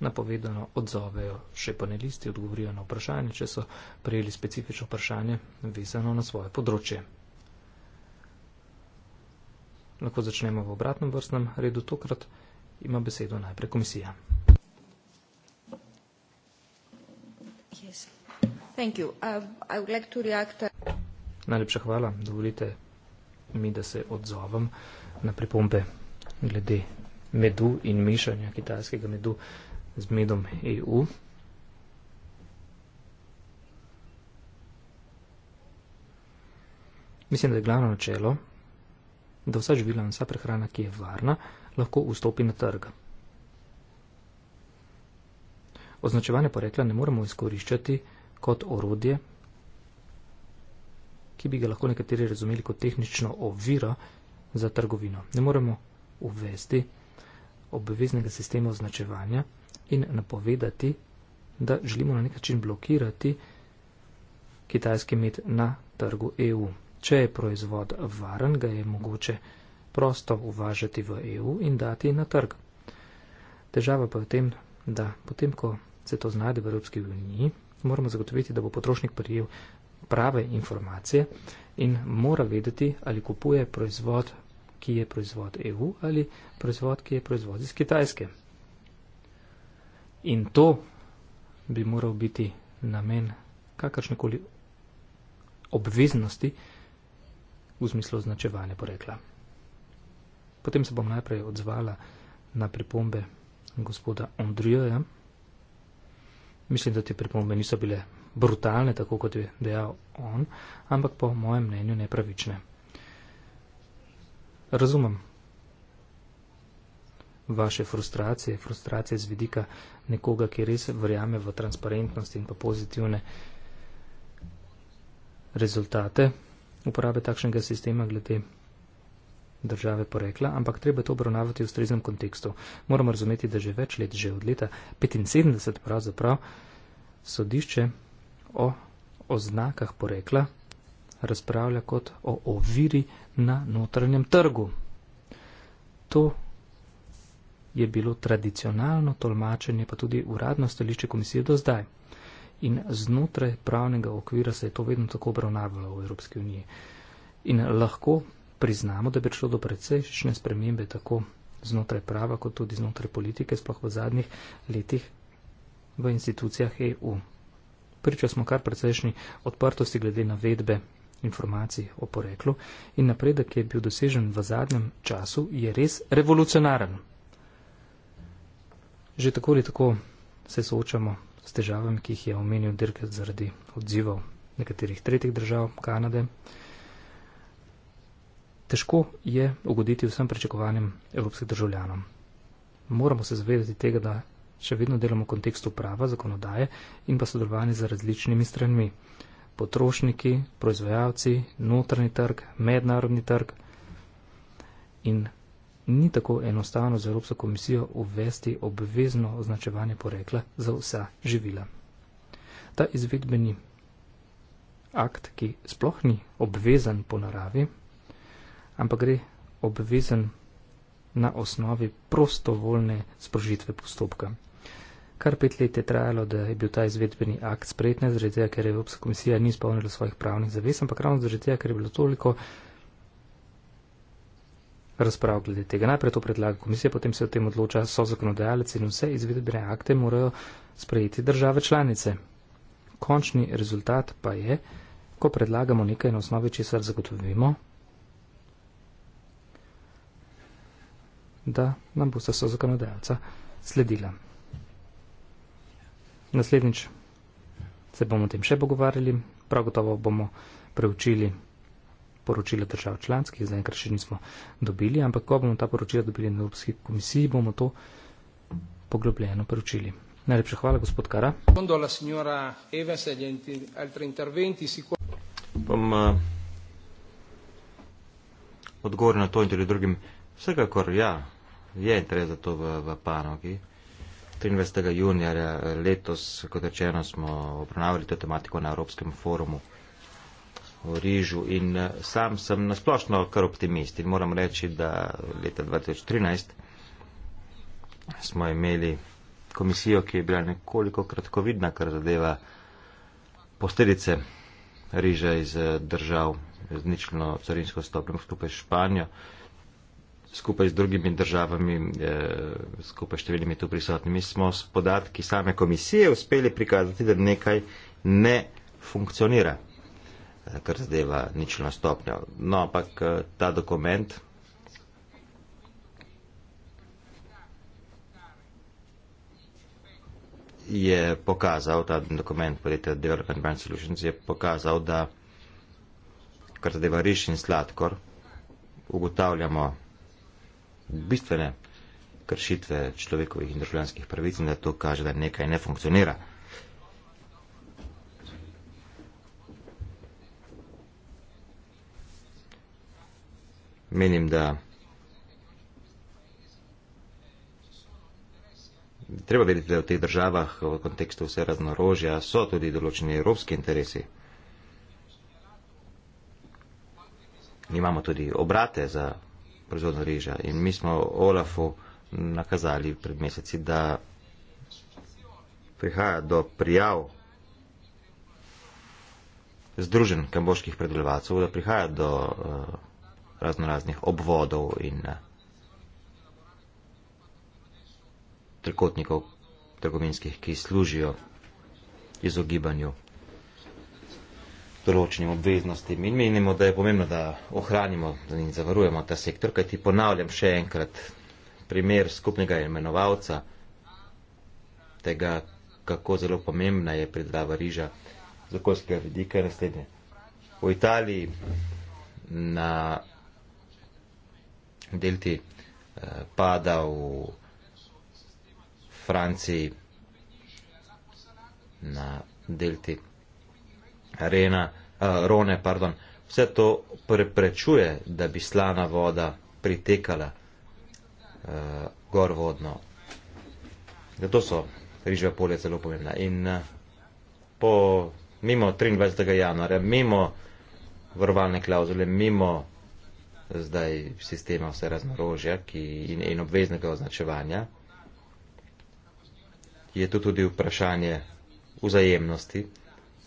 napovedano odzovejo, še panelisti odgovorijo na vprašanje, če so prejeli specifično vprašanje vezano na svoje področje. Lahko začnemo v obratnem vrstnem redu, tokrat ima besedo najprej komisija. Um, uh, Najlepša hvala. Dovolite mi, da se odzovem na pripombe glede medu in mešanja kitajskega medu z medom EU. Mislim, da je glavno načelo, da vsa živila in vsa prehrana, ki je varna, lahko vstopi na trg. Označevanje porekla ne moremo izkoriščati kot orodje, ki bi ga lahko nekateri razumeli kot tehnično oviro za trgovino. Ne moremo uvesti obveznega sistema označevanja, in napovedati, da želimo na nek način blokirati kitajski med na trgu EU. Če je proizvod varen, ga je mogoče prosto uvažati v EU in dati na trg. Težava pa je v tem, da potem, ko se to znajde v Evropski uniji, moramo zagotoviti, da bo potrošnik prijel prave informacije in mora vedeti, ali kupuje proizvod, ki je proizvod EU ali proizvod, ki je proizvod iz Kitajske. In to bi moral biti namen kakršnekoli obveznosti v smislu označevanja porekla. Potem se bom najprej odzvala na pripombe gospoda Andrija. Mislim, da te pripombe niso bile brutalne, tako kot je dejal on, ampak po mojem mnenju nepravične. Razumem vaše frustracije, frustracije z vidika nekoga, ki res verjame v transparentnost in pa pozitivne rezultate uporabe takšnega sistema glede države porekla, ampak treba to obravnavati v streznem kontekstu. Moramo razumeti, da že več let, že od leta 75 pravzaprav, sodišče o oznakah porekla razpravlja kot o oviri na notranjem trgu. To je bilo tradicionalno tolmačenje, pa tudi uradno stališče komisije do zdaj. In znotraj pravnega okvira se je to vedno tako obravnavalo v Evropski uniji. In lahko priznamo, da bi šlo do precejšnje spremembe tako znotraj prava, kot tudi znotraj politike, sploh v zadnjih letih v institucijah EU. Priča smo kar precejšnji odprtosti glede navedbe informacij o poreklu in napredek, ki je bil dosežen v zadnjem času, je res revolucionaren že tako ali tako se soočamo s težavami, ki jih je omenil Dirke zaradi odzivov nekaterih tretjih držav Kanade. Težko je ugoditi vsem pričakovanjem evropskih državljanom. Moramo se zavedati tega, da še vedno delamo v kontekstu prava, zakonodaje in pa sodelovanje z različnimi stranmi. Potrošniki, proizvajalci, notranji trg, mednarodni trg in ni tako enostavno za Evropsko komisijo uvesti obvezno označevanje porekla za vsa živila. Ta izvedbeni akt, ki sploh ni obvezen po naravi, ampak gre obvezen na osnovi prostovoljne sprožitve postopka. Kar pet let je trajalo, da je bil ta izvedbeni akt spretne, zaradi tega, ker je Evropska komisija ni izpolnila svojih pravnih zavez, ampak ravno zaradi tega, ker je bilo toliko razprav glede tega. Najprej to predlaga komisija, potem se o tem odloča so zakonodajalec in vse izvedbene akte morajo sprejeti države članice. Končni rezultat pa je, ko predlagamo nekaj na osnovi, če se zagotovimo, da nam bo se so zakonodajalca sledila. Naslednjič se bomo o tem še pogovarjali, prav gotovo bomo preučili poročila držav članskih, zaenkrat še nismo dobili, ampak ko bomo ta poročila dobili na Evropski komisiji, bomo to poglobljeno poročili. Najlepša hvala, gospod Kara. E Bom uh, eh, odgovor na to in tudi drugim. Vsekakor, ja, je interes za to v, v panogi. 23. junija eh, letos, kot rečeno, smo obravnavali to tematiko na Evropskem forumu v Rižu in eh, sam sem nasplošno kar optimist in moram reči, da leta 2013 smo imeli komisijo, ki je bila nekoliko kratkovidna, kar zadeva posledice Riža iz eh, držav z ničlno carinsko stopnjo skupaj s Španijo, skupaj z drugimi državami, eh, skupaj s številnimi tu prisotnimi, smo s podatki same komisije uspeli prikazati, da nekaj ne funkcionira kar zadeva ničelno stopnjo. No, ampak eh, ta dokument je pokazal, ta dokument podjetja Development Brand Solutions je pokazal, da kar zadeva riž in sladkor, ugotavljamo bistvene kršitve človekovih in državljanskih pravic in da to kaže, da nekaj ne funkcionira. menim, da treba vedeti, da v teh državah v kontekstu vse raznorožja so tudi določeni evropski interesi. Imamo tudi obrate za proizvodno riža in mi smo Olafu nakazali pred meseci, da prihaja do prijav združen kamboških predelovalcev, da prihaja do uh, raznoraznih obvodov in eh, trikotnikov trgovinskih, ki služijo izogibanju določenim obveznostim. In menimo, da je pomembno, da ohranimo in zavarujemo ta sektor, kajti ponavljam še enkrat primer skupnega imenovalca tega, kako zelo pomembna je pridrava riža z okoljskega vidika naslednje. V Italiji na Delti eh, pada v Franciji na Delti Rena, eh, Rone. Pardon. Vse to preprečuje, da bi slana voda pritekala eh, gor vodno. Zato so rižve polje zelo pomembna. In po, mimo 23. januarja, mimo vrvalne klauzule, mimo zdaj sistema vse raznorožja ki, in, in obveznega označevanja, je tu tudi vprašanje vzajemnosti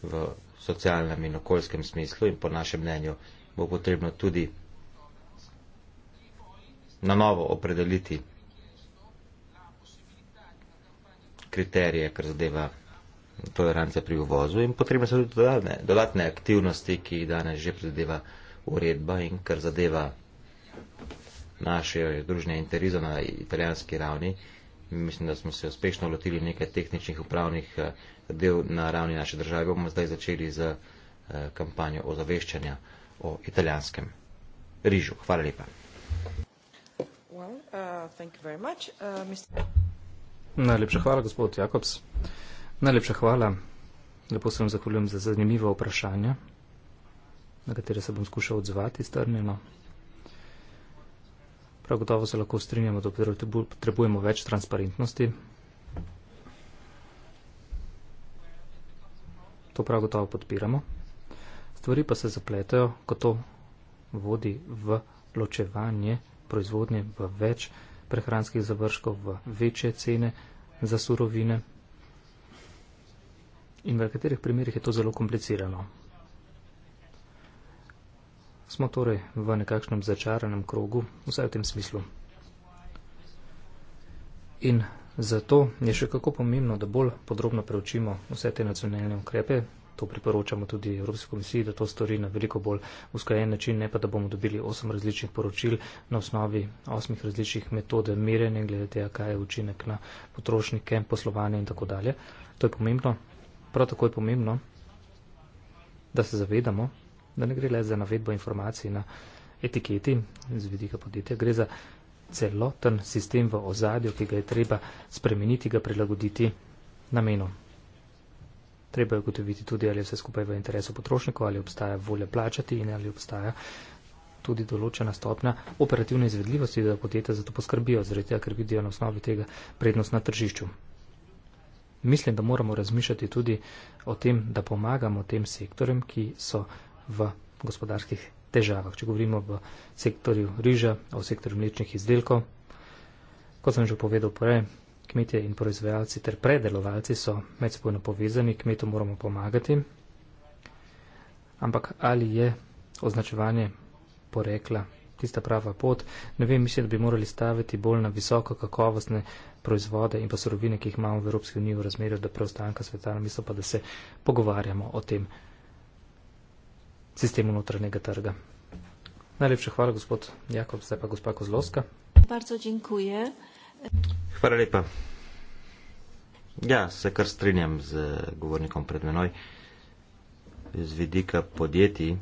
v socialnem in okoljskem smislu in po našem mnenju bo potrebno tudi na novo opredeliti kriterije, kar zadeva tolerance pri uvozu in potrebno so tudi dodatne, dodatne aktivnosti, ki jih danes že predvideva uredba in kar zadeva naše družne interizo na italijanski ravni. Mislim, da smo se uspešno lotili nekaj tehničnih upravnih eh, del na ravni naše države. Bomo zdaj začeli z eh, kampanjo ozaveščanja o italijanskem rižu. Hvala lepa. Well, uh, uh, Najlepša hvala, gospod Jakobs. Najlepša hvala. Lepo se vam zahvaljujem za zanimivo vprašanje na katere se bom skušal odzvati strnjeno. Prav gotovo se lahko strinjamo, da potrebujemo več transparentnosti. To prav gotovo podpiramo. Stvari pa se zapletajo, ko to vodi v ločevanje proizvodnje v več prehranskih završkov, v večje cene za surovine. In v katerih primerjih je to zelo komplicirano smo torej v nekakšnem začaranem krogu, vse v tem smislu. In zato je še kako pomembno, da bolj podrobno preučimo vse te nacionalne ukrepe. To priporočamo tudi Evropski komisiji, da to stori na veliko bolj usklajen način, ne pa da bomo dobili osem različnih poročil na osnovi osmih različnih metode merjenja, glede tega, kaj je učinek na potrošnike, poslovanje in tako dalje. To je pomembno. Prav tako je pomembno, da se zavedamo, da ne gre le za navedbo informacij na etiketi z vidika podjetja, gre za celoten sistem v ozadju, ki ga je treba spremeniti, ga prilagoditi namenu. Treba je ugotoviti tudi, ali je vse skupaj v interesu potrošnikov, ali obstaja volja plačati in ali obstaja tudi določena stopnja operativne izvedljivosti, da podjetja za to poskrbijo, zaradi tega, ker vidijo na osnovi tega prednost na tržišču. Mislim, da moramo razmišljati tudi o tem, da pomagamo tem sektorjem, ki so v gospodarskih težavah. Če govorimo v sektorju riža, v sektorju mlečnih izdelkov, kot sem že povedal prej, kmetje in proizvajalci ter predelovalci so medsebojno povezani, kmetu moramo pomagati. Ampak ali je označevanje porekla tista prava pot? Ne vem, mislim, da bi morali staviti bolj na visoko kakovostne proizvode in pa sorovine, ki jih imamo v Evropski uniji v razmerju do preostanka sveta, mislim pa, da se pogovarjamo o tem sistemu notranjega trga. Najlepša hvala, gospod Jakob, zdaj pa gospa Kozlovska. Bardzo dziękuję. Hvala lepa. Ja, se kar strinjam z govornikom pred menoj. Z vidika podjetij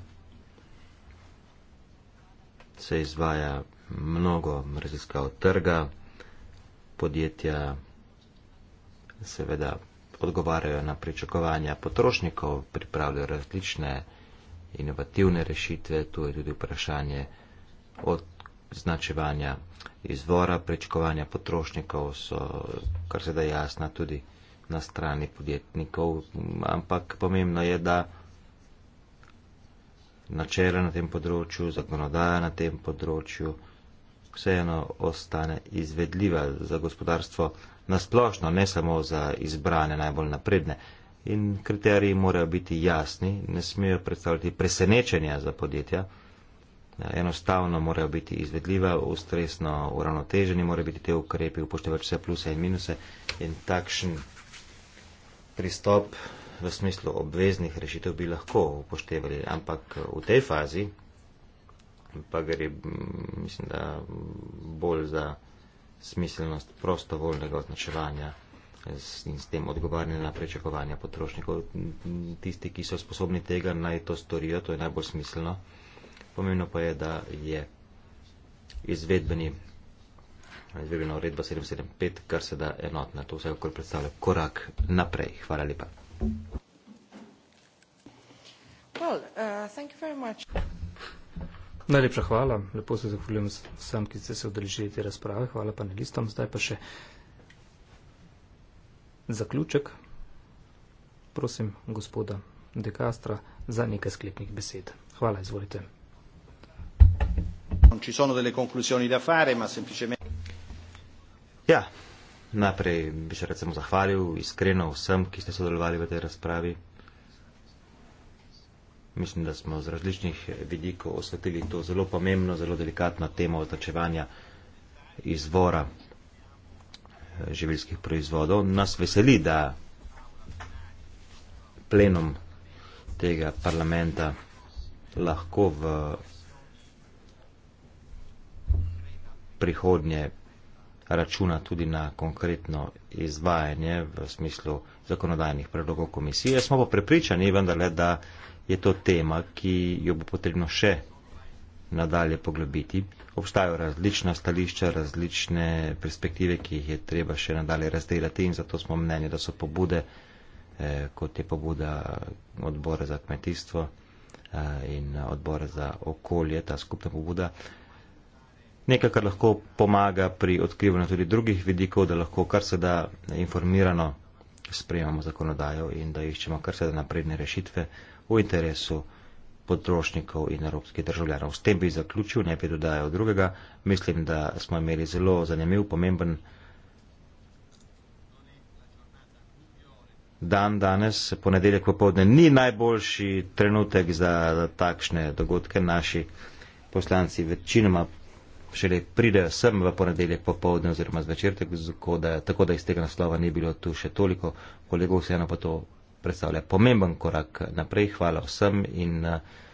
se izvaja mnogo raziskav trga. Podjetja seveda odgovarjajo na pričakovanja potrošnikov, pripravljajo različne inovativne rešitve, tu je tudi vprašanje od značevanja izvora, prečkovanja potrošnikov so, kar se da jasna, tudi na strani podjetnikov, ampak pomembno je, da načela na tem področju, zakonodaja na tem področju vseeno ostane izvedljiva za gospodarstvo nasplošno, ne samo za izbrane najbolj napredne in kriteriji morajo biti jasni, ne smejo predstavljati presenečenja za podjetja, enostavno morajo biti izvedljiva, ustresno uravnoteženi, morajo biti te ukrepi upoštevati vse pluse in minuse in takšen pristop v smislu obveznih rešitev bi lahko upoštevali, ampak v tej fazi pa gre, mislim, da bolj za smiselnost prostovoljnega označevanja in s tem odgovarjanje na prečakovanja potrošnikov. Tisti, ki so sposobni tega, naj to storijo, to je najbolj smiselno. Pomembno pa je, da je izvedbeni, izvedbena uredba 775, kar se da enotna. To vse okolj predstavlja korak naprej. Hvala lepa. Well, uh, Najlepša hvala. Lepo se zahvaljujem vsem, ki ste se odrežili te razprave. Hvala panelistom. Zdaj pa še zaključek, prosim gospoda Dekastra za nekaj sklepnih besed. Hvala, izvolite. Ja, najprej bi še recimo zahvalil iskreno vsem, ki ste sodelovali v tej razpravi. Mislim, da smo z različnih vidikov osvetili to zelo pomembno, zelo delikatno temo označevanja izvora živilskih proizvodov. Nas veseli, da plenom tega parlamenta lahko v prihodnje računa tudi na konkretno izvajanje v smislu zakonodajnih predlogov komisije. Smo pa prepričani vendarle, da je to tema, ki jo bo potrebno še nadalje poglobiti. Obstajajo različna stališča, različne perspektive, ki jih je treba še nadalje razdelati in zato smo mnenje, da so pobude, eh, kot je pobuda odbora za kmetijstvo eh, in odbora za okolje, ta skupna pobuda, nekaj, kar lahko pomaga pri odkrivanju tudi drugih vidikov, da lahko kar se da informirano sprejemamo zakonodajo in da iščemo kar se da napredne rešitve v interesu potrošnikov in evropskih državljanov. S tem bi zaključil, ne bi dodajal drugega. Mislim, da smo imeli zelo zanimiv, pomemben dan danes, ponedeljek popovdne. Ni najboljši trenutek za takšne dogodke. Naši poslanci večinoma šele pridejo sem v ponedeljek popovdne oziroma zvečer, tako da, tako da iz tega naslova ni bilo tu še toliko kolegov, vseeno pa to predstavlja pomemben korak naprej. Hvala vsem in